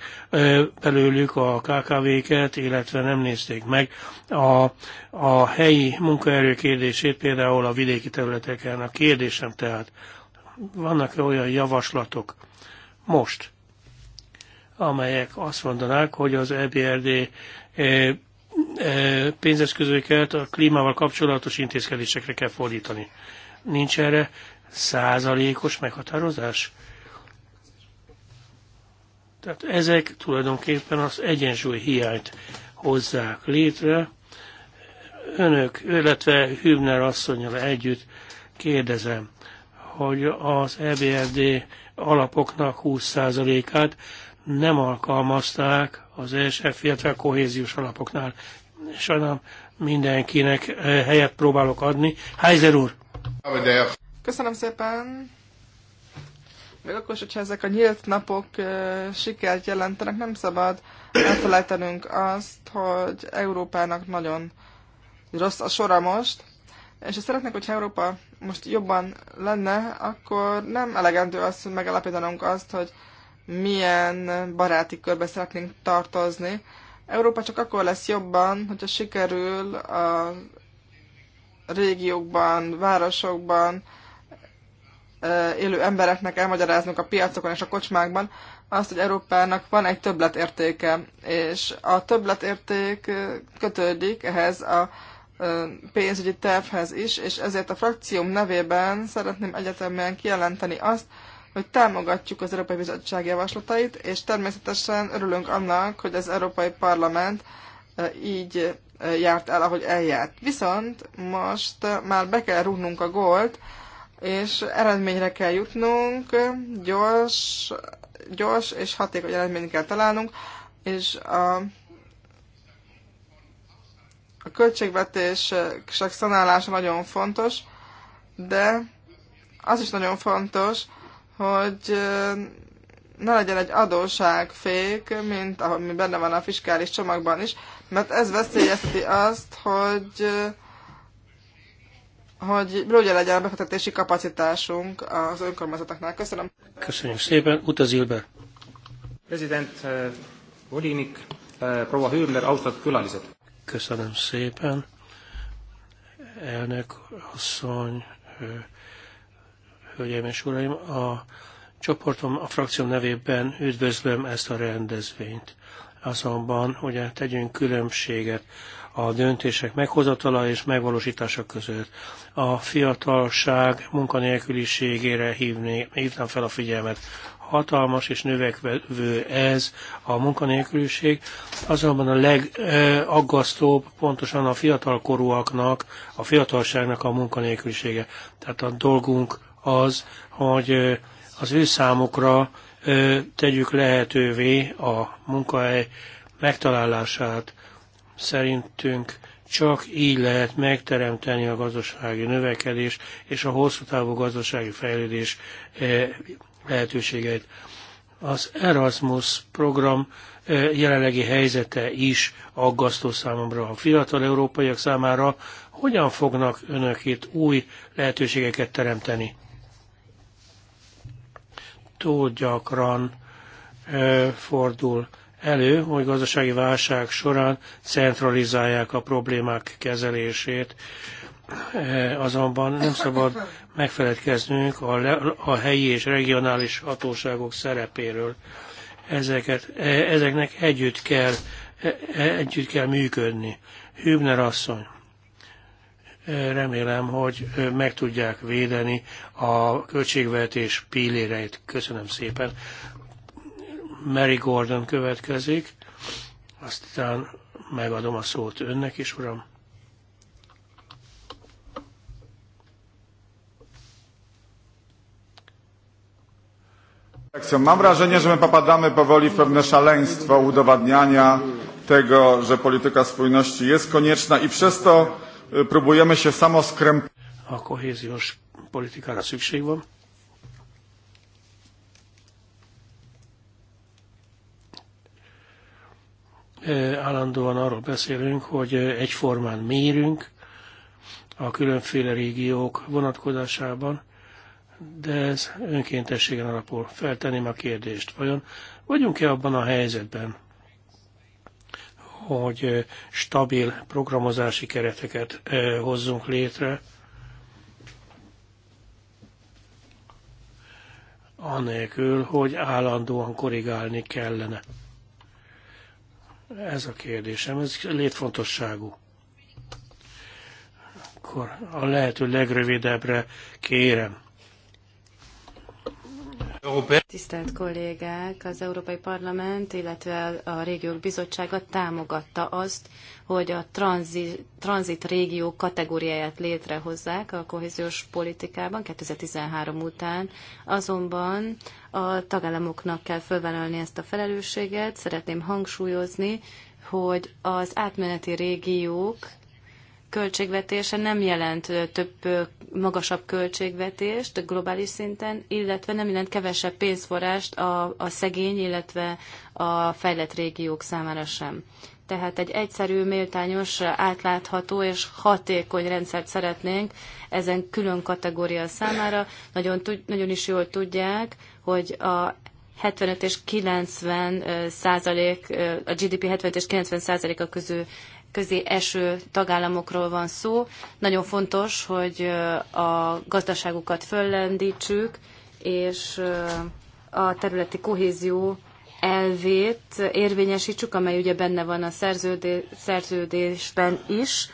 belőlük a KKV-ket, illetve nem nézték meg a, a helyi munkaerő kérdését, például a vidéki területeken. A kérdésem tehát, vannak-e olyan javaslatok most, amelyek azt mondanák, hogy az EBRD pénzeszközöket a klímával kapcsolatos intézkedésekre kell fordítani. Nincs erre százalékos meghatározás? Tehát ezek tulajdonképpen az egyensúly hiányt hozzák létre. Önök, illetve Hübner asszonyra együtt kérdezem, hogy az EBRD alapoknak 20%-át nem alkalmazták az ESF, illetve a kohéziós alapoknál. Sajnálom, mindenkinek eh, helyet próbálok adni. Heiser úr!
Köszönöm szépen! Még akkor is, hogyha ezek a nyílt napok sikert jelentenek, nem szabad elfelejtenünk azt, hogy Európának nagyon rossz a sora most, és ha szeretnék, hogyha Európa most jobban lenne, akkor nem elegendő az, hogy megalapítanunk azt, hogy milyen baráti körbe szeretnénk tartozni. Európa csak akkor lesz jobban, hogyha sikerül a régiókban, városokban, élő embereknek elmagyaráznunk a piacokon és a kocsmákban azt, hogy Európának van egy többletértéke, és a többletérték kötődik ehhez a pénzügyi tervhez is, és ezért a frakcióm nevében szeretném egyetemben kijelenteni azt, hogy támogatjuk az Európai Bizottság javaslatait, és természetesen örülünk annak, hogy az Európai Parlament így járt el, ahogy eljárt. Viszont most már be kell rúgnunk a gólt, és eredményre kell jutnunk, gyors, gyors és hatékony eredményt kell találnunk, és a, a költségvetés szanálása nagyon fontos, de az is nagyon fontos, hogy ne legyen egy adóságfék, mint ahogy mi benne van a fiskális csomagban is, mert ez veszélyezti azt, hogy hogy hogyan legyen a befektetési kapacitásunk az önkormányzatoknál. Köszönöm.
Köszönjük szépen. Utazil be.
Prezident eh,
Volinik, eh, Prova Hürner, austatud külaliset. Köszönöm szépen. Elnök asszony, eh, hölgyeim és uraim, a csoportom, a frakcióm nevében üdvözlöm ezt a rendezvényt. Azonban ugye tegyünk különbséget a döntések meghozatala és megvalósítása között. A fiatalság munkanélküliségére hívni, hívnám fel a figyelmet. Hatalmas és növekvő ez a munkanélküliség, azonban a legaggasztóbb pontosan a fiatalkorúaknak, a fiatalságnak a munkanélkülisége. Tehát a dolgunk az, hogy az ő számukra tegyük lehetővé a munkahely megtalálását. Szerintünk csak így lehet megteremteni a gazdasági növekedés és a hosszú távú gazdasági fejlődés eh, lehetőségeit. Az Erasmus program eh, jelenlegi helyzete is aggasztó számomra. A fiatal európaiak számára hogyan fognak önök itt új lehetőségeket teremteni? Túl gyakran eh, fordul elő, hogy gazdasági válság során centralizálják a problémák kezelését. Eh, azonban nem szabad megfeledkeznünk a, le, a helyi és regionális hatóságok szerepéről. Ezeket, eh, ezeknek együtt kell, eh, együtt kell működni. Hübner asszony remélem, hogy meg tudják védeni a költségvetés pilléreit. Köszönöm szépen. Mary Gordon következik, aztán megadom a szót önnek is, uram.
Mam wrażenie, że my popadamy powoli w pewne szaleństwo udowadniania tego, że polityka spójności jest konieczna i przez to próbujemy się samo skrępować.
A kohéziós politikára szükség van. állandóan arról beszélünk, hogy egyformán mérünk a különféle régiók vonatkozásában, de ez önkéntességen alapul. Feltenném a kérdést, vajon vagyunk-e abban a helyzetben, hogy stabil programozási kereteket hozzunk létre, anélkül, hogy állandóan korrigálni kellene. Ez a kérdésem, ez létfontosságú. Akkor a lehető legrövidebbre kérem. Tisztelt
kollégák, az Európai Parlament, illetve a Régiók Bizottsága támogatta azt, hogy a tranzit, tranzit régió kategóriáját létrehozzák a kohéziós politikában 2013 után. Azonban a tagállamoknak kell fölvállalni ezt a felelősséget. Szeretném hangsúlyozni, hogy az átmeneti régiók költségvetése nem jelent több magasabb költségvetést globális szinten, illetve nem jelent kevesebb pénzforrást a, a szegény, illetve a fejlett régiók számára sem. Tehát egy egyszerű, méltányos, átlátható és hatékony rendszert szeretnénk ezen külön kategória számára. Nagyon, nagyon is jól tudják, hogy a 75 és 90 százalék, a GDP 75 és 90 százaléka közül közé eső tagállamokról van szó. Nagyon fontos, hogy a gazdaságukat föllendítsük, és a területi kohézió elvét érvényesítsük, amely ugye benne van a szerződésben is.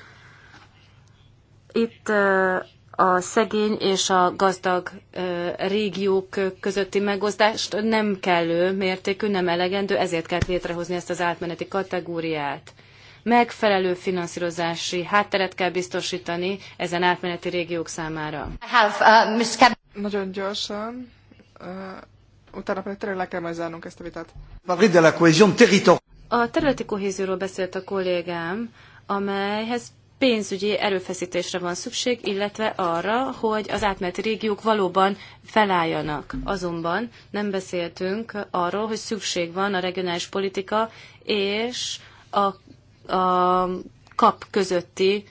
Itt a szegény és a gazdag régiók közötti megosztást nem kellő mértékű, nem elegendő, ezért kell létrehozni ezt az átmeneti kategóriát megfelelő finanszírozási hátteret kell biztosítani ezen átmeneti régiók számára.
Uh, Nagyon gyorsan, uh, utána pedig tényleg le kell majd zárnunk ezt a
vitát.
A területi kohézióról beszélt a kollégám,
amelyhez pénzügyi erőfeszítésre van szükség, illetve arra, hogy az átmeneti régiók valóban felálljanak. Azonban nem beszéltünk arról, hogy szükség van a regionális politika és a a kap közötti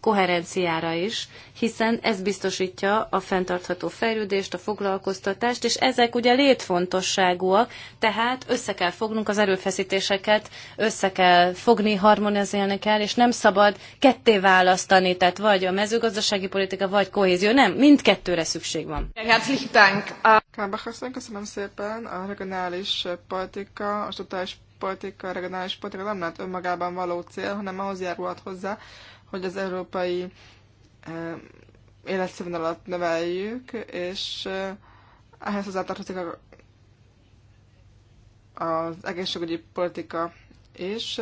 koherenciára is, hiszen ez biztosítja a fenntartható fejlődést, a foglalkoztatást, és ezek ugye létfontosságúak, tehát össze kell fognunk az erőfeszítéseket, össze kell fogni, harmonizálni kell, és nem szabad ketté választani, tehát vagy a mezőgazdasági politika, vagy kohézió, nem, mindkettőre szükség van.
Köszönöm szépen a regionális politika, a totális politika, regionális politika nem lehet önmagában való cél, hanem ahhoz járulhat hozzá, hogy az európai eh, életszínvonalat növeljük, és eh, ehhez hozzátartozik a, az egészségügyi politika is,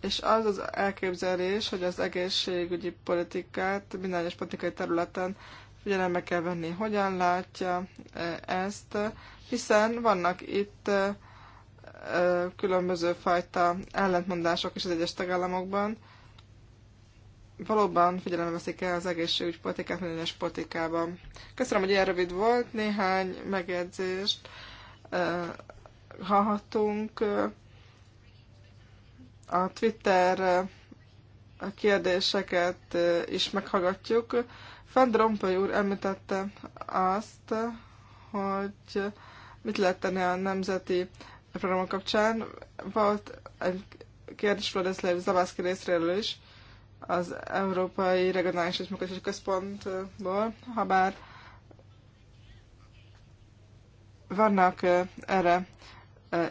és az az elképzelés, hogy az egészségügyi politikát minden egyes politikai területen figyelembe kell venni, hogyan látja eh, ezt, hiszen vannak itt különböző fajta ellentmondások is az egyes tagállamokban. Valóban figyelembe veszik el az politikát minden egyes politikában. Köszönöm, hogy ilyen rövid volt, néhány megjegyzést hallhattunk. A Twitter a kérdéseket is meghallgatjuk. Fend Rompuy úr említette azt, hogy mit lehet tenni a nemzeti programok kapcsán. Volt egy kérdés Vladislav Zavaszki részéről is, az Európai Regionális és Munkási Központból, ha bár vannak erre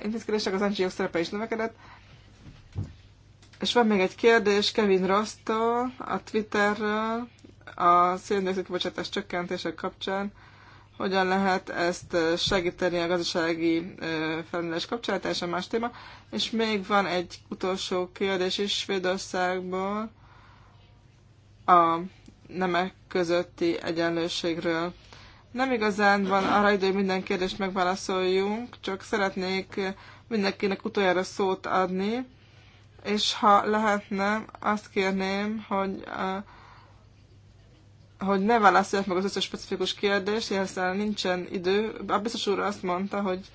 intézkedések, az NGO szerepe is növekedett. És van még egy kérdés Kevin Rostó a Twitterről, a széndiokszid kibocsátás csökkentése kapcsán hogyan lehet ezt segíteni a gazdasági felmérés kapcsolat, teljesen más téma. És még van egy utolsó kérdés is Svédországból a nemek közötti egyenlőségről. Nem igazán van arra idő, hogy minden kérdést megválaszoljunk, csak szeretnék mindenkinek utoljára szót adni, és ha lehetne, azt kérném, hogy a hogy ne válaszolják meg az összes specifikus kérdést, hiszen nincsen idő. A biztos úr azt mondta, hogy,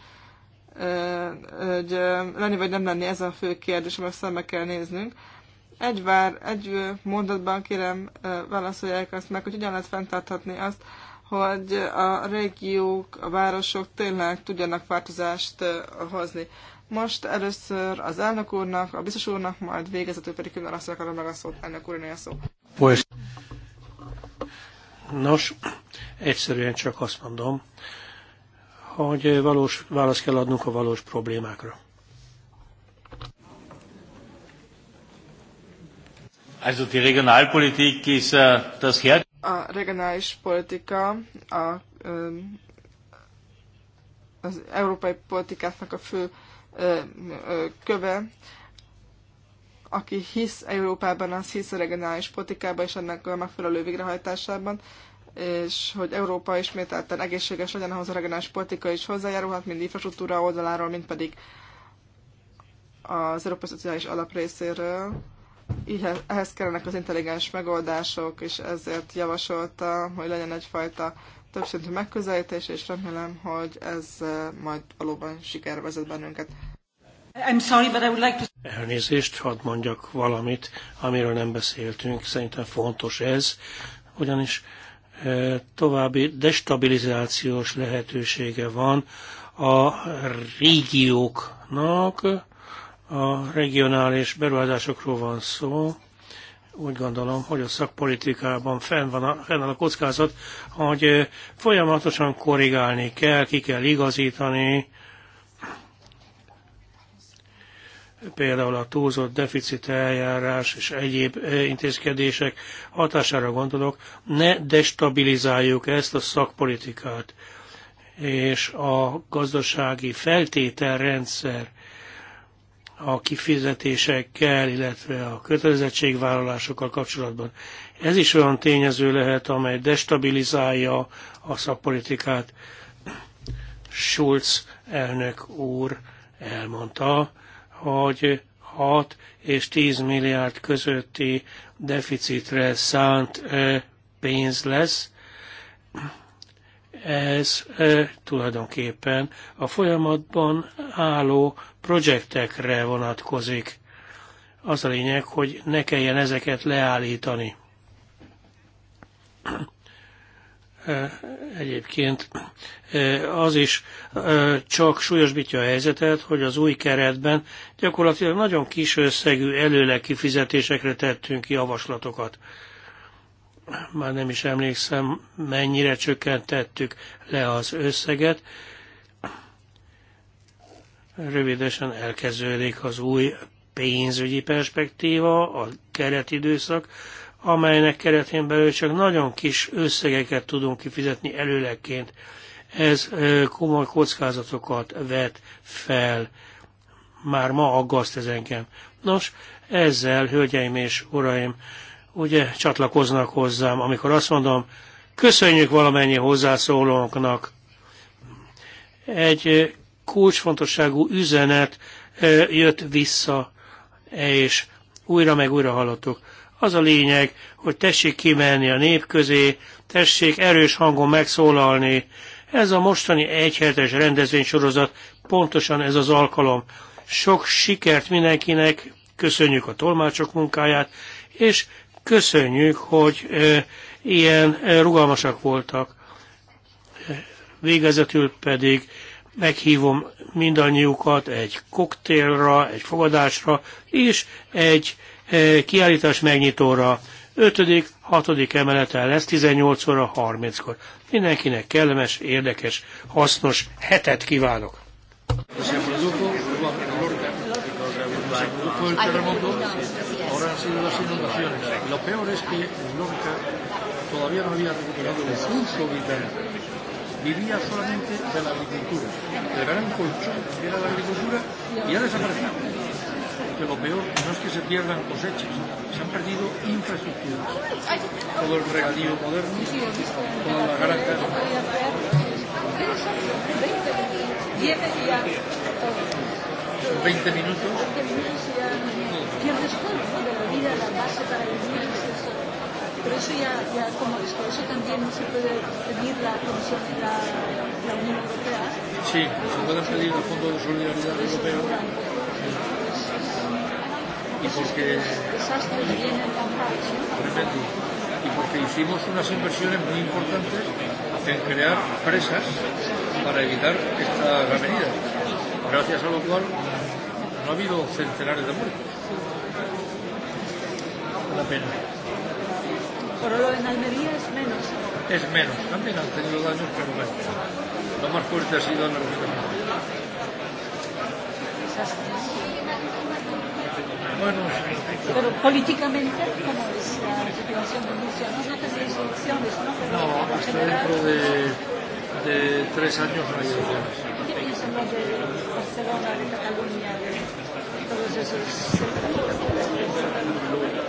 hogy lenni vagy nem lenni, ez a fő kérdés, amivel szembe kell néznünk. Egy, vár, egy mondatban kérem válaszolják azt meg, hogy hogyan lehet fenntarthatni azt, hogy a régiók, a városok tényleg tudjanak változást hozni. Most először az elnök úrnak, a biztos úrnak, majd végezetül pedig külön azt akarom meg a szót, elnök úr, a szó.
Pues. Nos, egyszerűen csak azt mondom, hogy valós választ kell adnunk a valós problémákra. Also die Regionalpolitik ist uh, das Herz.
A regionális politika a, az európai politikáknak a fő köve, aki hisz Európában, az hisz a regionális politikában és ennek a megfelelő végrehajtásában, és hogy Európa ismételten egészséges legyen, ahhoz a regionális politika is hozzájárulhat, mind infrastruktúra oldaláról, mind pedig az Európai Szociális Alap részéről. Így ehhez kellenek az intelligens megoldások, és ezért javasolta, hogy legyen egyfajta többszintű megközelítés, és remélem, hogy ez eh, majd valóban vezet bennünket.
Elnézést, hadd mondjak valamit, amiről nem beszéltünk, szerintem fontos ez, ugyanis e, további destabilizációs lehetősége van a régióknak, a regionális beruházásokról van szó, úgy gondolom, hogy a szakpolitikában fenn van a, fenn van a kockázat, hogy e, folyamatosan korrigálni kell, ki kell igazítani, például a túlzott deficit eljárás és egyéb eh, intézkedések hatására gondolok, ne destabilizáljuk ezt a szakpolitikát és a gazdasági feltételrendszer a kifizetésekkel, illetve a kötelezettségvállalásokkal kapcsolatban. Ez is olyan tényező lehet, amely destabilizálja a szakpolitikát. Schulz elnök úr elmondta, hogy 6 és 10 milliárd közötti deficitre szánt pénz lesz. Ez tulajdonképpen a folyamatban álló projektekre vonatkozik. Az a lényeg, hogy ne kelljen ezeket leállítani egyébként az is csak súlyosbítja a helyzetet, hogy az új keretben gyakorlatilag nagyon kis összegű előleki fizetésekre tettünk javaslatokat. Már nem is emlékszem, mennyire csökkentettük le az összeget. Rövidesen elkezdődik az új pénzügyi perspektíva, a keretidőszak, amelynek keretén belül csak nagyon kis összegeket tudunk kifizetni előlegként. Ez komoly kockázatokat vet fel. Már ma aggaszt ez engem. Nos, ezzel, hölgyeim és uraim, ugye csatlakoznak hozzám, amikor azt mondom, köszönjük valamennyi hozzászólónknak. Egy kulcsfontosságú üzenet jött vissza, és újra meg újra hallottuk. Az a lényeg, hogy tessék kimenni a nép közé, tessék erős hangon megszólalni. Ez a mostani egyhetes rendezvénysorozat pontosan ez az alkalom. Sok sikert mindenkinek, köszönjük a tolmácsok munkáját, és köszönjük, hogy e, ilyen e, rugalmasak voltak. Végezetül pedig meghívom mindannyiukat egy koktélra, egy fogadásra és egy E, kiállítás megnyitóra 5., 6. emeleten lesz 18 óra 30-kor. Mindenkinek kellemes, érdekes, hasznos hetet kívánok! todavía no había recuperado el pulso británico. Vivía solamente de la agricultura. El gran colchón era la agricultura y ha desaparecido que lo peor no es que se pierdan cosechas, se han perdido infraestructuras. Todo el regadío moderno, toda la granja. 20 minutos. De la vida, la base para Pero eso ya, ya como es que eso también se puede pedir la Comisión, la, la Unión Europea. Sí, se puede pedir el Fondo de Solidaridad Europeo y porque y porque hicimos unas inversiones muy importantes en crear presas para evitar esta avenida gracias a lo cual no ha habido centenares de muertos. la pena. pero
lo en Almería es menos.
Es menos, también han tenido daños, pero bueno, Lo más fuerte ha sido en la región Dominicana.
Desastres.
Bueno, pero
políticamente, ¿cómo es la situación de Rusia? No sé que se elecciones, ¿no? Pero no, hasta general... dentro de,
de tres años no hay elecciones.
¿Qué piensan los de
Barcelona, de Cataluña, de todos esos centros?